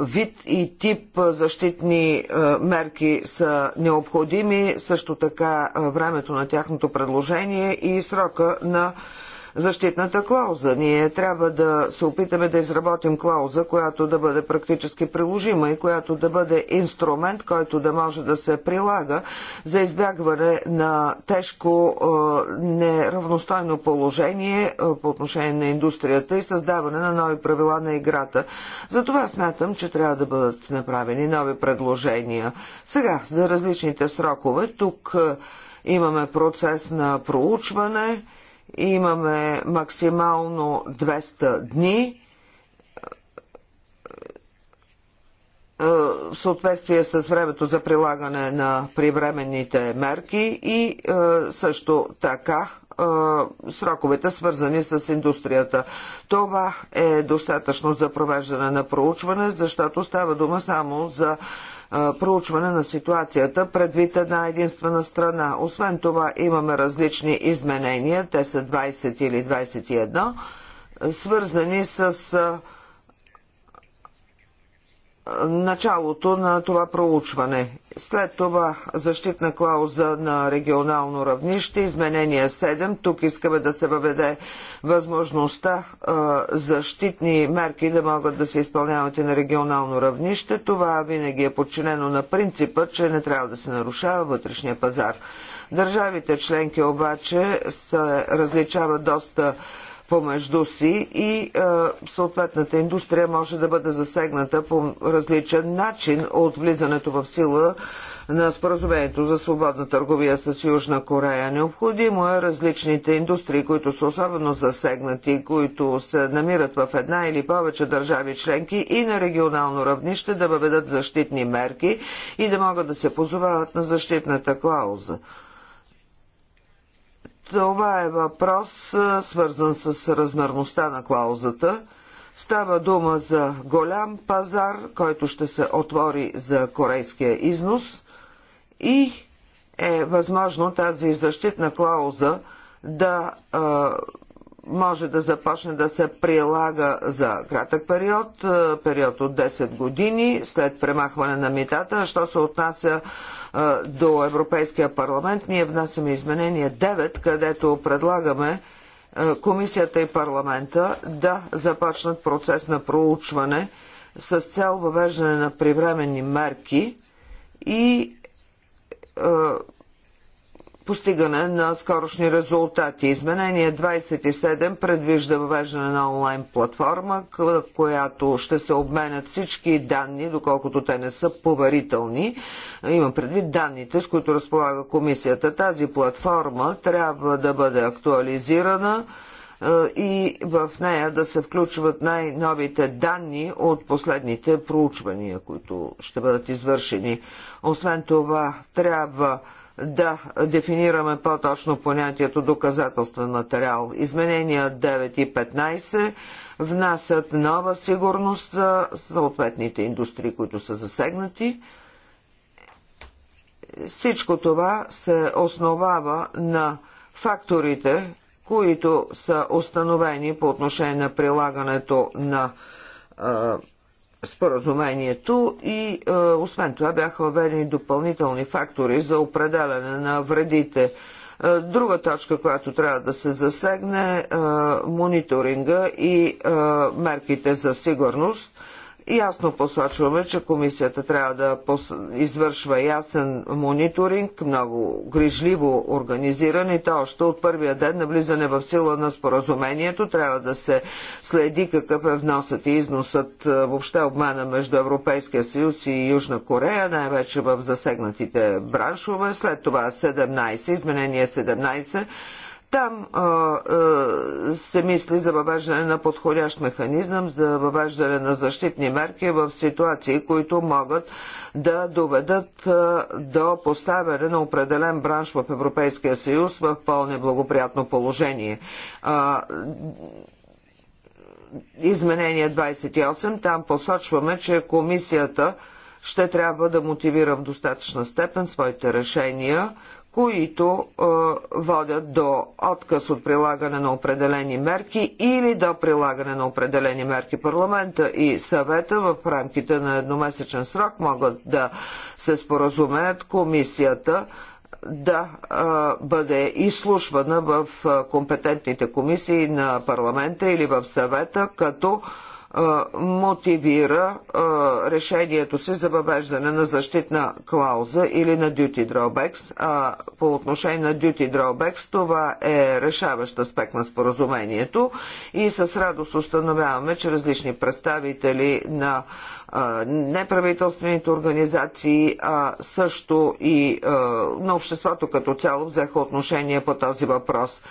вид и тип защитни е, мерки са необходими, също така времето на тяхното предложение и срока на защитната клауза. Ние трябва да се опитаме да изработим клауза, която да бъде практически приложима и която да бъде инструмент, който да може да се прилага за избягване на тежко е, неравностойно положение е, по отношение на индустрията и създаване на нови правила на играта. Затова смятам, че трябва да бъдат направени нови предложения. Сега, за различните срокове, тук е, имаме процес на проучване, Имаме максимално 200 дни. Е, в съответствие с времето за прилагане на привременните мерки и е, също така е, сроковете свързани с индустрията. Това е достатъчно за провеждане на проучване, защото става дума само за проучване на ситуацията предвид една единствена страна. Освен това имаме различни изменения, те са 20 или 21, свързани с началото на това проучване. След това защитна клауза на регионално равнище, изменение 7. Тук искаме да се въведе възможността е, защитни мерки да могат да се изпълняват и на регионално равнище. Това винаги е подчинено на принципа, че не трябва да се нарушава вътрешния пазар. Държавите членки обаче се различават доста помежду си и е, съответната индустрия може да бъде засегната по различен начин от влизането в сила на споразумението за свободна търговия с Южна Корея. Необходимо е различните индустрии, които са особено засегнати, които се намират в една или повече държави членки и на регионално равнище да въведат защитни мерки и да могат да се позовават на защитната клауза. Това е въпрос, свързан с размерността на клаузата. Става дума за голям пазар, който ще се отвори за корейския износ и е възможно тази защитна клауза да може да започне да се прилага за кратък период, е, период от 10 години след премахване на митата. Що се отнася е, до Европейския парламент, ние внасяме изменение 9, където предлагаме е, комисията и парламента да започнат процес на проучване с цел въвеждане на привременни мерки и постигане на скорошни резултати. Изменение 27 предвижда въвеждане на онлайн платформа, която ще се обменят всички данни, доколкото те не са поверителни. Имам предвид данните, с които разполага комисията. Тази платформа трябва да бъде актуализирана е, и в нея да се включват най-новите данни от последните проучвания, които ще бъдат извършени. Освен това, трябва да дефинираме по-точно понятието доказателствен материал. Изменения 9 и 15 внасят нова сигурност за съответните индустрии, които са засегнати. Всичко това се основава на факторите, които са установени по отношение на прилагането на споразумението и е, освен това бяха въведени допълнителни фактори за определяне на вредите. Е, друга точка, която трябва да се засегне е мониторинга и е, мерките за сигурност. Ясно посочваме, че комисията трябва да извършва ясен мониторинг, много грижливо организиран и то още от първия ден на влизане в сила на споразумението трябва да се следи какъв е вносът и износът е, въобще обмена между Европейския съюз и Южна Корея, най-вече в засегнатите браншове. След това 17, изменение 17 там а, а, се мисли за въвеждане на подходящ механизъм, за въвеждане на защитни мерки в ситуации, които могат да доведат а, до поставяне на определен бранш в Европейския съюз в по-неблагоприятно положение. А, изменение 28, там посочваме, че комисията ще трябва да мотивира в достатъчна степен своите решения които е, водят до отказ от прилагане на определени мерки или до прилагане на определени мерки. Парламента и съвета в рамките на едномесечен срок могат да се споразумеят комисията да а, е, бъде изслушвана в е, компетентните комисии на парламента или в съвета, като мотивира решението си за въвеждане на защитна клауза или на duty drawbacks. А по отношение на duty drawbacks това е решаващ аспект на споразумението и с радост установяваме, че различни представители на неправителствените организации, а също и на обществото като цяло взеха отношение по този въпрос.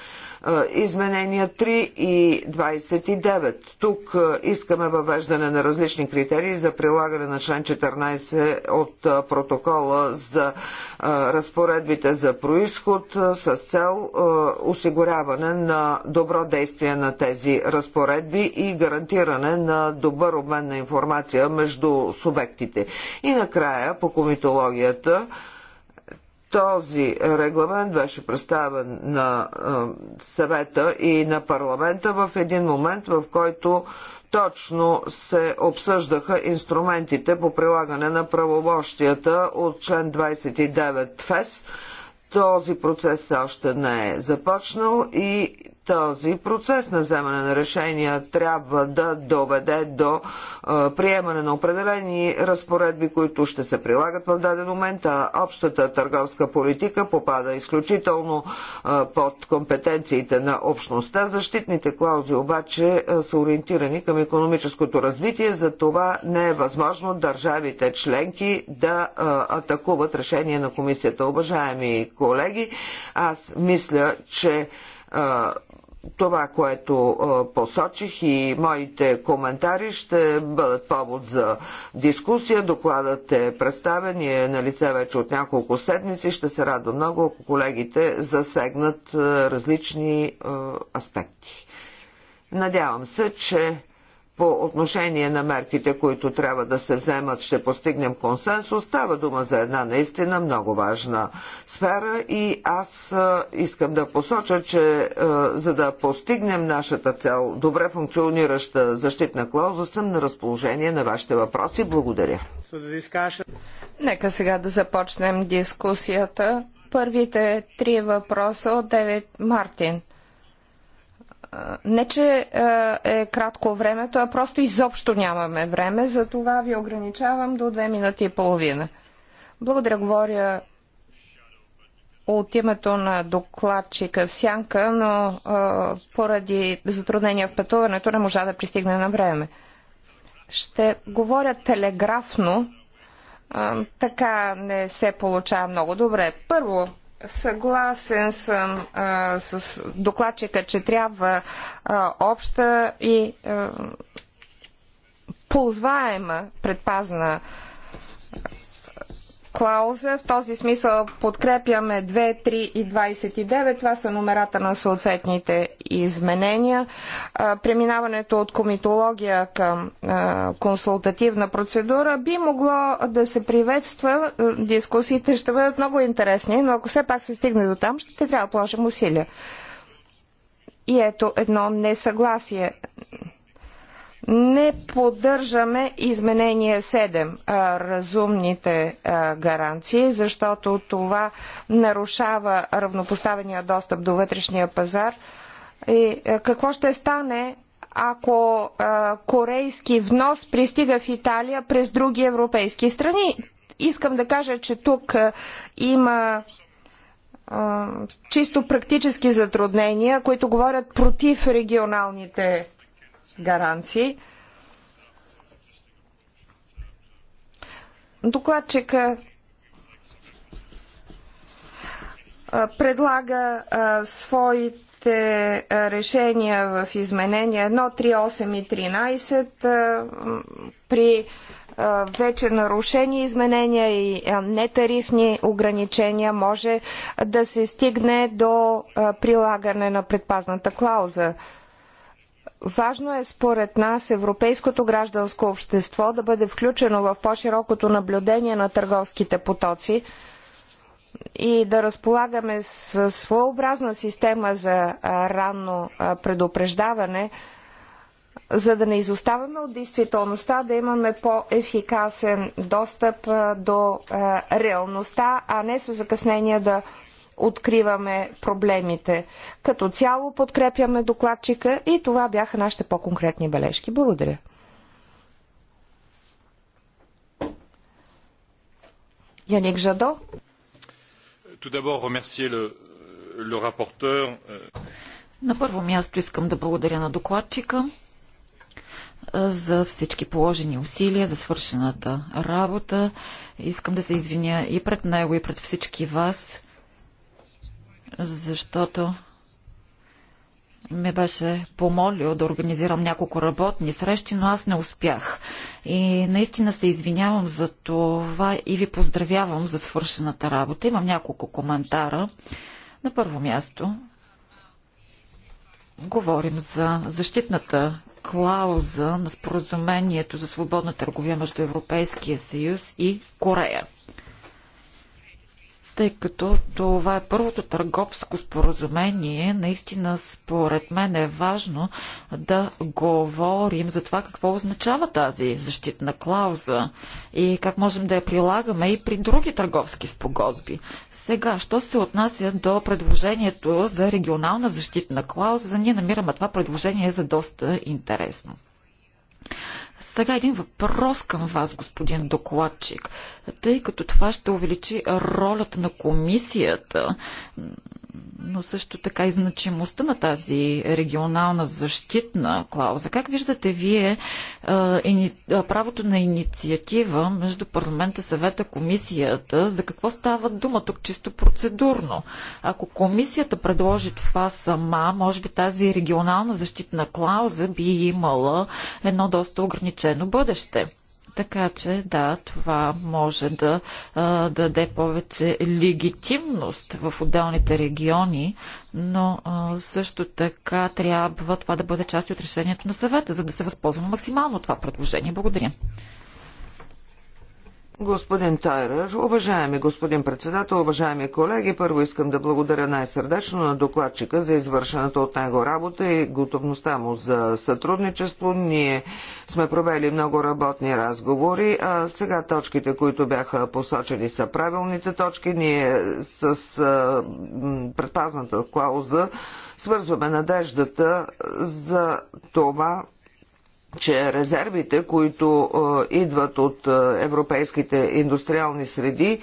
Изменения 3 и 29. Тук искаме въвеждане на различни критерии за прилагане на член 14 от протокола за разпоредбите за происход с цел осигуряване на добро действие на тези разпоредби и гарантиране на добър обмен на информация между субектите. И накрая по комитологията този регламент беше представен на съвета и на парламента в един момент, в който точно се обсъждаха инструментите по прилагане на правомощията от член 29 ФЕС. Този процес още не е започнал и този процес на вземане на решения трябва да доведе до е, приемане на определени разпоредби, които ще се прилагат в даден момент, а общата търговска политика попада изключително е, под компетенциите на общността. Защитните клаузи обаче е, са ориентирани към економическото развитие, за това не е възможно държавите членки да атакуват решение на комисията. Уважаеми колеги, аз мисля, че това, което посочих и моите коментари ще бъдат повод за дискусия. Докладът е представен и е на лице вече от няколко седмици. Ще се радва много, ако колегите засегнат различни аспекти. Надявам се, че по отношение на мерките, които трябва да се вземат, ще постигнем консенсус. Става дума за една наистина много важна сфера и аз искам да посоча, че за да постигнем нашата цел, добре функционираща защитна клауза, съм на разположение на вашите въпроси. Благодаря. Нека сега да започнем дискусията. Първите три въпроса от 9 Мартин – не, че е, е кратко времето, а просто изобщо нямаме време, за това ви ограничавам до две минути и половина. Благодаря, говоря от името на докладчика в Сянка, но а, е, поради затруднения в пътуването не можа да пристигне на време. Ще говоря телеграфно, а, е, така не се получава много добре. Първо, Съгласен съм а, с докладчика, че трябва а, обща и а, ползваема предпазна клауза. В този смисъл подкрепяме 2, 3 и 29. Това са номерата на съответните изменения. Преминаването от комитология към консултативна процедура би могло да се приветства. Дискусиите ще бъдат много интересни, но ако все пак се стигне до там, ще трябва да положим усилия. И ето едно несъгласие не поддържаме изменение 7 разумните гаранции, защото това нарушава равнопоставения достъп до вътрешния пазар. И какво ще стане, ако корейски внос пристига в Италия през други европейски страни? Искам да кажа, че тук има чисто практически затруднения, които говорят против регионалните гаранции. Докладчика предлага а, своите а, решения в изменения 1, 3, 8 и 13 а, при вече нарушени изменения и нетарифни ограничения може да се стигне до прилагане на предпазната клауза. Важно е според нас европейското гражданско общество да бъде включено в по-широкото наблюдение на търговските потоци и да разполагаме с своеобразна система за ранно предупреждаване, за да не изоставаме от действителността, да имаме по-ефикасен достъп до реалността, а не с закъснение да откриваме проблемите. Като цяло подкрепяме докладчика и това бяха нашите по-конкретни бележки. Благодаря. Яник Жадо. На първо място искам да благодаря на докладчика за всички положени усилия, за свършената работа. Искам да се извиня и пред него, и пред всички вас, защото ме беше помолил да организирам няколко работни срещи, но аз не успях. И наистина се извинявам за това и ви поздравявам за свършената работа. Имам няколко коментара. На първо място говорим за защитната клауза на споразумението за свободна търговия между Европейския съюз и Корея тъй като това е първото търговско споразумение. Наистина, според мен е важно да говорим за това какво означава тази защитна клауза и как можем да я прилагаме и при други търговски спогодби. Сега, що се отнася до предложението за регионална защитна клауза, ние намираме това предложение за доста интересно. Сега един въпрос към вас, господин докладчик. Тъй като това ще увеличи ролята на комисията, но също така и значимостта на тази регионална защитна клауза. Как виждате вие правото на инициатива между парламента, съвета, комисията? За какво става дума тук чисто процедурно? Ако комисията предложи това сама, може би тази регионална защитна клауза би имала едно доста ограничено отдалечено бъдеще. Така че, да, това може да даде повече легитимност в отделните региони, но също така трябва това да бъде част от решението на съвета, за да се възползваме максимално от това предложение. Благодаря. Господин Тайрер, уважаеми господин председател, уважаеми колеги, първо искам да благодаря най-сърдечно на докладчика за извършената от него работа и готовността му за сътрудничество. Ние сме провели много работни разговори, а сега точките, които бяха посочени са правилните точки. Ние с а, предпазната клауза свързваме надеждата за това, че резервите, които идват от европейските индустриални среди,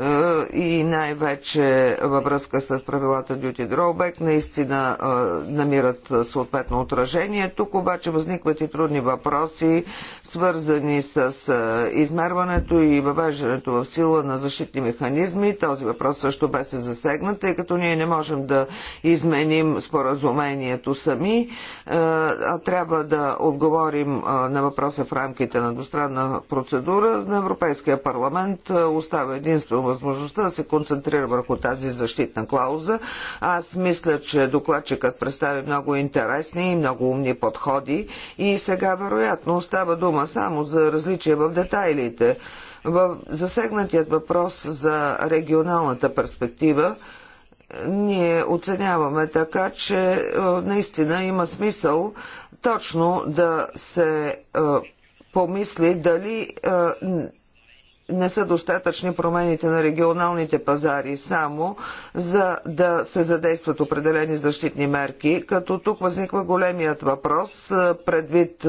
е, и най-вече във връзка с правилата Duty Drawback наистина е, намират съответно отражение. Тук обаче възникват и трудни въпроси, свързани с е, измерването и въвеждането в сила на защитни механизми. Този въпрос също бе се засегнат, тъй като ние не можем да изменим споразумението сами, а трябва да отговорим на въпроса в рамките на двустранна процедура. На Европейския парламент остава единствено възможността да се концентрира върху тази защитна клауза. Аз мисля, че докладчикът представи много интересни и много умни подходи и сега вероятно остава дума само за различия в детайлите. В засегнатият въпрос за регионалната перспектива ние оценяваме така, че е, наистина има смисъл точно да се е, помисли дали е, не са достатъчни промените на регионалните пазари само за да се задействат определени защитни мерки, като тук възниква големият въпрос предвид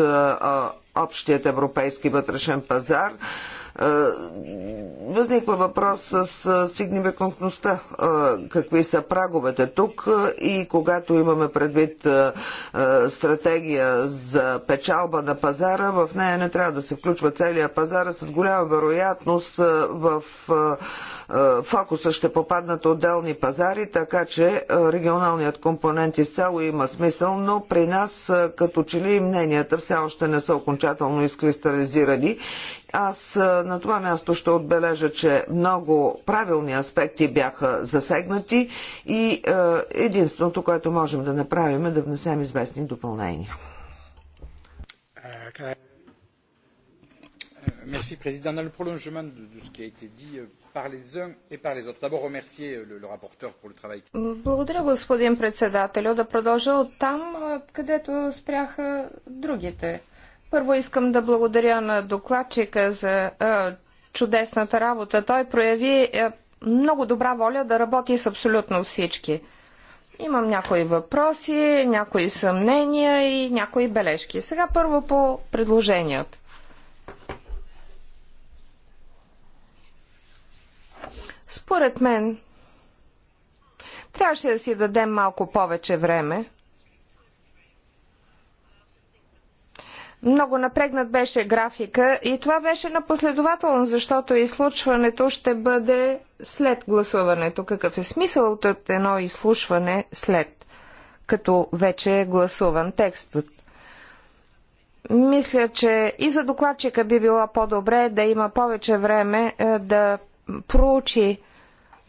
общият европейски вътрешен пазар е, възниква въпрос с е, сигнивеконтността. Е, какви са праговете тук и когато имаме предвид стратегия за печалба на пазара, в нея не трябва да се включва целият пазар, с голяма вероятност в е, фокуса ще попаднат отделни пазари, така че е, регионалният компонент изцяло има смисъл, но при нас е, като че ли мненията все още не са окончателно изкристализирани аз на това място ще отбележа, че много правилни аспекти бяха засегнати и единственото, което можем да направим е да внесем известни допълнения. Okay. Uh, le Président. Dans le prolongement de, ce qui a été dit euh, par les uns et par les autres, d'abord remercier euh, le, le rapporteur pour le travail. Благодаря, господин председателю. Да продължа от там, където спряха другите. Първо искам да благодаря на докладчика за а, чудесната работа. Той прояви а, много добра воля да работи с абсолютно всички. Имам някои въпроси, някои съмнения и някои бележки. Сега първо по предложенията. Според мен, трябваше да си дадем малко повече време. Много напрегнат беше графика и това беше напоследователно, защото изслушването ще бъде след гласуването. Какъв е смисълът от едно изслушване след, като вече е гласуван текстът? Мисля, че и за докладчика би било по-добре да има повече време е, да проучи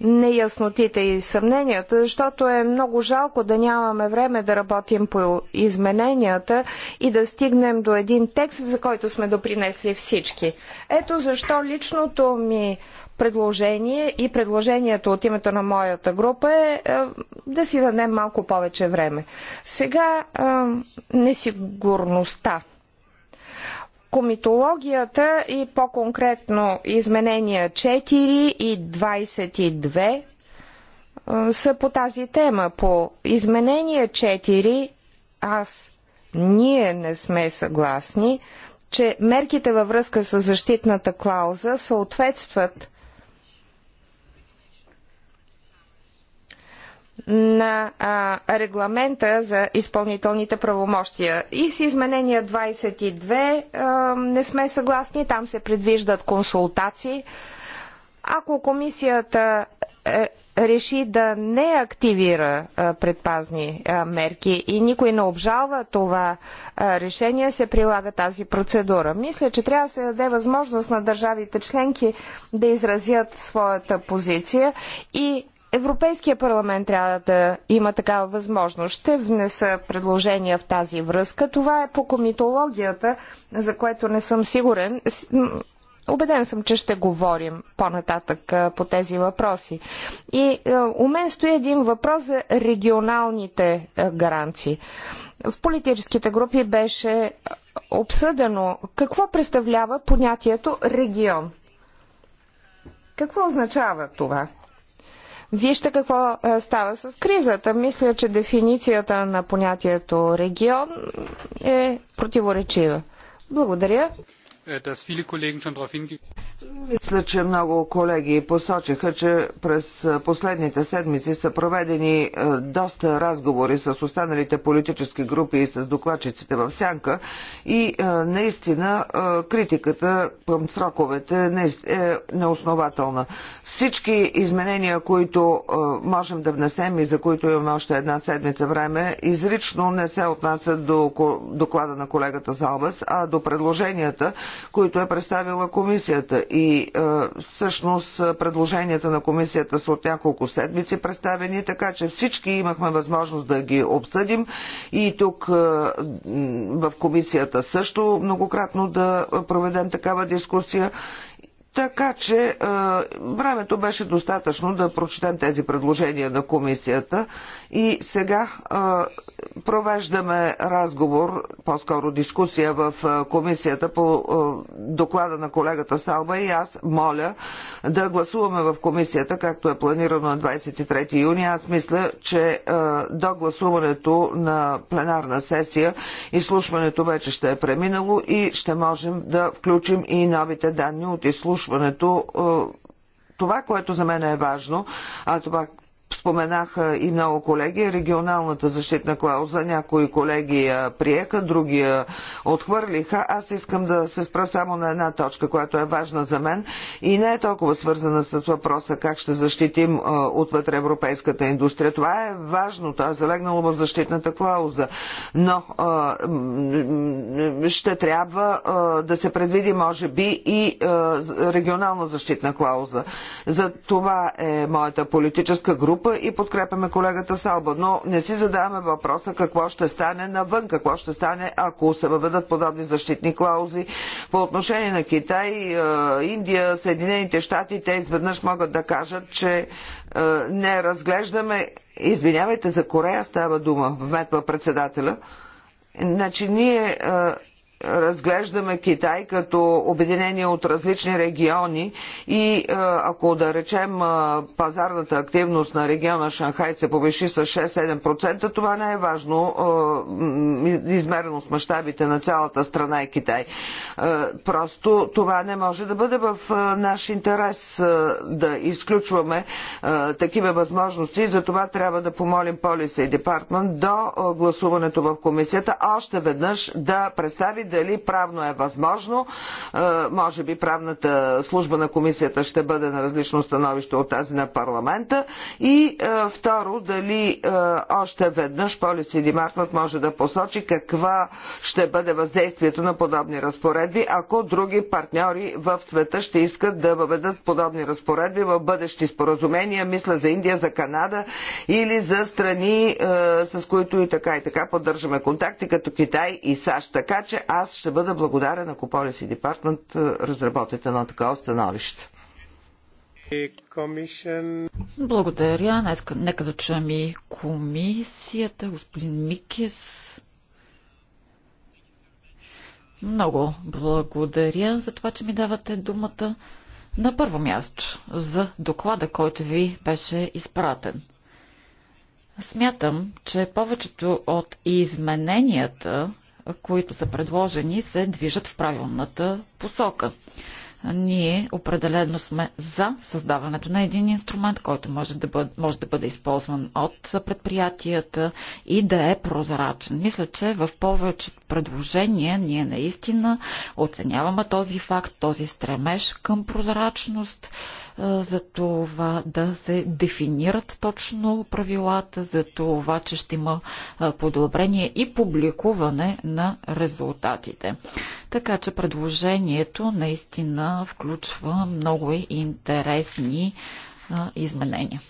неяснотите и съмненията, защото е много жалко да нямаме време да работим по измененията и да стигнем до един текст, за който сме допринесли всички. Ето защо личното ми предложение и предложението от името на моята група е, е да си дадем малко повече време. Сега е, несигурността комитологията и по-конкретно изменения 4 и 22 е, са по тази тема. По изменения 4 аз ние не сме съгласни, че мерките във връзка с защитната клауза съответстват на а, регламента за изпълнителните правомощия. И с изменения 22 а, не сме съгласни, там се предвиждат консултации. Ако комисията е, реши да не активира а, предпазни а, мерки и никой не обжалва това а, решение, се прилага тази процедура. Мисля, че трябва да се даде възможност на държавите членки да изразят своята позиция и Европейския парламент трябва да има такава възможност. Ще внеса предложения в тази връзка. Това е по комитологията, за което не съм сигурен. Обеден съм, че ще говорим по-нататък по тези въпроси. И у мен стои един въпрос за регионалните гаранции. В политическите групи беше обсъдено какво представлява понятието регион. Какво означава това? Вижте какво е, става с кризата. Мисля, че дефиницията на понятието регион е противоречива. Благодаря. Äh, Мисля, че много колеги посочиха, че през последните седмици са проведени доста разговори с останалите политически групи и с докладчиците в Сянка и наистина критиката към сроковете е, е неоснователна. Всички изменения, които можем да внесем и за които имаме още една седмица време, изрично не се отнасят до доклада на колегата Залбас, а до предложенията, които е представила комисията. И е, всъщност предложенията на комисията са от няколко седмици представени, така че всички имахме възможност да ги обсъдим и тук е, в комисията също многократно да проведем такава дискусия. Така че времето беше достатъчно да прочетем тези предложения на комисията и сега провеждаме разговор, по-скоро дискусия в комисията по доклада на колегата Салба и аз моля да гласуваме в комисията, както е планирано на 23 юни. Аз мисля, че до гласуването на пленарна сесия изслушването вече ще е преминало и ще можем да включим и новите данни от изслушването изслушването е, това, което за мен е важно, а това, споменаха и много колеги, регионалната защитна клауза, някои колеги я приеха, други я отхвърлиха. Аз искам да се спра само на една точка, която е важна за мен и не е толкова свързана с въпроса как ще защитим отвътре европейската индустрия. Това е важно, то е залегнало в защитната клауза, но ще трябва да се предвиди, може би, и регионална защитна клауза. За това е моята политическа група група и подкрепяме колегата Салба, но не си задаваме въпроса какво ще стане навън, какво ще стане ако се въведат подобни защитни клаузи по отношение на Китай, е, Индия, Съединените щати, те изведнъж могат да кажат, че е, не разглеждаме, извинявайте, за Корея става дума, вметва председателя. Значи ние е, разглеждаме Китай като обединение от различни региони и е, ако да речем е, пазарната активност на региона Шанхай се повиши с 6-7%, това не е важно е, измерено с мащабите на цялата страна и Китай. Просто това не може да бъде в наш интерес да изключваме такива възможности и за това трябва да помолим Полиса и Департмент до гласуването в комисията още веднъж да представи дали правно е възможно. Е, може би правната служба на комисията ще бъде на различно становище от тази на парламента. И е, второ, дали е, още веднъж и Димартмат може да посочи каква ще бъде въздействието на подобни разпоредби, ако други партньори в света ще искат да въведат подобни разпоредби в бъдещи споразумения, мисля за Индия, за Канада или за страни, с които и така и така поддържаме контакти, като Китай и САЩ. Така че аз ще бъда благодарен, ако Policy Department е, разработят едно такова становище. Благодаря. Нека да чуем и комисията, господин Микес. Много благодаря за това, че ми давате думата. На първо място за доклада, който ви беше изпратен. Смятам, че повечето от измененията, които са предложени, се движат в правилната посока. Ние определено сме за създаването на един инструмент, който може да, бъде, може да бъде използван от предприятията и да е прозрачен. Мисля, че в повечето предложения ние наистина оценяваме този факт, този стремеж към прозрачност за това да се дефинират точно правилата, за това, че ще има подобрение и публикуване на резултатите. Така че предложението наистина включва много интересни изменения.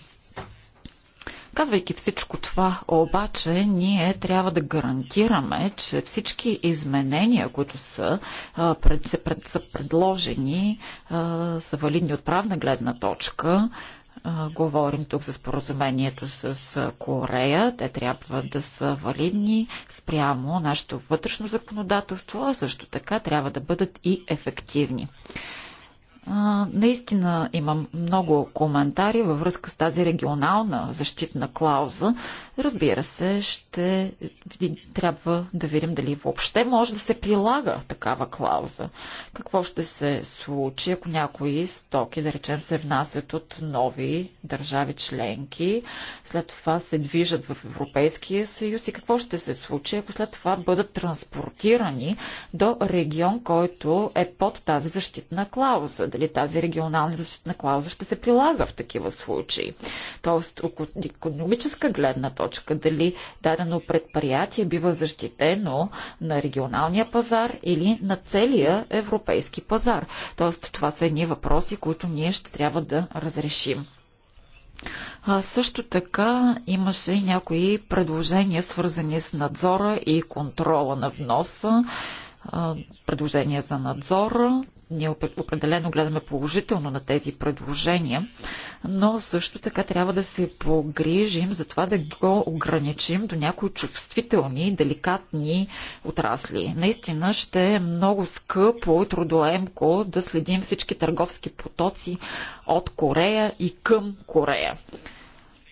Казвайки всичко това, обаче, ние трябва да гарантираме, че всички изменения, които са, пред, са, пред, са предложени, са валидни от правна гледна точка. Говорим тук за споразумението с Корея. Те трябва да са валидни спрямо нашето вътрешно законодателство, а също така трябва да бъдат и ефективни. А, наистина имам много коментари във връзка с тази регионална защитна клауза, Разбира се, ще трябва да видим дали въобще може да се прилага такава клауза. Какво ще се случи, ако някои стоки, да речем, се внасят от нови държави членки, след това се движат в Европейския съюз и какво ще се случи, ако след това бъдат транспортирани до регион, който е под тази защитна клауза. Дали тази регионална защитна клауза ще се прилага в такива случаи. Тоест, от економическа гледна точка, точка дали дадено предприятие бива защитено на регионалния пазар или на целия европейски пазар. Тоест, това са едни въпроси, които ние ще трябва да разрешим. А, също така имаше и някои предложения, свързани с надзора и контрола на вноса предложения за надзор. Ние определено гледаме положително на тези предложения, но също така трябва да се погрижим за това да го ограничим до някои чувствителни, деликатни отрасли. Наистина ще е много скъпо и трудоемко да следим всички търговски потоци от Корея и към Корея.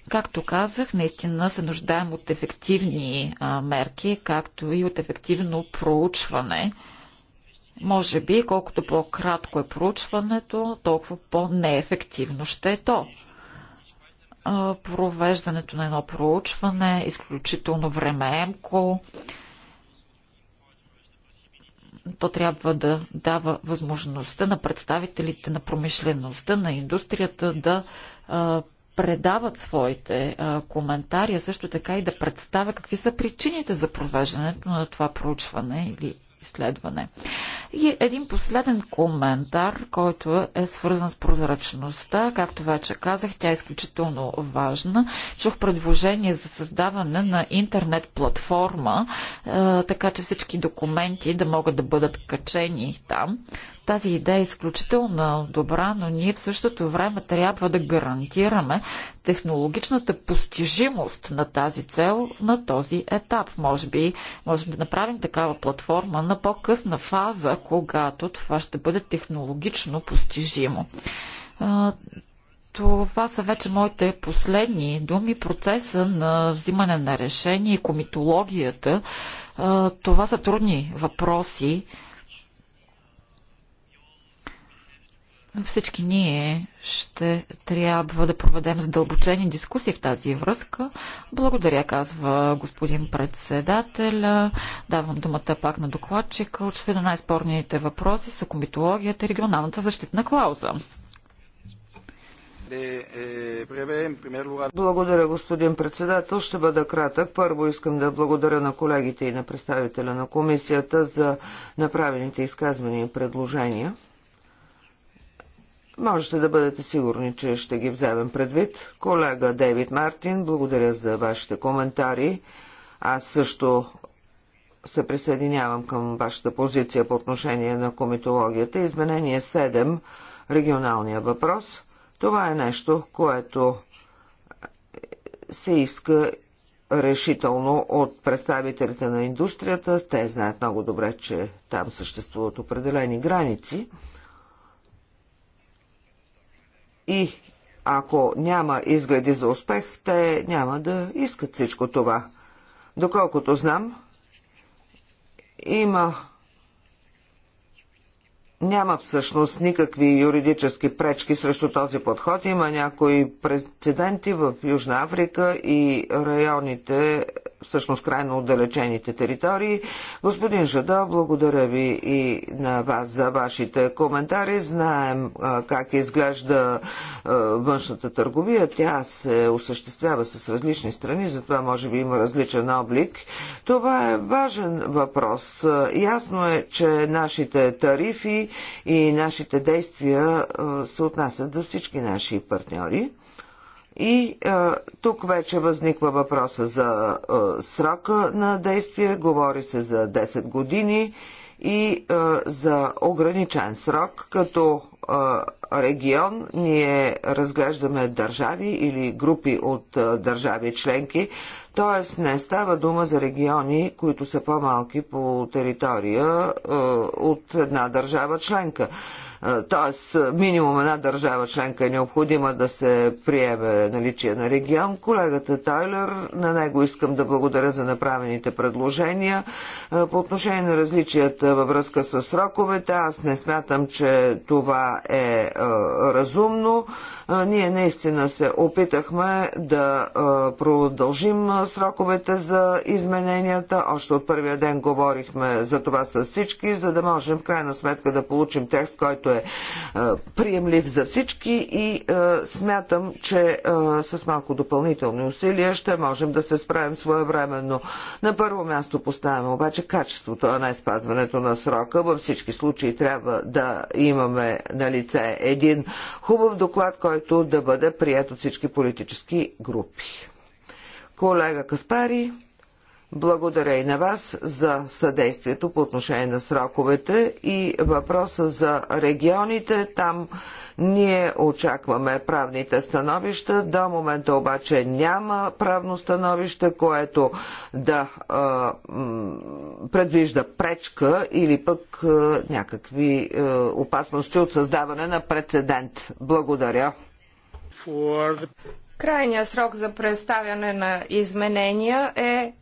Както казах, наистина се нуждаем от ефективни а, мерки, както и от ефективно проучване. Може би, колкото по-кратко е проучването, толкова по-неефективно ще е то. А, провеждането на едно проучване е изключително времеемко. То трябва да дава възможността на представителите на промишлеността, на индустрията да а, предават своите а, коментари, а също така и да представя какви са причините за провеждането на това проучване или изследване. И един последен коментар, който е свързан с прозрачността. Както вече казах, тя е изключително важна. Чух предложение за създаване на интернет платформа, така че всички документи да могат да бъдат качени там. Тази идея е изключително добра, но ние в същото време трябва да гарантираме технологичната постижимост на тази цел на този етап. Може би можем да направим такава платформа на по-късна фаза, когато това ще бъде технологично постижимо. Това са вече моите последни думи. Процеса на взимане на решение и комитологията. Това са трудни въпроси Всички ние ще трябва да проведем задълбочени дискусии в тази връзка. Благодаря, казва господин председател. Давам думата пак на докладчика. Очевидно най-спорните въпроси са комитологията и регионалната защитна клауза. Е, е, благодаря, господин председател. Ще бъда кратък. Първо искам да благодаря на колегите и на представителя на комисията за направените изказвания и предложения. Можете да бъдете сигурни, че ще ги вземем предвид. Колега Дейвид Мартин, благодаря за вашите коментари. Аз също се присъединявам към вашата позиция по отношение на комитологията. Изменение 7, регионалния въпрос. Това е нещо, което се иска решително от представителите на индустрията. Те знаят много добре, че там съществуват определени граници. И ако няма изгледи за успех, те няма да искат всичко това. Доколкото знам, има няма всъщност никакви юридически пречки срещу този подход. Има някои прецеденти в Южна Африка и районите всъщност крайно отдалечените територии. Господин Жадо, благодаря ви и на вас за вашите коментари. Знаем как изглежда външната търговия. Тя се осъществява с различни страни, затова може би има различен облик. Това е важен въпрос. Ясно е, че нашите тарифи и нашите действия се отнасят за всички наши партньори. И а, е, тук вече възниква въпроса за а, е, срока на действие, говори се за 10 години и а, е, за ограничен срок, като а, регион ние разглеждаме държави или групи от а, държави членки, т.е. не става дума за региони, които са по-малки по територия а, от една държава членка. Тоест, минимум една държава членка е необходима да се приеме наличие на регион. Колегата Тайлер, на него искам да благодаря за направените предложения. По отношение на различията във връзка с сроковете, аз не смятам, че това е разумно. Ние наистина се опитахме да продължим сроковете за измененията. Още от първия ден говорихме за това с всички, за да можем в крайна сметка да получим текст, който е е приемлив за всички и смятам, че с малко допълнителни усилия ще можем да се справим своевременно. На първо място поставяме обаче качеството, а не спазването на срока. Във всички случаи трябва да имаме на лице един хубав доклад, който да бъде прият от всички политически групи. Колега Каспари. Благодаря и на вас за съдействието по отношение на сроковете и въпроса за регионите. Там ние очакваме правните становища. До момента обаче няма правно становище, което да а, предвижда пречка или пък а, някакви а, опасности от създаване на прецедент. Благодаря. Крайният срок за представяне на изменения е